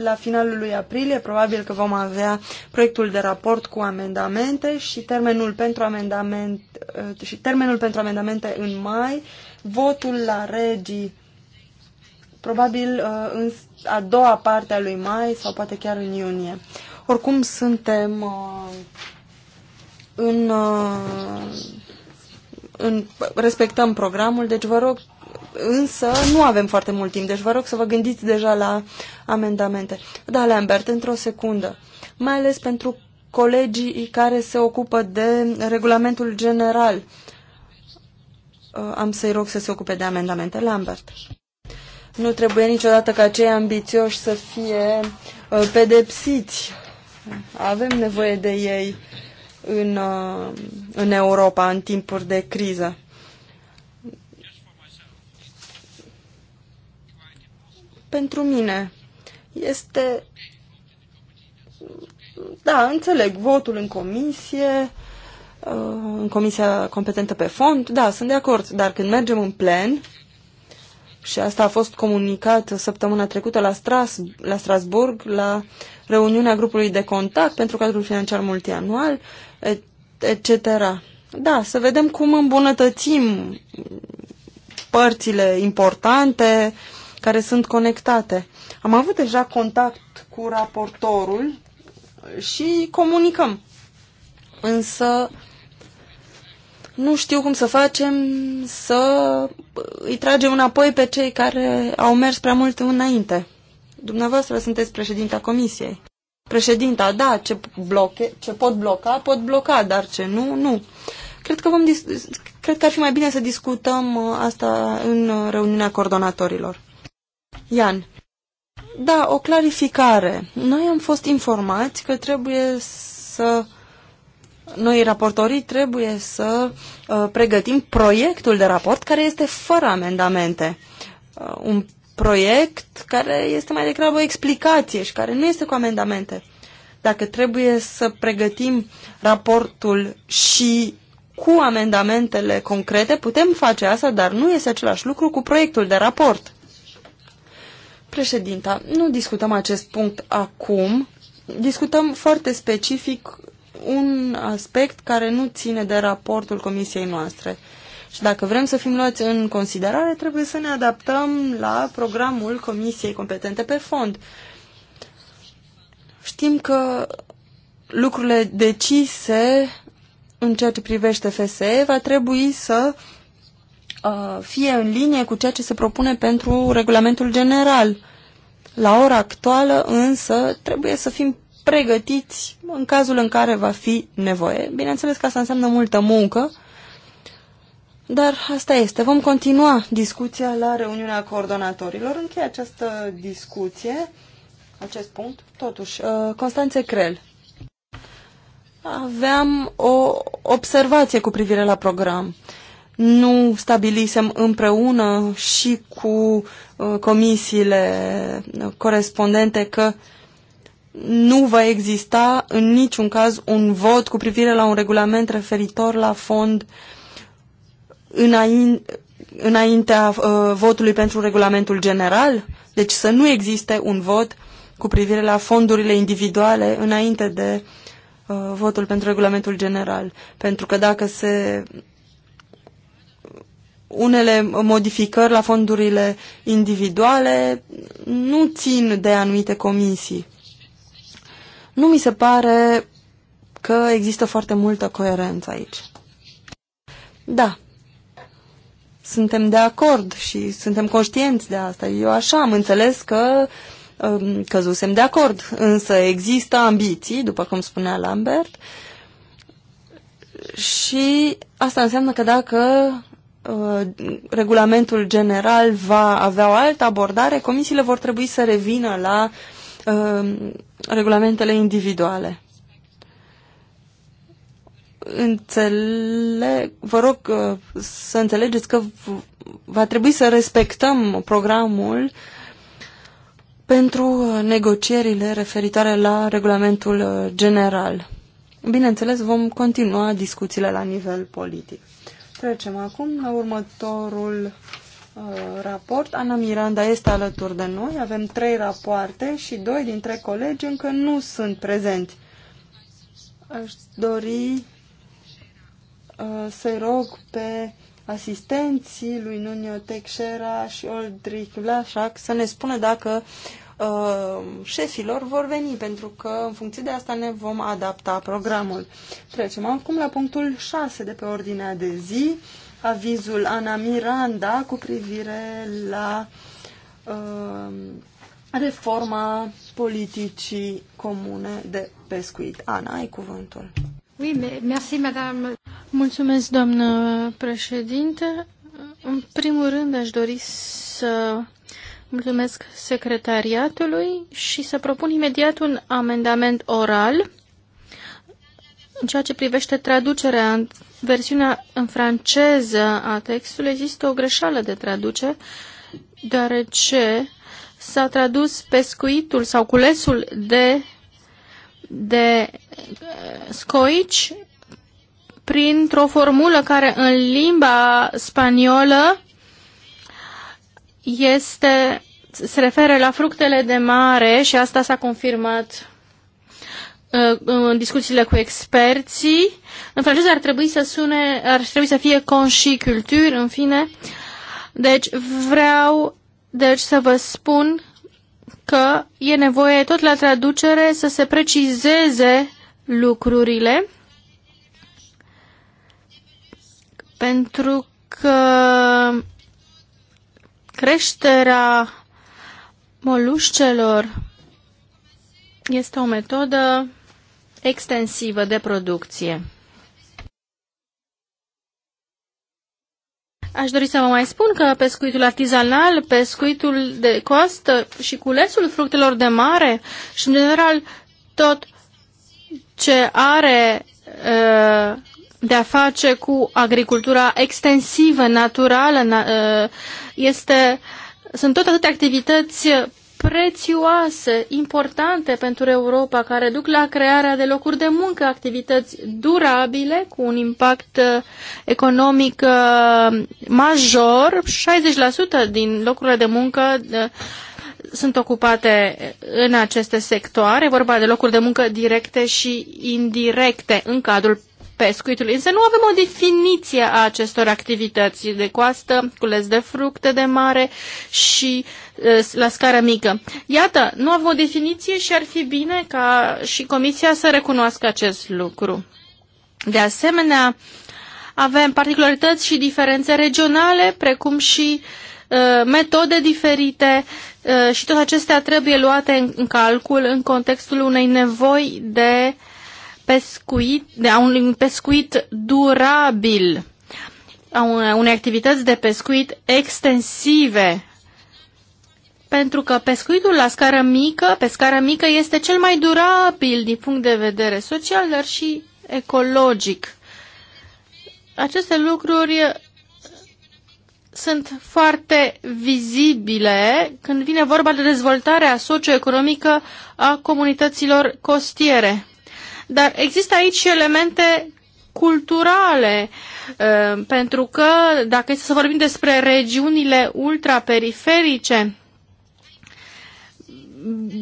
la finalul lui aprilie probabil că vom avea proiectul de raport cu amendamente și termenul pentru amendament uh, și termenul pentru amendamente în mai, votul la regii probabil uh, în a doua parte a lui mai sau poate chiar în iunie. Oricum suntem în, în respectăm programul, deci vă rog însă nu avem foarte mult timp, deci vă rog să vă gândiți deja la amendamente. Da, Lambert, într-o secundă, mai ales pentru colegii care se ocupă de regulamentul general. Uh, am să-i rog să se ocupe de amendamente. Lambert. Nu trebuie niciodată ca cei ambițioși să fie uh, pedepsiți. Avem nevoie de ei în, uh, în Europa în timpuri de criză. pentru mine este... Da, înțeleg, votul în comisie, uh, în comisia competentă pe fond, da, sunt de acord, dar când mergem în plen, și asta a fost comunicat săptămâna trecută la, Stras, la Strasburg, la reuniunea grupului de contact pentru cadrul financiar multianual, etc. Da, să vedem cum îmbunătățim părțile importante uh, care sunt conectate. Am avut deja contact cu raportorul și comunicăm. Însă nu știu cum să facem să îi tragem înapoi pe cei care au mers prea mult înainte. Dumneavoastră sunteți președinta comisiei. Președinta, da, ce, bloche, ce pot bloca, pot bloca, dar ce nu, nu. Cred că, vom, cred că ar fi mai bine să discutăm uh, asta în uh, reuniunea coordonatorilor. Ian. Da, o clarificare. Noi am fost informați că trebuie să noi raportorii trebuie să uh, pregătim proiectul de raport care este fără amendamente. Uh, un proiect care este mai degrabă o explicație și care nu este cu amendamente. Dacă trebuie să pregătim raportul și cu amendamentele concrete, putem face asta, dar nu este același lucru cu proiectul de raport. Președinta, nu discutăm acest punct acum. Discutăm foarte specific un aspect care nu ține de raportul comisiei noastre. Și dacă vrem să fim luați în considerare, trebuie să ne adaptăm la programul comisiei competente pe fond. Știm că lucrurile decise în ceea ce privește FSE va trebui să uh, Uh, fie în linie cu ceea ce se propune pentru regulamentul general. La ora actuală însă trebuie să fim pregătiți în cazul în care va fi nevoie. Bineînțeles că asta înseamnă multă muncă, dar asta este. Vom continua discuția la reuniunea coordonatorilor. Încheie această discuție, acest punct, totuși. Uh, Constanțe Crel. Aveam o observație cu privire la program. Uh, nu stabilisem împreună și cu uh, comisiile uh, corespondente că nu va exista în niciun caz un vot cu privire la un regulament referitor la fond înainte, înaintea uh, votului pentru regulamentul general, deci să nu existe un vot cu privire la fondurile individuale înainte de uh, votul pentru regulamentul general. Pentru că dacă se unele modificări la fondurile individuale nu țin de anumite comisii. Nu mi se pare că există foarte multă coerență aici. Da, suntem de acord și suntem conștienți de asta. Eu așa am înțeles că um, căzusem de acord, însă există ambiții, după cum spunea Lambert, și asta înseamnă că dacă Uh, regulamentul general va avea o altă abordare, comisiile vor trebui să revină la uh, regulamentele individuale. Înțeleg, vă rog uh, să înțelegeți că va trebui să respectăm programul pentru negocierile referitoare la regulamentul general. Bineînțeles, vom continua discuțiile la nivel politic. Trecem acum la următorul uh, raport. Ana Miranda este alături de noi. Avem trei rapoarte și doi dintre colegi încă nu sunt prezenți. Aș dori uh, să rog pe asistenții lui Nuno Texera și Oldrich Vlașac să ne spună dacă Uh, șefilor vor veni, pentru că în funcție de asta ne vom adapta programul. Trecem acum la punctul 6 de pe ordinea de zi, avizul Ana Miranda cu privire la uh, reforma politicii comune de pescuit. Ana, ai cuvântul. Oui, merci, madame. Mulțumesc, doamnă președinte. În primul rând, aș dori să Mulțumesc secretariatului și să propun imediat un amendament oral în ceea ce privește traducerea în versiunea în franceză a textului. Există o greșeală de traduce, deoarece s-a tradus pescuitul sau culesul de, de uh, scoici printr-o formulă care în limba spaniolă este, se referă la fructele de mare și asta s-a confirmat uh, în discuțiile cu experții. În franceză ar trebui să sune, ar trebui să fie conși culturi, în fine. Deci vreau deci să vă spun că e nevoie tot la traducere să se precizeze lucrurile pentru că Creșterea moluscelor este o metodă extensivă de producție. Aș dori să vă mai spun că pescuitul artizanal, pescuitul de coastă și culesul fructelor de mare și, în general, tot ce are de-a face cu agricultura extensivă, naturală, este, sunt tot atâtea activități prețioase, importante pentru Europa, care duc la crearea de locuri de muncă, activități durabile cu un impact uh, economic uh, major. 60% din locurile de muncă uh, sunt ocupate în aceste sectoare, e vorba de locuri de muncă directe și indirecte în cadrul pescuitului. Însă nu avem o definiție a acestor activități de coastă, cules de fructe de mare și eh, la scară mică. Iată, nu avem o definiție și ar fi bine ca și Comisia să recunoască acest lucru. De asemenea, avem particularități și diferențe regionale, precum și uh, metode diferite uh, și toate acestea trebuie luate în, în calcul în contextul unei nevoi de uh, pescuit, de a unui pescuit durabil, a unei activități de pescuit extensive. Pentru că pescuitul la scară mică, pe scară mică, este cel mai durabil din punct de vedere social, dar și ecologic. Aceste lucruri sunt foarte vizibile când vine vorba de dezvoltarea socioeconomică a comunităților costiere. Dar există aici și elemente culturale, eh, pentru că dacă este să vorbim despre regiunile ultraperiferice,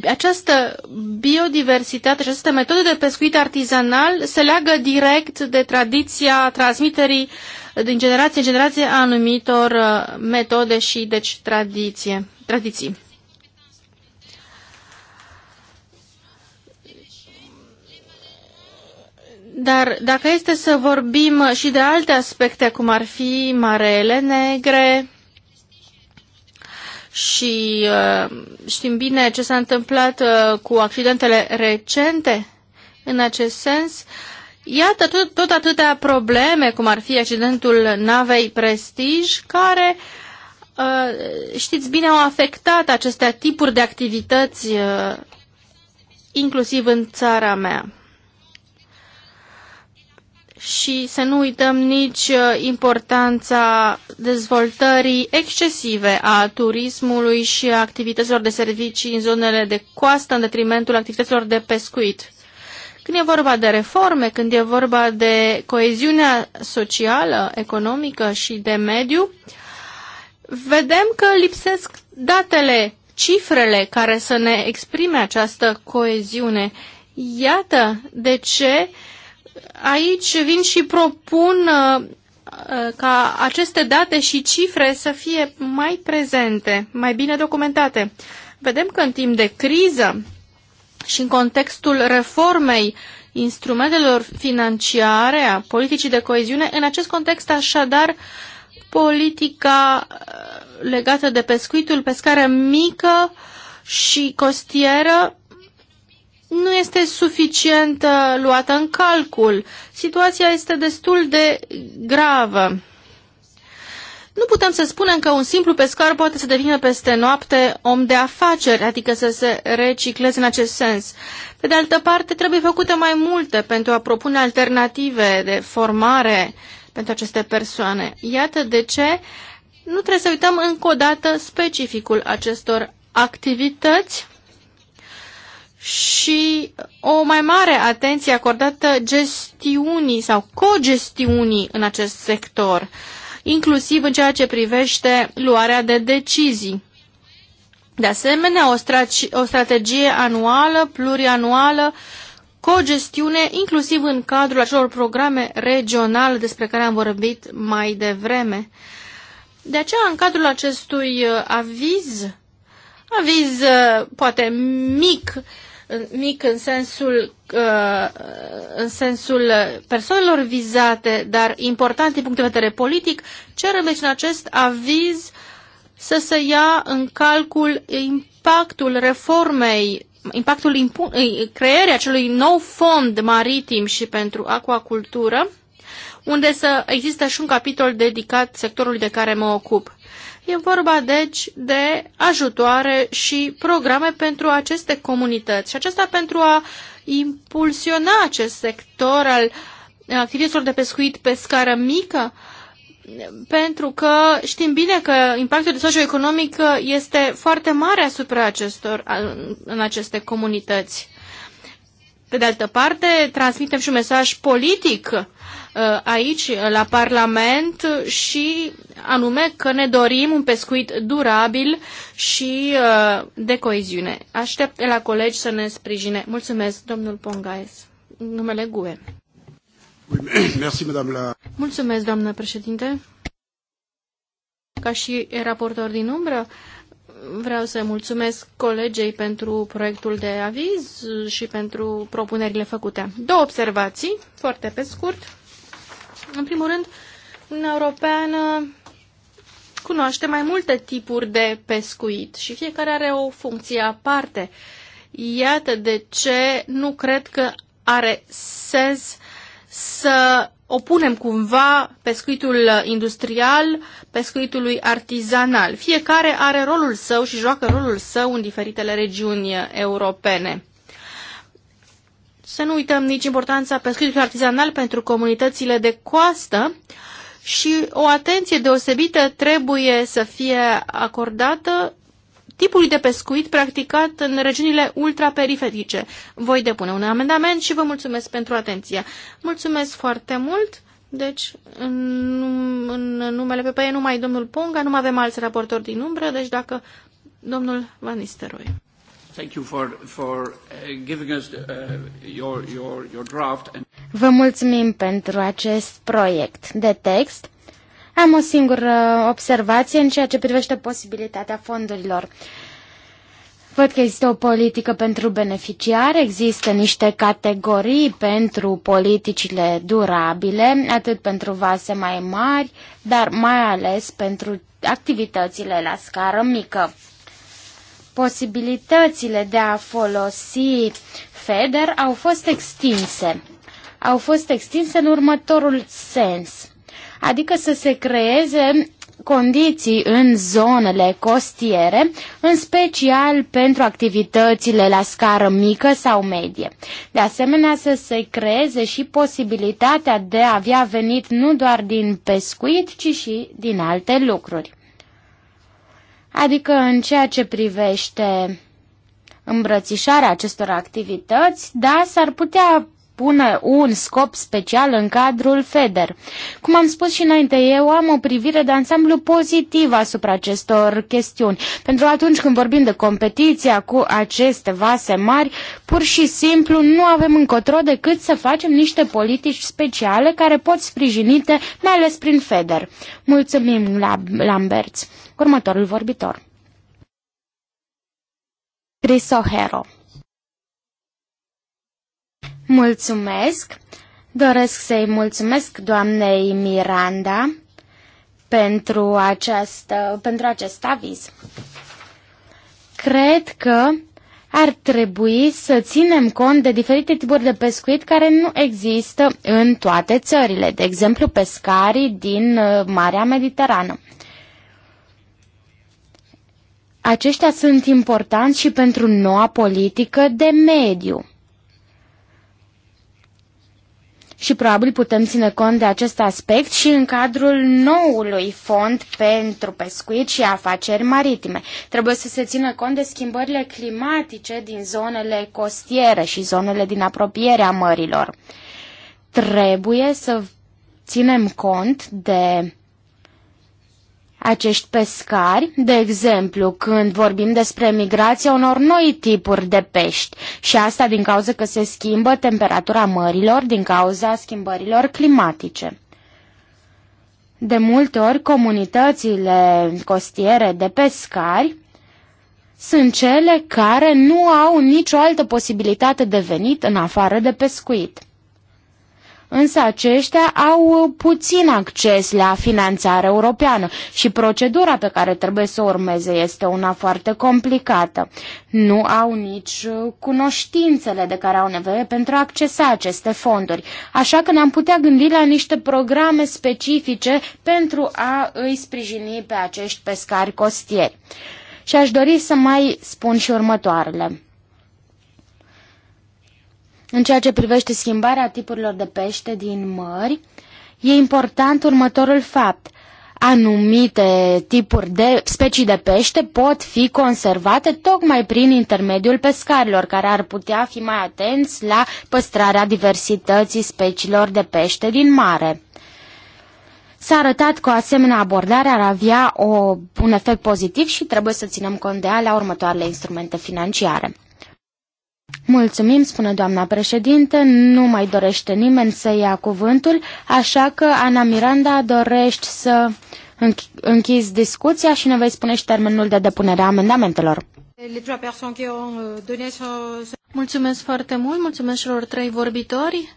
această biodiversitate, această metodă de pescuit artizanal se leagă direct de tradiția transmiterii din generație în generație a anumitor eh, metode și deci tradiție, tradiții. Dar dacă este să vorbim și de alte aspecte, cum ar fi marele negre, și uh, știm bine ce s-a întâmplat uh, cu accidentele recente în acest sens, Iată tot, tot atâtea probleme, cum ar fi accidentul navei Prestige, care, uh, știți bine, au afectat aceste tipuri de activități, inclusiv în țara mea și să nu uităm nici uh, importanța dezvoltării excesive a turismului și a activităților de servicii în zonele de coastă în detrimentul activităților de pescuit. Când e vorba de reforme, când e vorba de coeziunea socială, economică și de mediu, vedem că lipsesc datele, cifrele care să ne exprime această coeziune. Iată de ce uh, aici vin și propun uh, uh, ca aceste date și cifre să fie mai prezente, mai bine documentate. Vedem că în timp de criză și în contextul reformei instrumentelor financiare, a politicii de coeziune, în acest context așadar politica uh, legată de pescuitul, pescară mică și costieră nu este suficient uh, luată în calcul. Situația este destul de gravă. Nu putem să spunem că un simplu pescar poate să devină peste noapte om de afaceri, adică să se recicleze în acest sens. Pe de altă parte, trebuie făcute mai multe pentru a propune alternative de formare pentru aceste persoane. Iată de ce nu trebuie să uităm încă o dată specificul acestor activități și o mai mare atenție acordată gestiunii sau cogestiunii în acest sector, inclusiv în ceea ce privește luarea de decizii. De asemenea, o, o strategie anuală, plurianuală, cogestiune, inclusiv în cadrul acelor programe regionale despre care am vorbit mai devreme. De aceea, în cadrul acestui uh, aviz, aviz uh, poate mic, mic în sensul, uh, în sensul persoanelor vizate, dar important din punct de vedere politic, cerem deci în acest aviz să se ia în calcul impactul reformei, impactul creării acelui nou fond maritim și pentru aquacultură, unde să există și un capitol dedicat sectorului de care mă ocup. E vorba, deci, de ajutoare și programe pentru aceste comunități. Și aceasta pentru a impulsiona acest sector al activităților de pescuit pe scară mică, pentru că știm bine că impactul socioeconomic este foarte mare asupra acestor, în aceste comunități. Pe de altă parte, transmitem și un mesaj politic Uh, aici, la Parlament, și anume că ne dorim un pescuit durabil și uh, de coeziune. Aștept la colegi să ne sprijine. Mulțumesc, domnul Pongaes. Numele GUE. <coughs> Mulțumesc, doamnă președinte. Ca și raportor din umbră, vreau să mulțumesc colegei pentru proiectul de aviz și pentru propunerile făcute. Două observații, foarte pe scurt. În primul rând, Uniunea Europeană cunoaște mai multe tipuri de pescuit și fiecare are o funcție aparte. Iată de ce nu cred că are sens să opunem cumva pescuitul industrial pescuitului artizanal. Fiecare are rolul său și joacă rolul său în diferitele regiuni europene. Să nu uităm nici importanța pescuitului artizanal pentru comunitățile de coastă și o atenție deosebită trebuie să fie acordată tipului de pescuit practicat în regiunile ultraperiferice. Voi depune un amendament și vă mulțumesc pentru atenție. Mulțumesc foarte mult! Deci, în, în numele PPE numai domnul Ponga, nu avem alți raportori din umbră, deci dacă domnul Van Nistelrooy. Thank you for, for uh, giving us uh, your, your, your draft. And... Vă mulțumim pentru acest proiect de text. Am o singură observație în ceea ce privește posibilitatea fondurilor. Văd că există o politică pentru beneficiari, există niște categorii pentru politicile durabile, atât pentru vase mai mari, dar mai ales pentru activitățile la scară mică posibilitățile de a folosi FEDER au fost extinse. Au fost extinse în următorul sens, adică să se creeze condiții în zonele costiere, în special pentru activitățile la scară mică sau medie. De asemenea, să se creeze și posibilitatea de a avea venit nu doar din pescuit, ci și din alte lucruri. Adică în ceea ce privește îmbrățișarea acestor activități, da, s-ar putea pune un scop special în cadrul FEDER. Cum am spus și înainte, eu am o privire de ansamblu pozitiv asupra acestor chestiuni, pentru atunci când vorbim de competiția cu aceste vase mari, pur și simplu nu avem încotro decât să facem niște politici speciale care pot sprijinite, mai ales prin FEDER. Mulțumim, Lamberts! Următorul vorbitor. Chris O'Hero. Mulțumesc! Doresc să-i mulțumesc doamnei Miranda pentru, această, pentru acest aviz. Cred că ar trebui să ținem cont de diferite tipuri de pescuit care nu există în toate țările, de exemplu pescarii din uh, Marea Mediterană. Aceștia sunt importanți și pentru noua politică de mediu. Și probabil putem ține cont de acest aspect și în cadrul noului fond pentru pescuit și afaceri maritime. Trebuie să se țină cont de schimbările climatice din zonele costiere și zonele din apropierea mărilor. Trebuie să ținem cont de acești pescari, de exemplu, când vorbim despre migrația unor noi tipuri de pești și asta din cauza că se schimbă temperatura mărilor din cauza schimbărilor climatice. De multe ori, comunitățile costiere de pescari sunt cele care nu au nicio altă posibilitate de venit în afară de pescuit însă aceștia au puțin acces la finanțare europeană și procedura pe care trebuie să o urmeze este una foarte complicată. Nu au nici cunoștințele de care au nevoie pentru a accesa aceste fonduri, așa că ne-am putea gândi la niște programe specifice pentru a îi sprijini pe acești pescari costieri. Și aș dori să mai spun și următoarele. În ceea ce privește schimbarea tipurilor de pește din mări, e important următorul fapt. Anumite tipuri de specii de pește pot fi conservate tocmai prin intermediul pescarilor, care ar putea fi mai atenți la păstrarea diversității speciilor de pește din mare. S-a arătat că o asemenea abordare ar avea o, un efect pozitiv și trebuie să ținem cont de ea la următoarele instrumente financiare. Mulțumim, spune doamna președinte, nu mai dorește nimeni să ia cuvântul, așa că, Ana Miranda, dorești să închizi discuția și ne vei spune și termenul de depunere a amendamentelor. Euh, mulțumesc foarte mult, mulțumesc celor trei vorbitori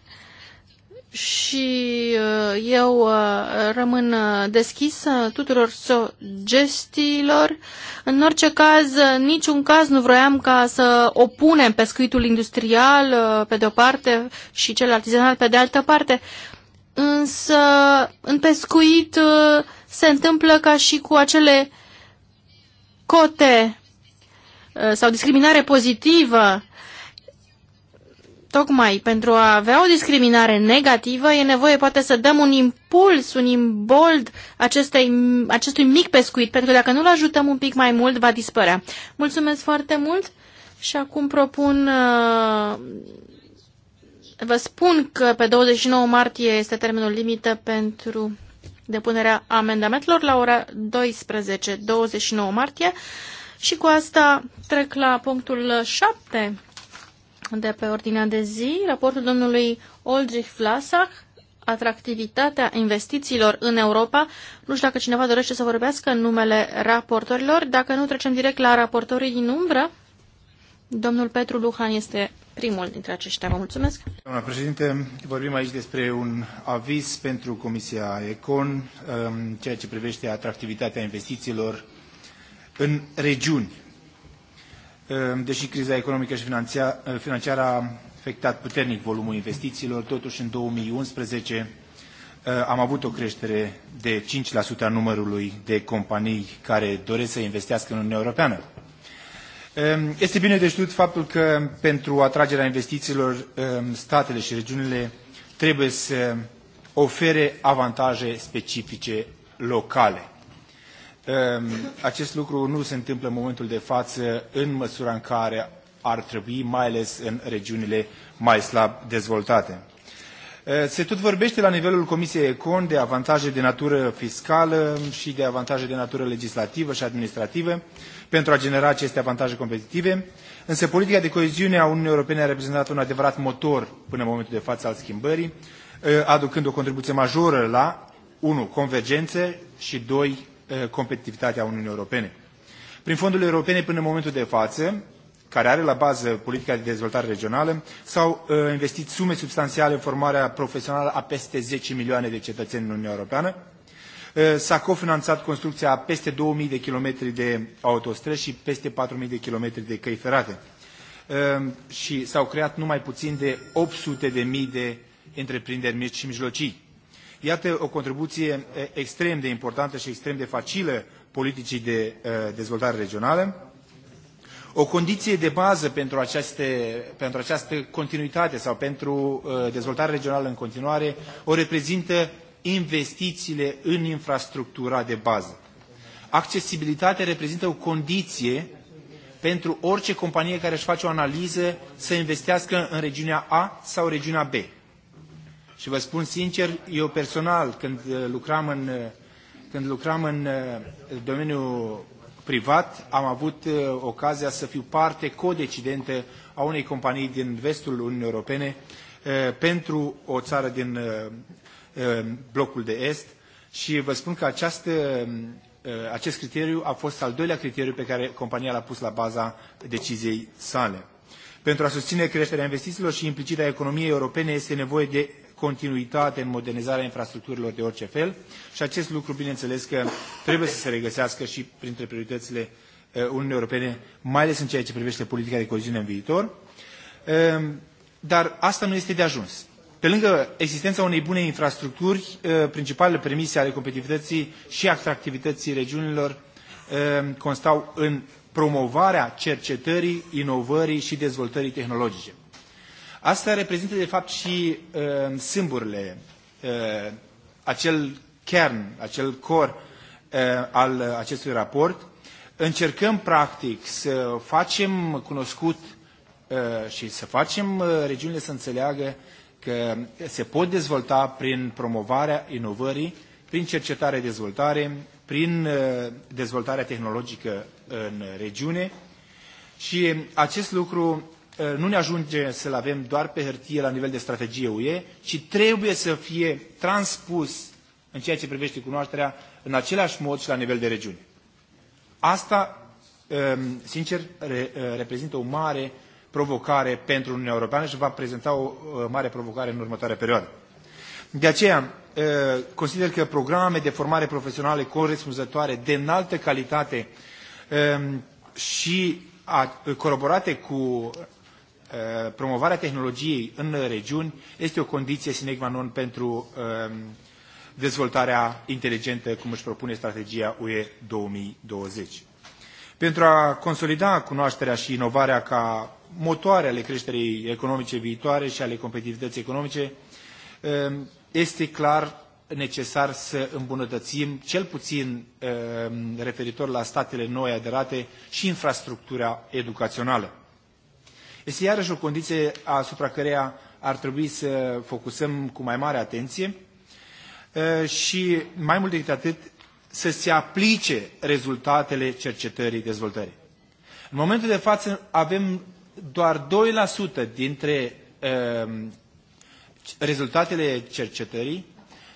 și uh, eu uh, rămân uh, deschisă tuturor sugestiilor. În orice caz, în niciun caz nu vroiam ca să opunem pescuitul industrial pe de o parte și cel artizanal pe de altă parte. Însă, în pescuit se întâmplă ca și cu acele cote sau discriminare pozitivă Tocmai pentru a avea o discriminare negativă e nevoie poate să dăm un impuls, un imbold acestei, acestui mic pescuit, pentru că dacă nu-l ajutăm un pic mai mult, va dispărea. Mulțumesc foarte mult și acum propun, uh, vă spun că pe 29 martie este termenul limită pentru depunerea amendamentelor la ora 12, 29 martie. Și cu asta trec la punctul 7 de pe ordinea de zi, raportul domnului Oldrich Vlasac, atractivitatea investițiilor în Europa. Nu știu dacă cineva dorește să vorbească în numele raportorilor. Dacă nu, trecem direct la raportorii din umbră. Domnul Petru Luhan este primul dintre aceștia. Vă mulțumesc. Doamna președinte, vorbim aici despre un aviz pentru Comisia Econ, um, ceea ce privește atractivitatea investițiilor în regiuni Ehm, deși criza economică și eh, financiară a afectat puternic volumul investițiilor, totuși în 2011 eh, am avut o creștere de 5% a numărului de companii care doresc să investească în Uniunea Europeană. Ehm, este bine de știut faptul că pentru atragerea investițiilor ehm, statele și regiunile trebuie să ofere avantaje specifice locale. Ehm, acest lucru nu se întâmplă în momentul de față în măsura în care ar trebui, mai ales în regiunile mai slab dezvoltate. Ehm, se tot vorbește la nivelul Comisiei Econ de avantaje de natură fiscală și de avantaje de natură legislativă și administrativă pentru a genera aceste avantaje competitive, însă politica de coeziune a Uniunii Europene a reprezentat un adevărat motor până în momentul de față al schimbării, ehm, aducând o contribuție majoră la 1. Convergențe și 2. Eh, competitivitatea Uniunii Europene. Prin fondurile europene până în momentul de față, care are la bază politica de dezvoltare regională, s-au eh, investit sume substanțiale în formarea profesională a peste 10 milioane de cetățeni în Uniunea Europeană. Eh, s-a cofinanțat construcția a peste 2000 de kilometri de autostrăzi și peste 4000 de kilometri de căi ferate. Și s-au creat numai puțin de 800 de mii de întreprinderi mici și mijlocii. Iată o contribuție extrem de importantă și extrem de facilă politicii de dezvoltare regională. O condiție de bază pentru, aceste, pentru această continuitate sau pentru dezvoltare regională în continuare o reprezintă investițiile în infrastructura de bază. Accesibilitatea reprezintă o condiție pentru orice companie care își face o analiză să investească în regiunea A sau regiunea B. Și vă spun sincer, eu personal, când uh, lucram în, uh, când lucram în uh, domeniul privat, am avut ocazia să fiu parte codecidentă a unei companii din vestul Uniunii Europene pentru o țară din blocul de est și vă spun că această, acest criteriu a fost al doilea criteriu pe care compania l-a pus la baza deciziei sale. Pentru a susține creșterea investițiilor și implicita economiei europene este nevoie de continuitate în modernizarea infrastructurilor de orice fel și acest lucru, bineînțeles, că trebuie să se regăsească și printre prioritățile uh, Uniunii Europene, mai ales în ceea ce privește politica de coziune în viitor. Um, dar asta nu este de ajuns. Pe lângă existența unei bune infrastructuri, uh, principalele premise ale competitivității și atractivității regiunilor um, constau în promovarea cercetării, inovării și dezvoltării tehnologice. Asta reprezintă, de fapt, și uh, sâmburile, uh, acel kern, acel cor uh, al acestui raport. Încercăm, practic, să facem cunoscut uh, și să facem uh, regiunile să înțeleagă că se pot dezvolta prin promovarea inovării, prin cercetare-dezvoltare, prin uh, dezvoltarea tehnologică în regiune și acest lucru Eh, nu ne ajunge să-l avem doar pe hârtie la nivel de strategie UE, ci trebuie să fie transpus în ceea ce privește cunoașterea în același mod și la nivel de regiune. Asta, ehm, sincer, eh, reprezintă o mare provocare pentru Uniunea Europeană și va prezenta o eh, mare provocare în următoarea perioadă. De aceea, consider că programe de formare profesională corespunzătoare de înaltă calitate ehm, și coroborate cu Eh, promovarea tehnologiei în regiuni este o condiție sine qua non pentru ehm, dezvoltarea inteligentă, cum își propune strategia UE 2020. Pentru a consolida cunoașterea și inovarea ca motoare ale creșterii economice viitoare și ale competitivității economice, ehm, este clar necesar să îmbunătățim, cel puțin ehm, referitor la statele noi aderate, și infrastructura educațională este iarăși o condiție asupra căreia ar trebui să focusăm cu mai mare atenție și, mai mult decât atât, să se aplice rezultatele cercetării dezvoltării. În momentul de față avem doar 2% dintre rezultatele cercetării,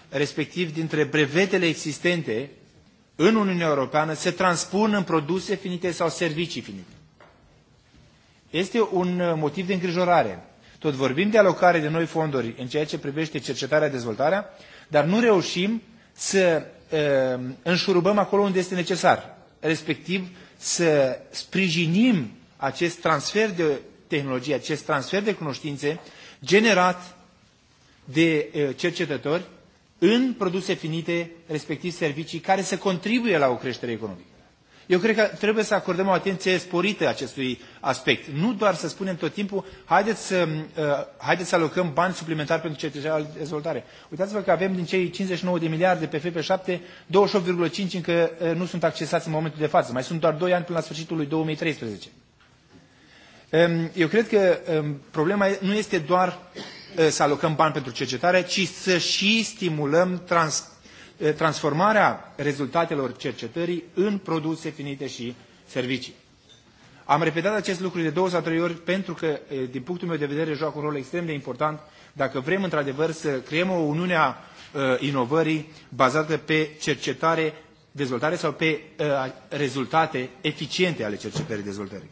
respectiv dintre brevetele existente în Uniunea Europeană, se transpun în produse finite sau servicii finite este un uh, motiv de îngrijorare. Tot vorbim de alocare de noi fonduri în ceea ce privește cercetarea, dezvoltarea, dar nu reușim să uh, înșurubăm acolo unde este necesar, respectiv să sprijinim acest transfer de tehnologie, acest transfer de cunoștințe generat de uh, cercetători în produse finite, respectiv servicii, care să contribuie la o creștere economică. Eu cred că trebuie să acordăm o atenție sporită acestui aspect. Nu doar să spunem tot timpul, haideți să, uh, haideți să alocăm bani suplimentari pentru cercetare de dezvoltare. Uitați-vă că avem din cei 59 de miliarde pe FP7, 28,5 încă uh, nu sunt accesați în momentul de față. Mai sunt doar 2 ani până la sfârșitul lui 2013. Um, eu cred că um, problema nu este doar uh, să alocăm bani pentru cercetare, ci să și stimulăm trans Eh, transformarea rezultatelor cercetării în produse finite și servicii. Am repetat acest lucru de două sau trei ori pentru că, eh, din punctul meu de vedere, joacă un rol extrem de important dacă vrem, într-adevăr, să creăm o uniune a eh, inovării bazată pe cercetare, dezvoltare sau pe rezultate eficiente ale cercetării, dezvoltării.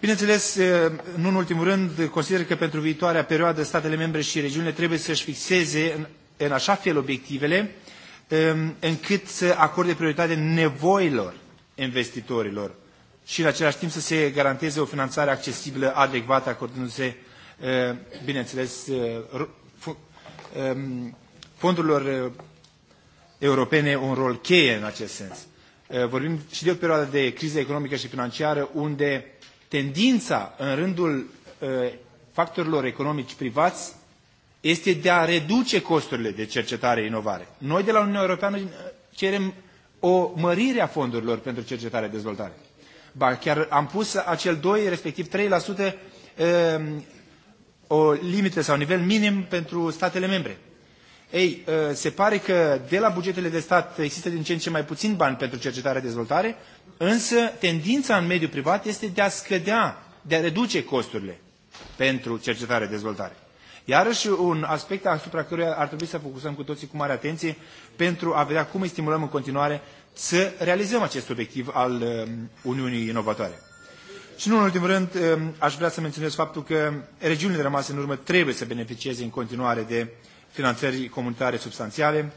Bineînțeles, nu în ultimul rând, consider că pentru viitoarea perioadă statele membre și regiunile trebuie să-și fixeze în așa fel obiectivele um, încât să acorde prioritate nevoilor investitorilor și în același timp să se garanteze o finanțare accesibilă, adecvată, acordându-se, uh, bineînțeles, uh, um, fondurilor uh, europene un rol cheie în acest sens. Vorbim și de o perioadă de criză economică și financiară unde tendința în rândul factorilor economici privați este de a reduce costurile de cercetare-inovare. Noi de la Uniunea Europeană uh, cerem o mărire a fondurilor pentru cercetare-dezvoltare. Ba, chiar am pus acel 2, respectiv 3%, um, o limită sau nivel minim pentru statele membre. Ei, uh, se pare că de la bugetele de stat există din ce în ce mai puțin bani pentru cercetare-dezvoltare, însă tendința în mediul privat este de a scădea, de a reduce costurile pentru cercetare-dezvoltare. Iarăși un aspect asupra căruia ar trebui să focusăm cu toții cu mare atenție pentru a vedea cum îi stimulăm în continuare să realizăm acest obiectiv al um, Uniunii Inovatoare. Și nu în ultimul rând, um, aș vrea să menționez faptul că regiunile rămase în urmă trebuie să beneficieze în continuare de finanțări comunitare substanțiale.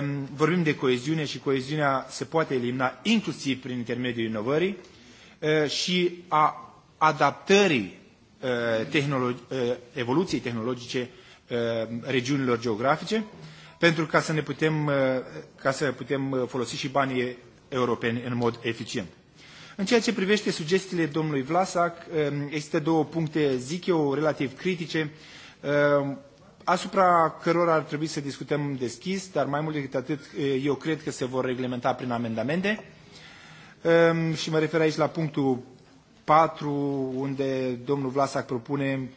Um, vorbim de coeziune și coeziunea se poate elimina inclusiv prin intermediul inovării uh, și a adaptării Eh, tehnologi, eh, evoluției tehnologice eh, regiunilor geografice, pentru ca să, ne putem, ca să putem folosi și banii europeni în mod eficient. În ceea ce privește sugestiile domnului Vlasac, există două puncte, zic eu, relativ critice, asupra cărora ar trebui să discutăm deschis, dar mai mult decât atât, eu cred că se vor reglementa prin amendamente. Și mă refer aici la punctul 4, unde domnul Vlasac propune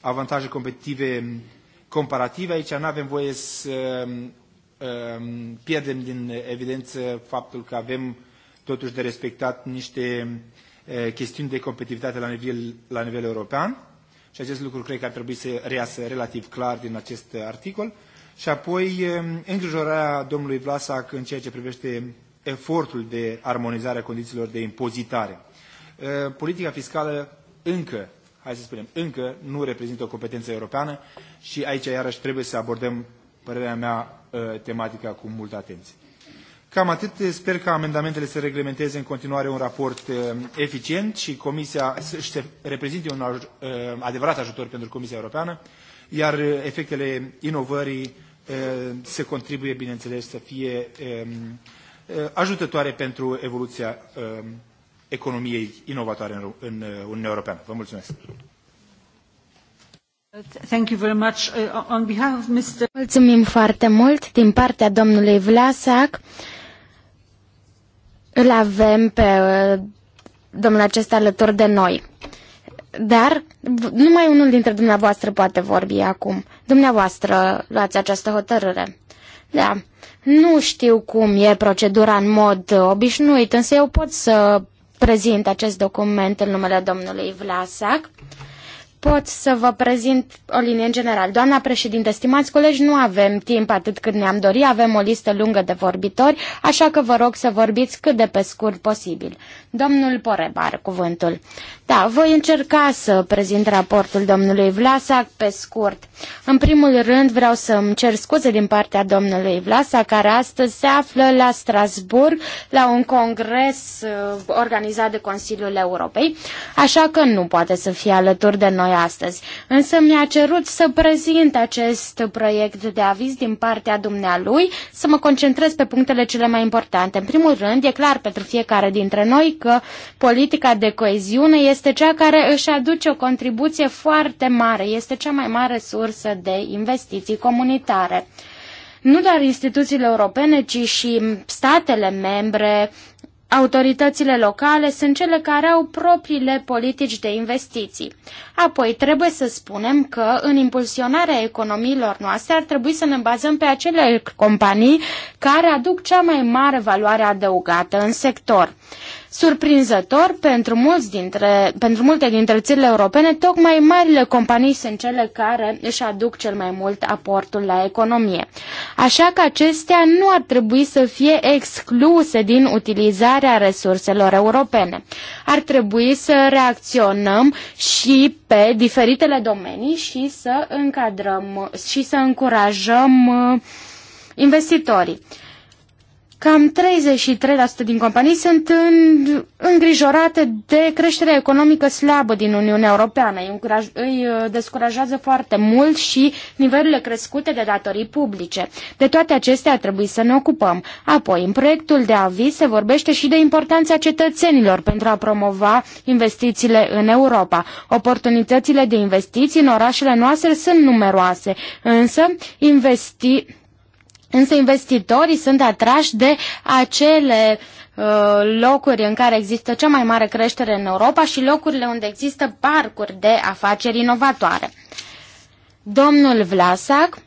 avantaje competitive comparative. Aici nu avem voie să um, um, pierdem din evidență faptul că avem totuși de respectat niște uh, chestiuni de competitivitate la nivel, la nivel european și acest lucru cred că ar trebui să reiasă relativ clar din acest articol. Și apoi um, îngrijorarea domnului Vlasac în ceea ce privește efortul de armonizare a condițiilor de impozitare. Eh, politica fiscală încă, hai să spunem, încă nu reprezintă o competență europeană și aici iarăși trebuie să abordăm, părerea mea, eh, tematica cu multă atenție. Cam atât. Sper că amendamentele să reglementeze în continuare un raport eh, eficient și Comisia să reprezinte un adevărat ajutor pentru Comisia Europeană, iar efectele inovării se contribuie, bineînțeles, să fie ajutătoare pentru evoluția economiei inovatoare în, uh, Uniunea Europeană. Vă mulțumesc! Thank you very much. Uh, on behalf of Mr. Mulțumim foarte mult din partea domnului Vlasac. Îl avem pe uh, domnul acesta alături de noi. Dar numai unul dintre dumneavoastră poate vorbi acum. Dumneavoastră luați această hotărâre. Da, nu știu cum e procedura în mod obișnuit, însă eu pot să prezint acest document în numele domnului Vlasac pot să vă prezint o linie în general. Doamna președinte, stimați colegi, nu avem timp atât cât ne-am dorit, avem o listă lungă de vorbitori, așa că vă rog să vorbiți cât de pe scurt posibil. Domnul Poreba are cuvântul. Da, voi încerca să prezint raportul domnului Vlasac pe scurt. În primul rând vreau să îmi cer scuze din partea domnului Vlasac, care astăzi se află la Strasburg la un congres uh, organizat de Consiliul Europei, așa că nu poate să fie alături de noi noi astăzi, însă mi-a cerut să prezint acest proiect de aviz din partea dumnealui, să mă concentrez pe punctele cele mai importante. În primul rând, e clar pentru fiecare dintre noi că politica de coeziune este cea care își aduce o contribuție foarte mare, este cea mai mare sursă de investiții comunitare. Nu doar instituțiile europene, ci și statele membre Autoritățile locale sunt cele care au propriile politici de investiții. Apoi, trebuie să spunem că în impulsionarea economiilor noastre ar trebui să ne bazăm pe acele companii care aduc cea mai mare valoare adăugată în sector. Surprinzător, pentru, mulți dintre, pentru multe dintre țările europene, tocmai marile companii sunt cele care își aduc cel mai mult aportul la economie. Așa că acestea nu ar trebui să fie excluse din utilizarea resurselor europene. Ar trebui să reacționăm și pe diferitele domenii și să încadrăm și să încurajăm uh, investitorii. Cam 33% din companii sunt îngrijorate de creșterea economică slabă din Uniunea Europeană. Îi uh, descurajează foarte mult și nivelurile crescute de datorii publice. De toate acestea trebuie să ne ocupăm. Apoi, în proiectul de aviz se vorbește și de importanța cetățenilor pentru a promova investițiile în Europa. Oportunitățile de investiții în orașele noastre sunt numeroase, însă investi Însă investitorii sunt atrași de acele uh, locuri în care există cea mai mare creștere în Europa și locurile unde există parcuri de afaceri inovatoare. Domnul Vlasac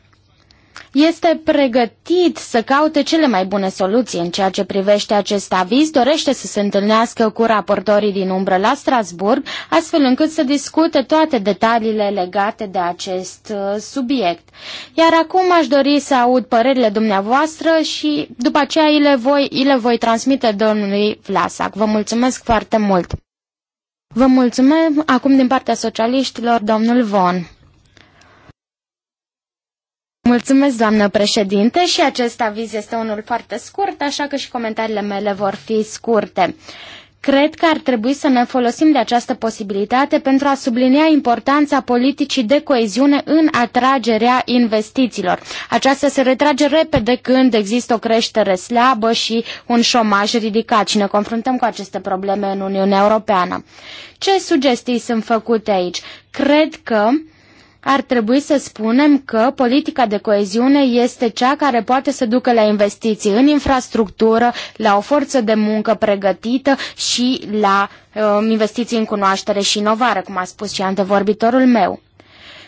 este pregătit să caute cele mai bune soluții în ceea ce privește acest aviz, dorește să se întâlnească cu raportorii din umbră la Strasburg, astfel încât să discute toate detaliile legate de acest uh, subiect. Iar acum aș dori să aud părerile dumneavoastră și după aceea îi le voi, îi le voi transmite domnului Vlasac. Vă mulțumesc foarte mult! Vă mulțumesc acum din partea socialiștilor, domnul Von. Mulțumesc, doamnă președinte, și acest aviz este unul foarte scurt, așa că și comentariile mele vor fi scurte. Cred că ar trebui să ne folosim de această posibilitate pentru a sublinia importanța politicii de coeziune în atragerea investițiilor. Aceasta se retrage repede când există o creștere slabă și un șomaj ridicat și ne confruntăm cu aceste probleme în Uniunea Europeană. Ce sugestii sunt făcute aici? Cred că ar trebui să spunem că politica de coeziune este cea care poate să ducă la investiții în infrastructură, la o forță de muncă pregătită și la uh, investiții în cunoaștere și inovare, cum a spus și antevorbitorul meu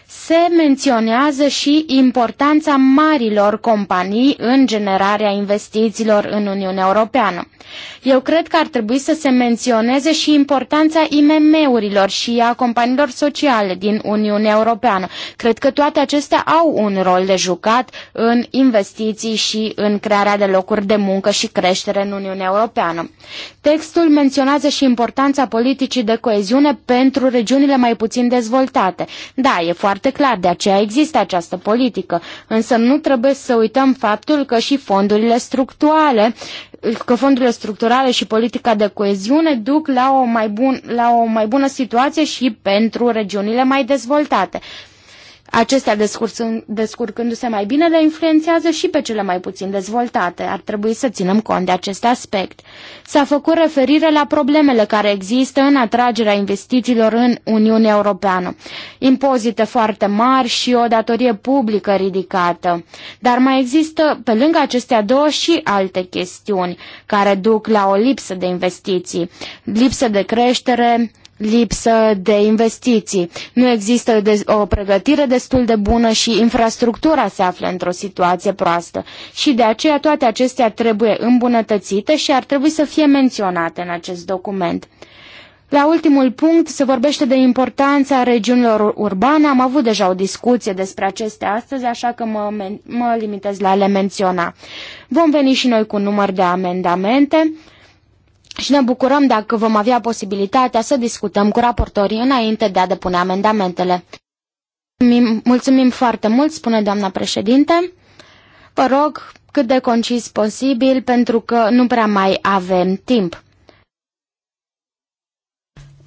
se menționează și importanța marilor companii în generarea investițiilor în Uniunea Europeană. Eu cred că ar trebui să se menționeze și importanța IMM-urilor și a companiilor sociale din Uniunea Europeană. Cred că toate acestea au un rol de jucat în investiții și în crearea de locuri de muncă și creștere în Uniunea Europeană. Textul menționează și importanța politicii de coeziune pentru regiunile mai puțin dezvoltate. Da, e foarte foarte clar, de aceea există această politică. Însă nu trebuie să uităm faptul că și fondurile structurale că fondurile structurale și politica de coeziune duc la o mai, bun, la o mai bună situație și pentru regiunile mai dezvoltate acestea descurcându-se mai bine le influențează și pe cele mai puțin dezvoltate. Ar trebui să ținem cont de acest aspect. S-a făcut referire la problemele care există în atragerea investițiilor în Uniunea Europeană. Impozite foarte mari și o datorie publică ridicată. Dar mai există, pe lângă acestea două, și alte chestiuni care duc la o lipsă de investiții, lipsă de creștere, lipsă de investiții. Nu există o pregătire destul de bună și infrastructura se află într-o situație proastă. Și de aceea toate acestea trebuie îmbunătățite și ar trebui să fie menționate în acest document. La ultimul punct se vorbește de importanța regiunilor urbane. Am avut deja o discuție despre acestea astăzi, așa că mă, mă limitez la a le menționa. Vom veni și noi cu număr de amendamente și ne bucurăm dacă vom avea posibilitatea să discutăm cu raportorii înainte de a depune amendamentele. Mulțumim foarte mult, spune doamna președinte. Vă rog cât de concis posibil, pentru că nu prea mai avem timp.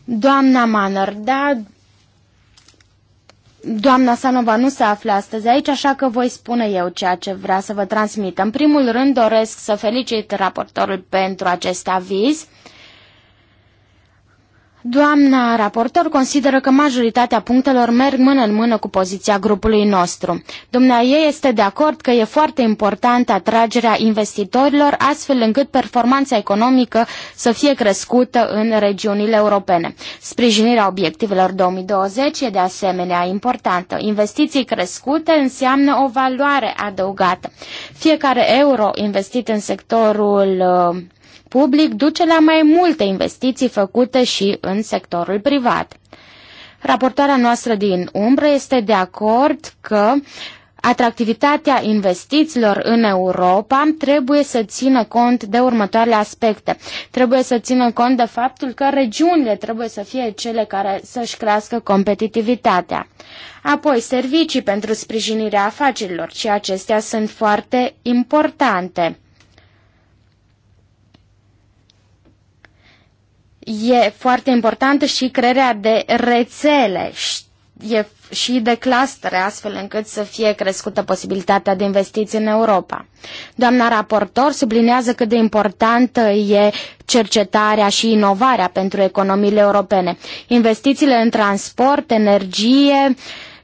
Doamna Manner, da, Doamna Sanova nu se află astăzi aici, așa că voi spune eu ceea ce vrea să vă transmit. În primul rând doresc să felicit raportorul pentru acest aviz. Doamna raportor consideră că majoritatea punctelor merg mână în mână cu poziția grupului nostru. Domnea ei este de acord că e foarte importantă atragerea investitorilor astfel încât performanța economică să fie crescută în regiunile europene. Sprijinirea obiectivelor 2020 e de asemenea importantă. Investiții crescute înseamnă o valoare adăugată. Fiecare euro investit în sectorul uh, public duce la mai multe investiții făcute și în sectorul privat. Raportarea noastră din umbră este de acord că Atractivitatea investițiilor în Europa trebuie să țină cont de următoarele aspecte. Trebuie să țină cont de faptul că regiunile trebuie să fie cele care să-și crească competitivitatea. Apoi, servicii pentru sprijinirea afacerilor și acestea sunt foarte importante. e foarte importantă și crearea de rețele e, și de clustere, astfel încât să fie crescută posibilitatea de investiții în Europa. Doamna raportor sublinează cât de importantă e cercetarea și inovarea pentru economiile europene. Investițiile în transport, energie, uh,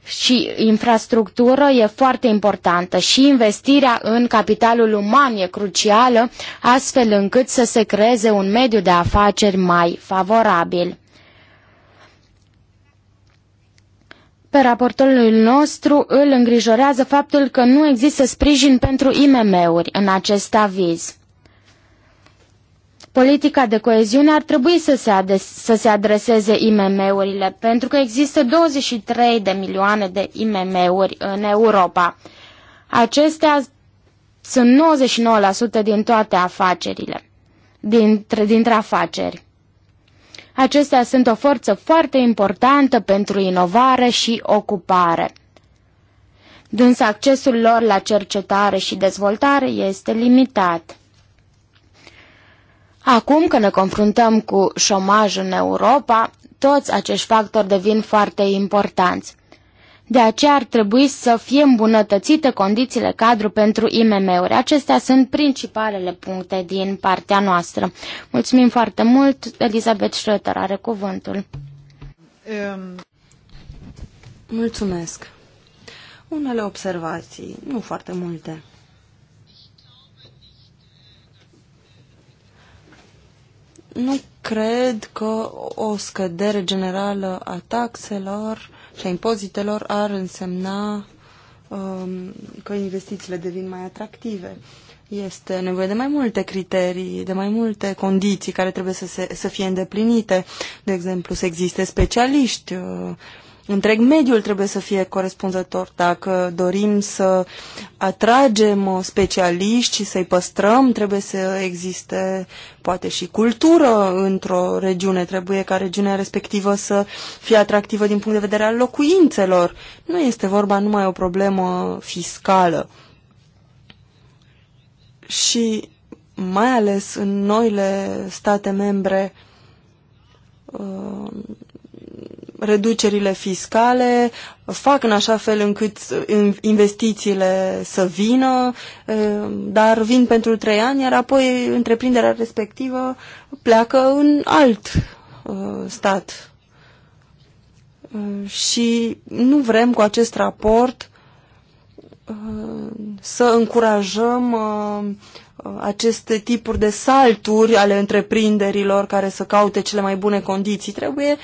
și infrastructură e foarte importantă și investirea în capitalul uman e crucială, astfel încât să se creeze un mediu de afaceri mai favorabil. Pe raportorul nostru îl îngrijorează faptul că nu există sprijin pentru IMM-uri în acest aviz. Politica de coeziune ar trebui să se, ades, să se adreseze IMM-urile, pentru că există 23 de milioane de IMM-uri în Europa. Acestea sunt 99% din toate afacerile, dintre, dintre afaceri. Acestea sunt o forță foarte importantă pentru inovare și ocupare. Dânsă accesul lor la cercetare și dezvoltare este limitat. Acum că ne confruntăm cu șomaj în Europa, toți acești factori devin foarte importanți. De aceea ar trebui să fie îmbunătățite condițiile cadru pentru IMM-uri. Acestea sunt principalele puncte din partea noastră. Mulțumim foarte mult. Elisabeth Schröter are cuvântul. Um... Mulțumesc. Unele observații, nu foarte multe. Nu cred că o scădere generală a taxelor și a impozitelor ar însemna um, că investițiile devin mai atractive. Este nevoie de mai multe criterii, de mai multe condiții care trebuie să, se, să fie îndeplinite. De exemplu, să existe specialiști uh, întreg mediul trebuie să fie corespunzător. Dacă dorim să atragem uh, specialiști și să-i păstrăm, trebuie să existe poate și cultură într-o regiune. Trebuie ca regiunea respectivă să fie atractivă din punct de vedere al locuințelor. Nu este vorba numai o problemă fiscală. Și mai ales în noile state membre uh, reducerile fiscale fac în așa fel încât investițiile să vină, dar vin pentru trei ani, iar apoi întreprinderea respectivă pleacă în alt stat. Și nu vrem cu acest raport să încurajăm aceste tipuri de salturi ale întreprinderilor care să caute cele mai bune condiții. Trebuie uh,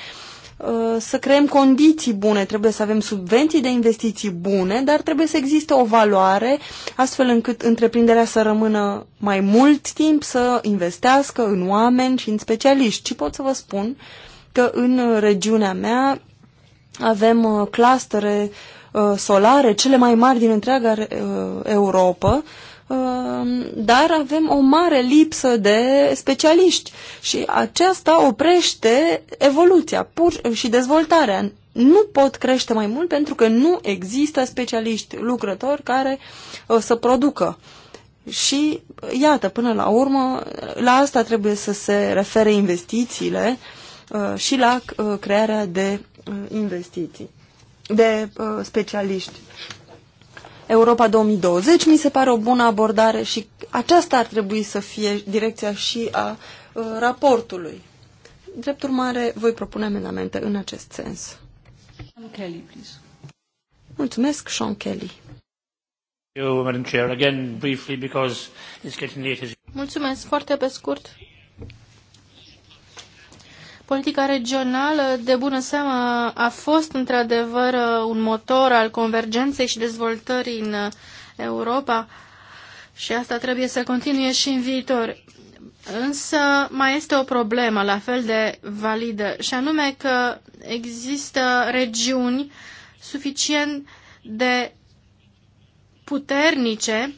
Uh, să creăm condiții bune, trebuie să avem subvenții de investiții bune, dar trebuie să existe o valoare astfel încât întreprinderea să rămână mai mult timp să investească în oameni și în specialiști. Și pot să vă spun că în regiunea mea avem uh, clustere uh, solare cele mai mari din întreaga Europa, Um, dar avem o mare lipsă de specialiști și aceasta oprește evoluția pur și dezvoltarea. Nu pot crește mai mult pentru că nu există specialiști lucrători care uh, să producă. Și uh, iată, până la urmă, la asta trebuie să se refere investițiile uh, și la crearea de investiții, de specialiști. Europa 2020 mi se pare o bună abordare și aceasta ar trebui să fie direcția și a uh, raportului. Drept urmare, voi propune amendamente în acest sens. Sean Kelly, please. Mulțumesc, Sean Kelly. Mulțumesc foarte pe scurt, Politica regională, de bună seamă, a fost într-adevăr uh, un motor al convergenței și dezvoltării în uh, Europa și asta trebuie să continue și în viitor. Însă mai este o problemă la fel de validă și anume că există regiuni suficient de puternice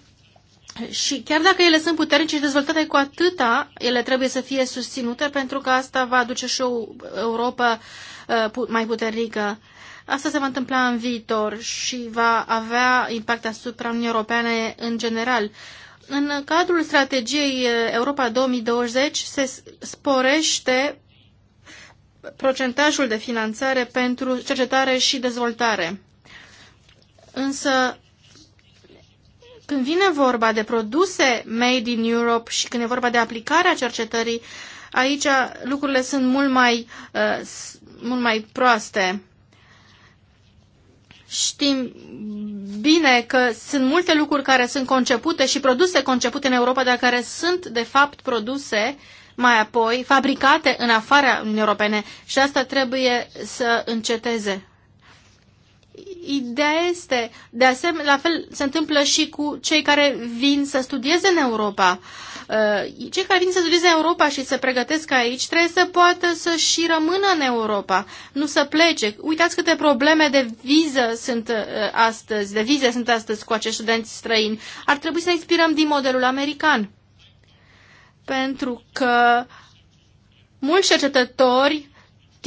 și chiar dacă ele sunt puternice și dezvoltate cu atâta, ele trebuie să fie susținute pentru că asta va aduce și o Europa uh, mai puternică. Asta se va întâmpla în viitor și va avea impact asupra Uniunii Europene în general. În cadrul strategiei uh, Europa 2020 se sporește procentajul de finanțare pentru cercetare și dezvoltare. Însă când vine vorba de produse made in Europe și când e vorba de aplicarea cercetării, aici lucrurile sunt mult mai, uh, mult mai proaste. Știm bine că sunt multe lucruri care sunt concepute și produse concepute în Europa, dar care sunt, de fapt, produse mai apoi fabricate în afara Uniunii Europene și asta trebuie să înceteze. Ideea este, de asemenea, la fel se întâmplă și cu cei care vin să studieze în Europa. Uh, cei care vin să studieze în Europa și se pregătesc aici trebuie să poată să și rămână în Europa, nu să plece. Uitați câte probleme de viză sunt uh, astăzi, de vize sunt astăzi cu acești studenți străini. Ar trebui să ne inspirăm din modelul american. Pentru că mulți cercetători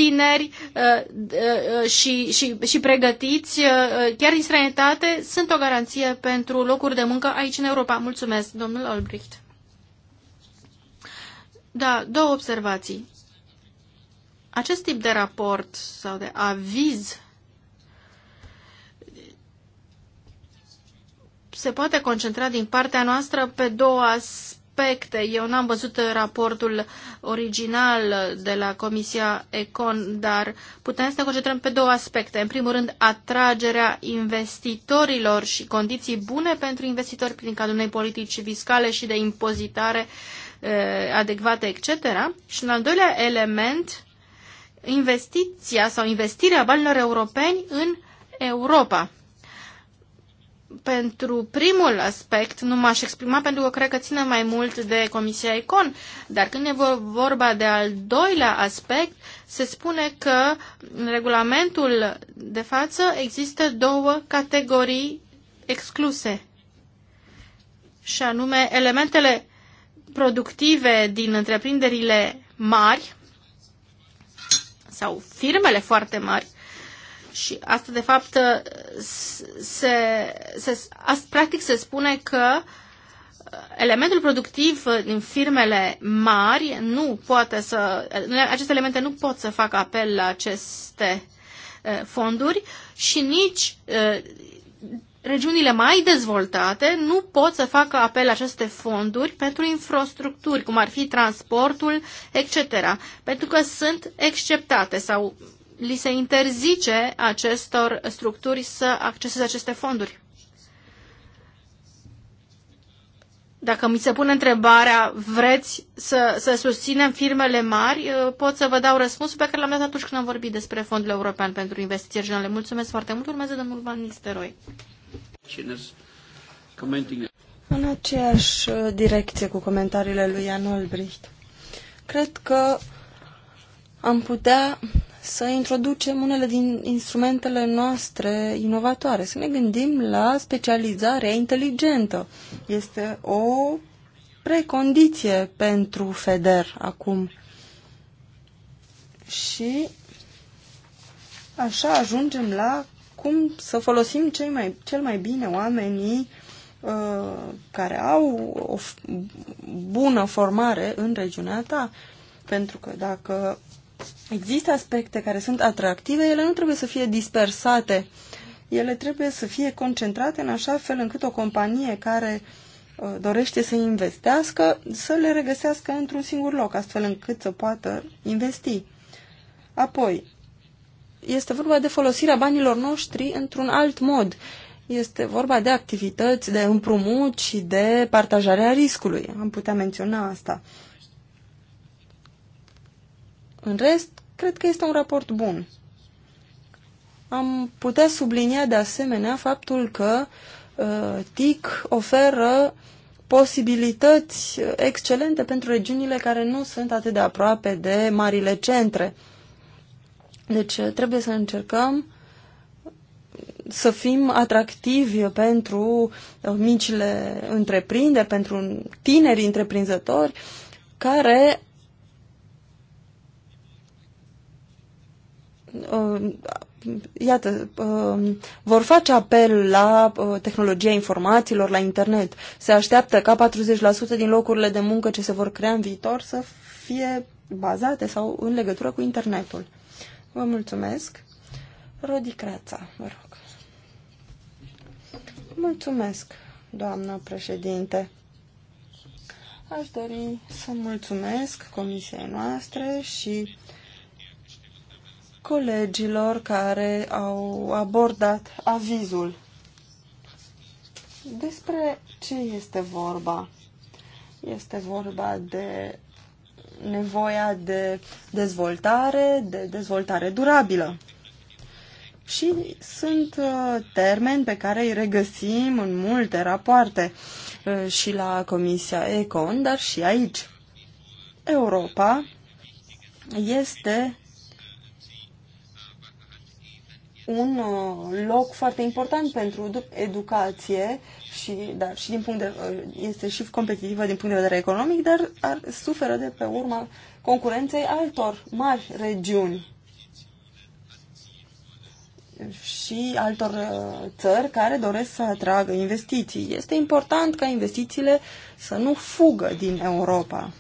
tineri uh, uh, uh, și, și, și pregătiți, chiar din străinătate, sunt o garanție pentru locuri de muncă aici în Europa. Mulțumesc, domnul Albrecht. Da, două observații. Acest tip de raport sau de aviz se poate concentra din partea noastră pe două aspecte aspecte. Eu n-am văzut raportul original de la Comisia Econ, dar putem să ne concentrăm pe două aspecte. În primul rând, atragerea investitorilor și condiții bune pentru investitori prin cadrul unei politici fiscale și de impozitare eh, adecvate, etc. Și în al doilea element, investiția sau investirea banilor europeni în Europa pentru primul aspect nu m-aș exprima pentru că cred că ține mai mult de Comisia Econ, dar când e vorba de al doilea aspect, se spune că în regulamentul de față există două categorii excluse, și anume elementele productive din întreprinderile mari sau firmele foarte mari și asta, de fapt, uh, se, se, asta, practic se spune că uh, elementul productiv uh, din firmele mari nu poate să, aceste elemente nu pot să facă apel la aceste fonduri și nici regiunile mai dezvoltate nu pot să facă apel la aceste fonduri pentru infrastructuri, cum ar fi transportul, etc., pentru că sunt exceptate sau li se interzice acestor structuri să acceseze aceste fonduri. Dacă mi se pune întrebarea, vreți să, să susținem firmele mari, uh, pot să vă dau răspunsul pe care l-am dat atunci când am vorbit despre Fondul European pentru Investiții Regionale. Mulțumesc foarte mult. Urmează domnul Van Nisteroi. În aceeași uh, direcție cu comentariile lui Jan Olbricht. Cred că am putea să introducem unele din instrumentele noastre inovatoare, să ne gândim la specializarea inteligentă. Este o precondiție pentru FEDER acum. Și așa ajungem la cum să folosim cei mai, cel mai bine oamenii uh, care au o bună formare în regiunea ta. Pentru că dacă există aspecte care sunt atractive, ele nu trebuie să fie dispersate. Ele trebuie să fie concentrate în așa fel încât o companie care uh, dorește să investească, să le regăsească într-un singur loc, astfel încât să poată investi. Apoi, este vorba de folosirea banilor noștri într-un alt mod. Este vorba de activități, de împrumut și de partajarea riscului. Am putea menționa asta. În rest, cred că este un raport bun. Am putea sublinia de asemenea faptul că uh, TIC oferă posibilități uh, excelente pentru regiunile care nu sunt atât de aproape de marile centre. Deci uh, trebuie să încercăm să fim atractivi pentru uh, micile întreprinderi, pentru tineri întreprinzători care Uh, iată, uh, vor face apel la uh, tehnologia informațiilor, la internet. Se așteaptă ca 40% din locurile de muncă ce se vor crea în viitor să fie bazate sau în legătură cu internetul. Vă mulțumesc. Rodi Creața, vă rog. Mulțumesc, doamnă președinte. Aș dori să mulțumesc comisiei noastre și colegilor care au abordat avizul. Despre ce este vorba? Este vorba de nevoia de dezvoltare, de dezvoltare durabilă. Și sunt uh, termeni pe care îi regăsim în multe rapoarte uh, și la Comisia Econ, dar și aici. Europa este un uh, loc foarte important pentru educație, și, dar și din punct de, uh, este și competitivă din punct de vedere economic, dar ar, suferă de pe urma concurenței altor mari regiuni și altor uh, țări care doresc să atragă investiții. Este important ca investițiile să nu fugă din Europa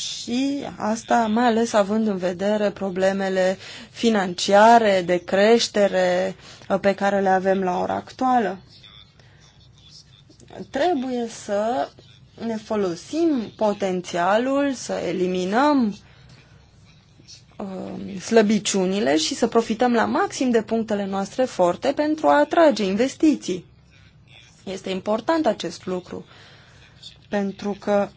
și asta mai ales având în vedere problemele financiare, de creștere uh, pe care le avem la ora actuală. Trebuie să ne folosim potențialul, să eliminăm um, slăbiciunile și să profităm la maxim de punctele noastre forte pentru a atrage investiții. Este important acest lucru, pentru că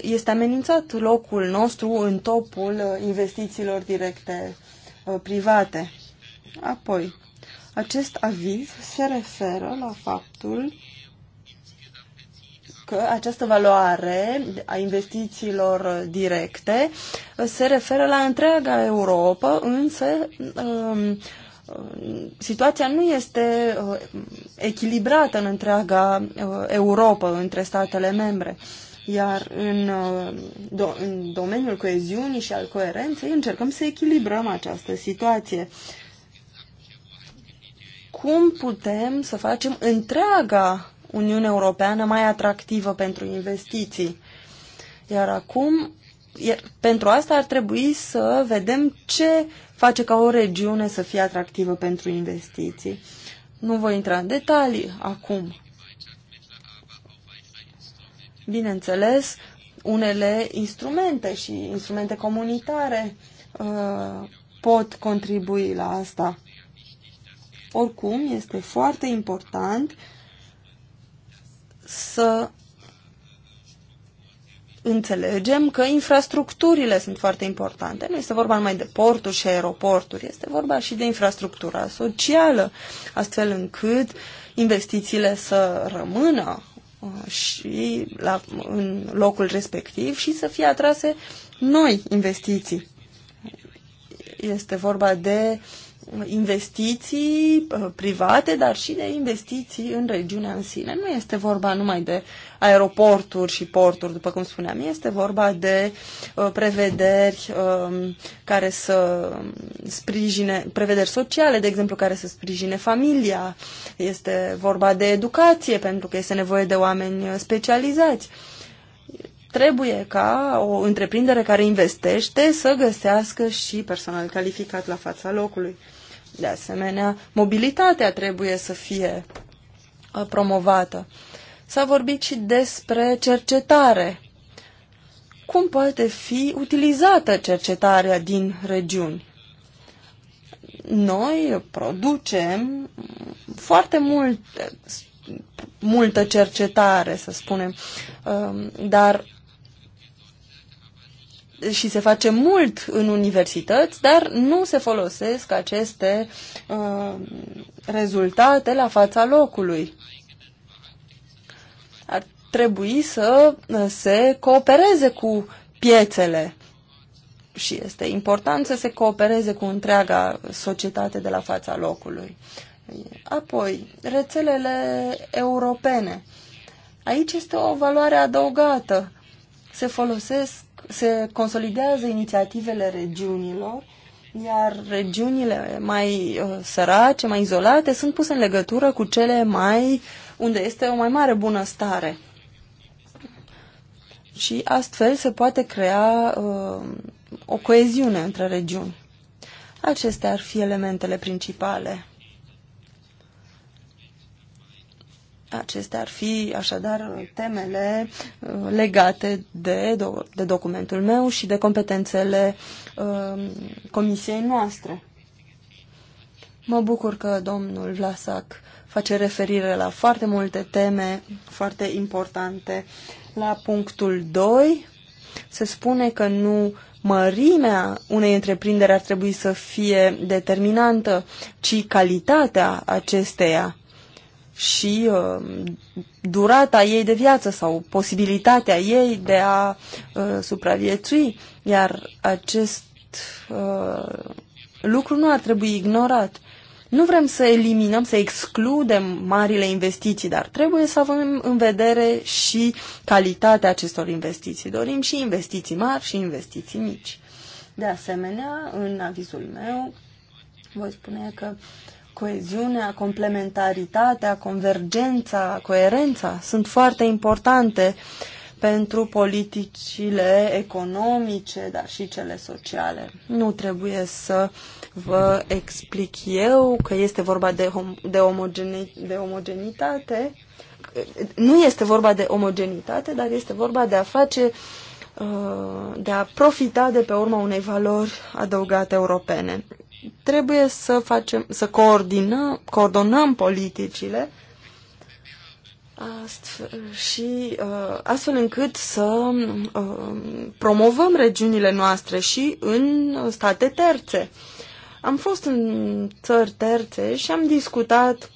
este amenințat locul nostru în topul uh, investițiilor directe uh, private. Apoi, acest aviz se referă la faptul că această valoare a investițiilor uh, directe se referă la întreaga Europa, însă um, situația nu este echilibrată în întreaga Europa între statele membre. Iar în, uh, do, în domeniul coeziunii și al coerenței încercăm să echilibrăm această situație. Cum putem să facem întreaga Uniune Europeană mai atractivă pentru investiții? Iar acum, iar pentru asta ar trebui să vedem ce face ca o regiune să fie atractivă pentru investiții. Nu voi intra în detalii acum, bineînțeles, unele instrumente și instrumente comunitare uh, pot contribui la asta. Oricum, este foarte important să înțelegem că infrastructurile sunt foarte importante. Nu este vorba numai de porturi și aeroporturi, este vorba și de infrastructura socială, astfel încât investițiile să rămână Uh, și la, în locul respectiv și să fie atrase noi investiții. Este vorba de investiții uh, private, dar și de investiții în regiunea în sine. Nu este vorba numai de aeroporturi și porturi, după cum spuneam. Este vorba de uh, prevederi um, care să sprijine, prevederi sociale, de exemplu, care să sprijine familia. Este vorba de educație, pentru că este nevoie de oameni uh, specializați trebuie ca o întreprindere care investește să găsească și personal calificat la fața locului. De asemenea, mobilitatea trebuie să fie uh, promovată. S-a vorbit și despre cercetare. Cum poate fi utilizată cercetarea din regiuni? Noi producem foarte mult, multă cercetare, să spunem, um, dar și se face mult în universități, dar nu se folosesc aceste uh, rezultate la fața locului trebui să uh, se coopereze cu piețele și este important să se coopereze cu întreaga societate de la fața locului. Apoi, rețelele europene. Aici este o valoare adăugată. Se folosesc, se consolidează inițiativele regiunilor, iar regiunile mai uh, sărace, mai izolate, sunt puse în legătură cu cele mai unde este o mai mare bunăstare și astfel se poate crea uh, o coeziune între regiuni. Acestea ar fi elementele principale. Acestea ar fi, așadar, temele uh, legate de, do de documentul meu și de competențele uh, comisiei noastre. Mă bucur că domnul Vlasac face referire la foarte multe teme foarte importante uh, la punctul 2 se spune că nu mărimea unei întreprinderi ar trebui să fie determinantă, ci calitatea acesteia și uh, durata ei de viață sau posibilitatea ei de a uh, supraviețui, iar acest uh, lucru nu ar trebui ignorat. Nu vrem să eliminăm, să excludem marile investiții, dar trebuie să avem în vedere și calitatea acestor investiții. Dorim și investiții mari și investiții mici. De asemenea, în avizul meu, voi spune că coeziunea, complementaritatea, convergența, coerența sunt foarte importante uh, pentru politicile economice, dar și cele sociale. Nu trebuie să vă explic eu că este vorba de, hom- de, omogeni- de omogenitate. Nu este vorba de omogenitate, dar este vorba de a face, uh, de a profita de pe urma unei valori adăugate europene. Trebuie să, facem, să coordinăm, coordonăm politicile Astfel, și uh, astfel încât să uh, promovăm regiunile noastre și în state terțe. Am fost în țări terțe și am discutat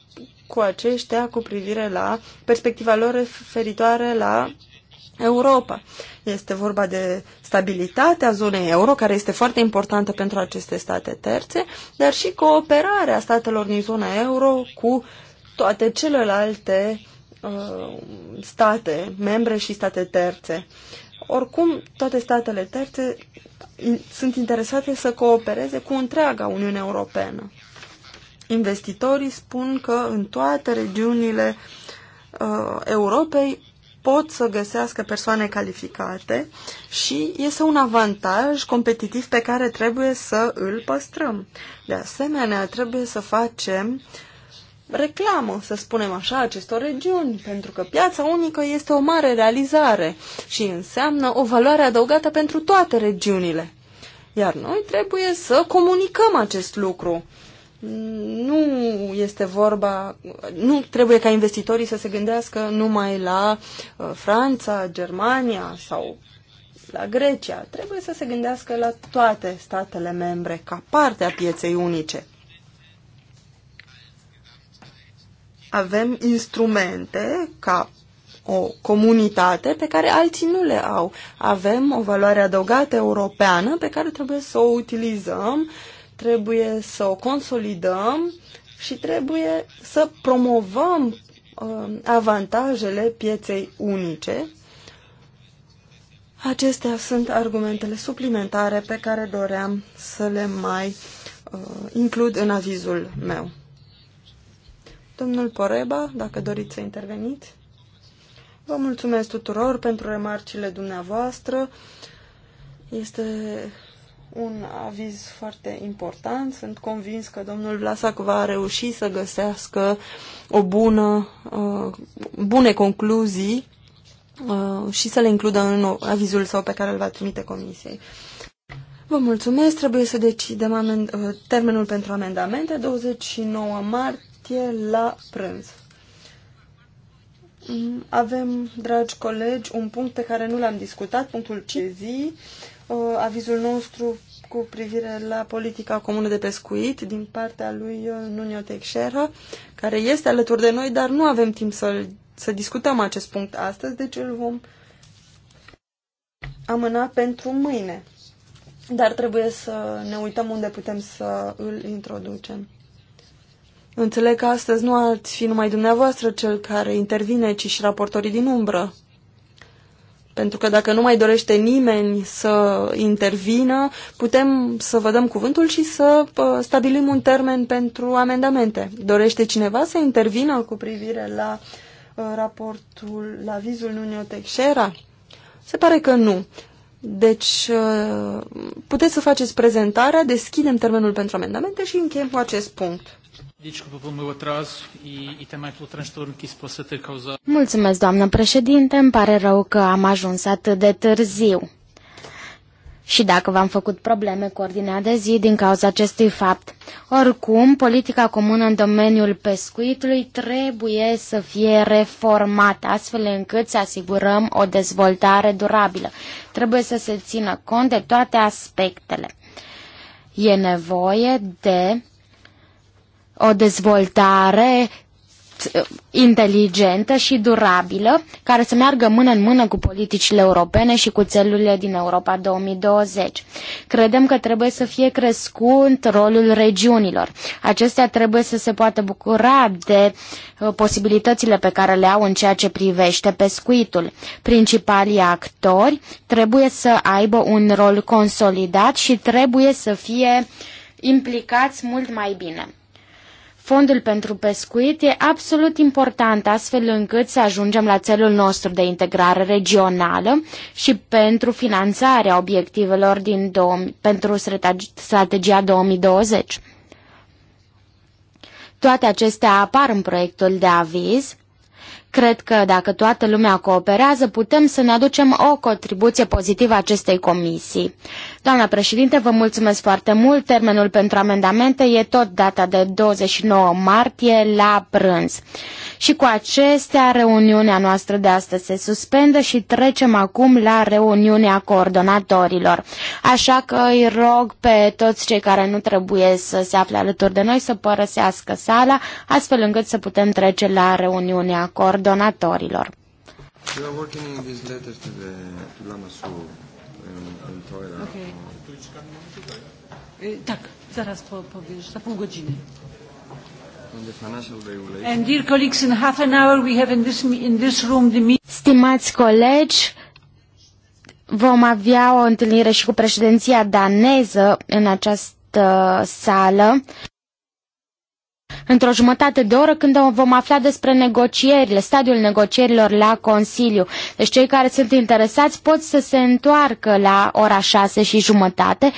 cu aceștia cu privire la perspectiva lor referitoare la Europa. Este vorba de stabilitatea zonei euro, care este foarte importantă pentru aceste state terțe, dar și cooperarea statelor din zona euro cu toate celelalte uh, uh, state membre și state terțe. Oricum, toate statele terțe sunt interesate să coopereze cu întreaga Uniune Europeană. Investitorii spun că în toate regiunile uh, Europei pot să găsească persoane calificate și este un avantaj competitiv pe care trebuie să îl păstrăm. De asemenea, trebuie să facem uh, reclamă, să spunem așa, acestor regiuni, pentru că piața unică este o mare realizare și înseamnă o valoare adăugată pentru toate regiunile. Iar noi trebuie să comunicăm acest lucru. Nu este vorba, nu trebuie ca investitorii să se gândească numai la uh, Franța, Germania sau la Grecia. Trebuie să se gândească la toate statele membre ca parte a pieței unice. avem instrumente ca o comunitate pe care alții nu le au. Avem o valoare adăugată europeană pe care trebuie să o utilizăm, trebuie să o consolidăm și trebuie să promovăm uh, avantajele pieței unice. Acestea sunt argumentele suplimentare pe care doream să le mai uh, includ în avizul meu. Domnul Poreba, dacă doriți să interveniți. Vă mulțumesc tuturor pentru remarcile dumneavoastră. Este un aviz foarte important. Sunt convins că domnul Vlasac va reuși să găsească o bună, uh, bune concluzii uh, și să le includă în avizul sau pe care îl va trimite comisiei. Vă mulțumesc. Trebuie să decidem uh, termenul pentru amendamente 29 martie martie la prânz. Avem, dragi colegi, un punct pe care nu l-am discutat, punctul ce zi, uh, avizul nostru cu privire la politica comună de pescuit din partea lui Nunio Teixeira, care este alături de noi, dar nu avem timp să, să discutăm acest punct astăzi, deci îl vom amâna pentru mâine. Dar trebuie să ne uităm unde putem să îl introducem. Înțeleg că astăzi nu ați fi numai dumneavoastră cel care intervine, ci și raportorii din umbră. Pentru că dacă nu mai dorește nimeni să intervină, putem să vă dăm cuvântul și să stabilim un termen pentru amendamente. Dorește cineva să intervină cu privire la ă, raportul, la vizul Nunio Texera? Se pare că nu. Deci, ă, puteți să faceți prezentarea, deschidem termenul pentru amendamente și încheiem cu acest punct meu e, e Mulțumesc, doamnă președinte, îmi pare rău că am ajuns atât de târziu. Și dacă v-am făcut probleme cu ordinea de zi din cauza acestui fapt. Oricum, politica comună în domeniul pescuitului trebuie să fie reformată, astfel încât să asigurăm o dezvoltare durabilă. Trebuie să se țină cont de toate aspectele. E nevoie de o dezvoltare uh, inteligentă și durabilă, care să meargă mână în mână cu politicile europene și cu țelurile din Europa 2020. Credem că trebuie să fie crescut rolul regiunilor. Acestea trebuie să se poată bucura de uh, posibilitățile pe care le au în ceea ce privește pescuitul. Principalii actori trebuie să aibă un rol consolidat și trebuie să fie implicați mult mai bine. Fondul pentru pescuit e absolut important astfel încât să ajungem la țelul nostru de integrare regională și pentru finanțarea obiectivelor din pentru strategia 2020. Toate acestea apar în proiectul de aviz. Cred că dacă toată lumea cooperează, putem să ne aducem o contribuție pozitivă acestei comisii. Doamna președinte, vă mulțumesc foarte mult. Termenul pentru amendamente e tot data de 29 martie la prânz. Și cu acestea, reuniunea noastră de astăzi se suspendă și trecem acum la reuniunea coordonatorilor. Așa că îi rog pe toți cei care nu trebuie să se afle alături de noi să părăsească sala, astfel încât să putem trece la reuniunea coordonatorilor. We are working in these letters to the to Okay. Tak, zaraz po, powiesz, za pół godziny. And dear colleagues, in half an hour we have in this, in this room the meeting. Stimați colegi, vom avea o întâlnire și cu președinția daneză în această sală într-o jumătate de oră când vom afla despre negocierile, stadiul negocierilor la Consiliu. Deci cei care sunt interesați pot să se întoarcă la ora șase și jumătate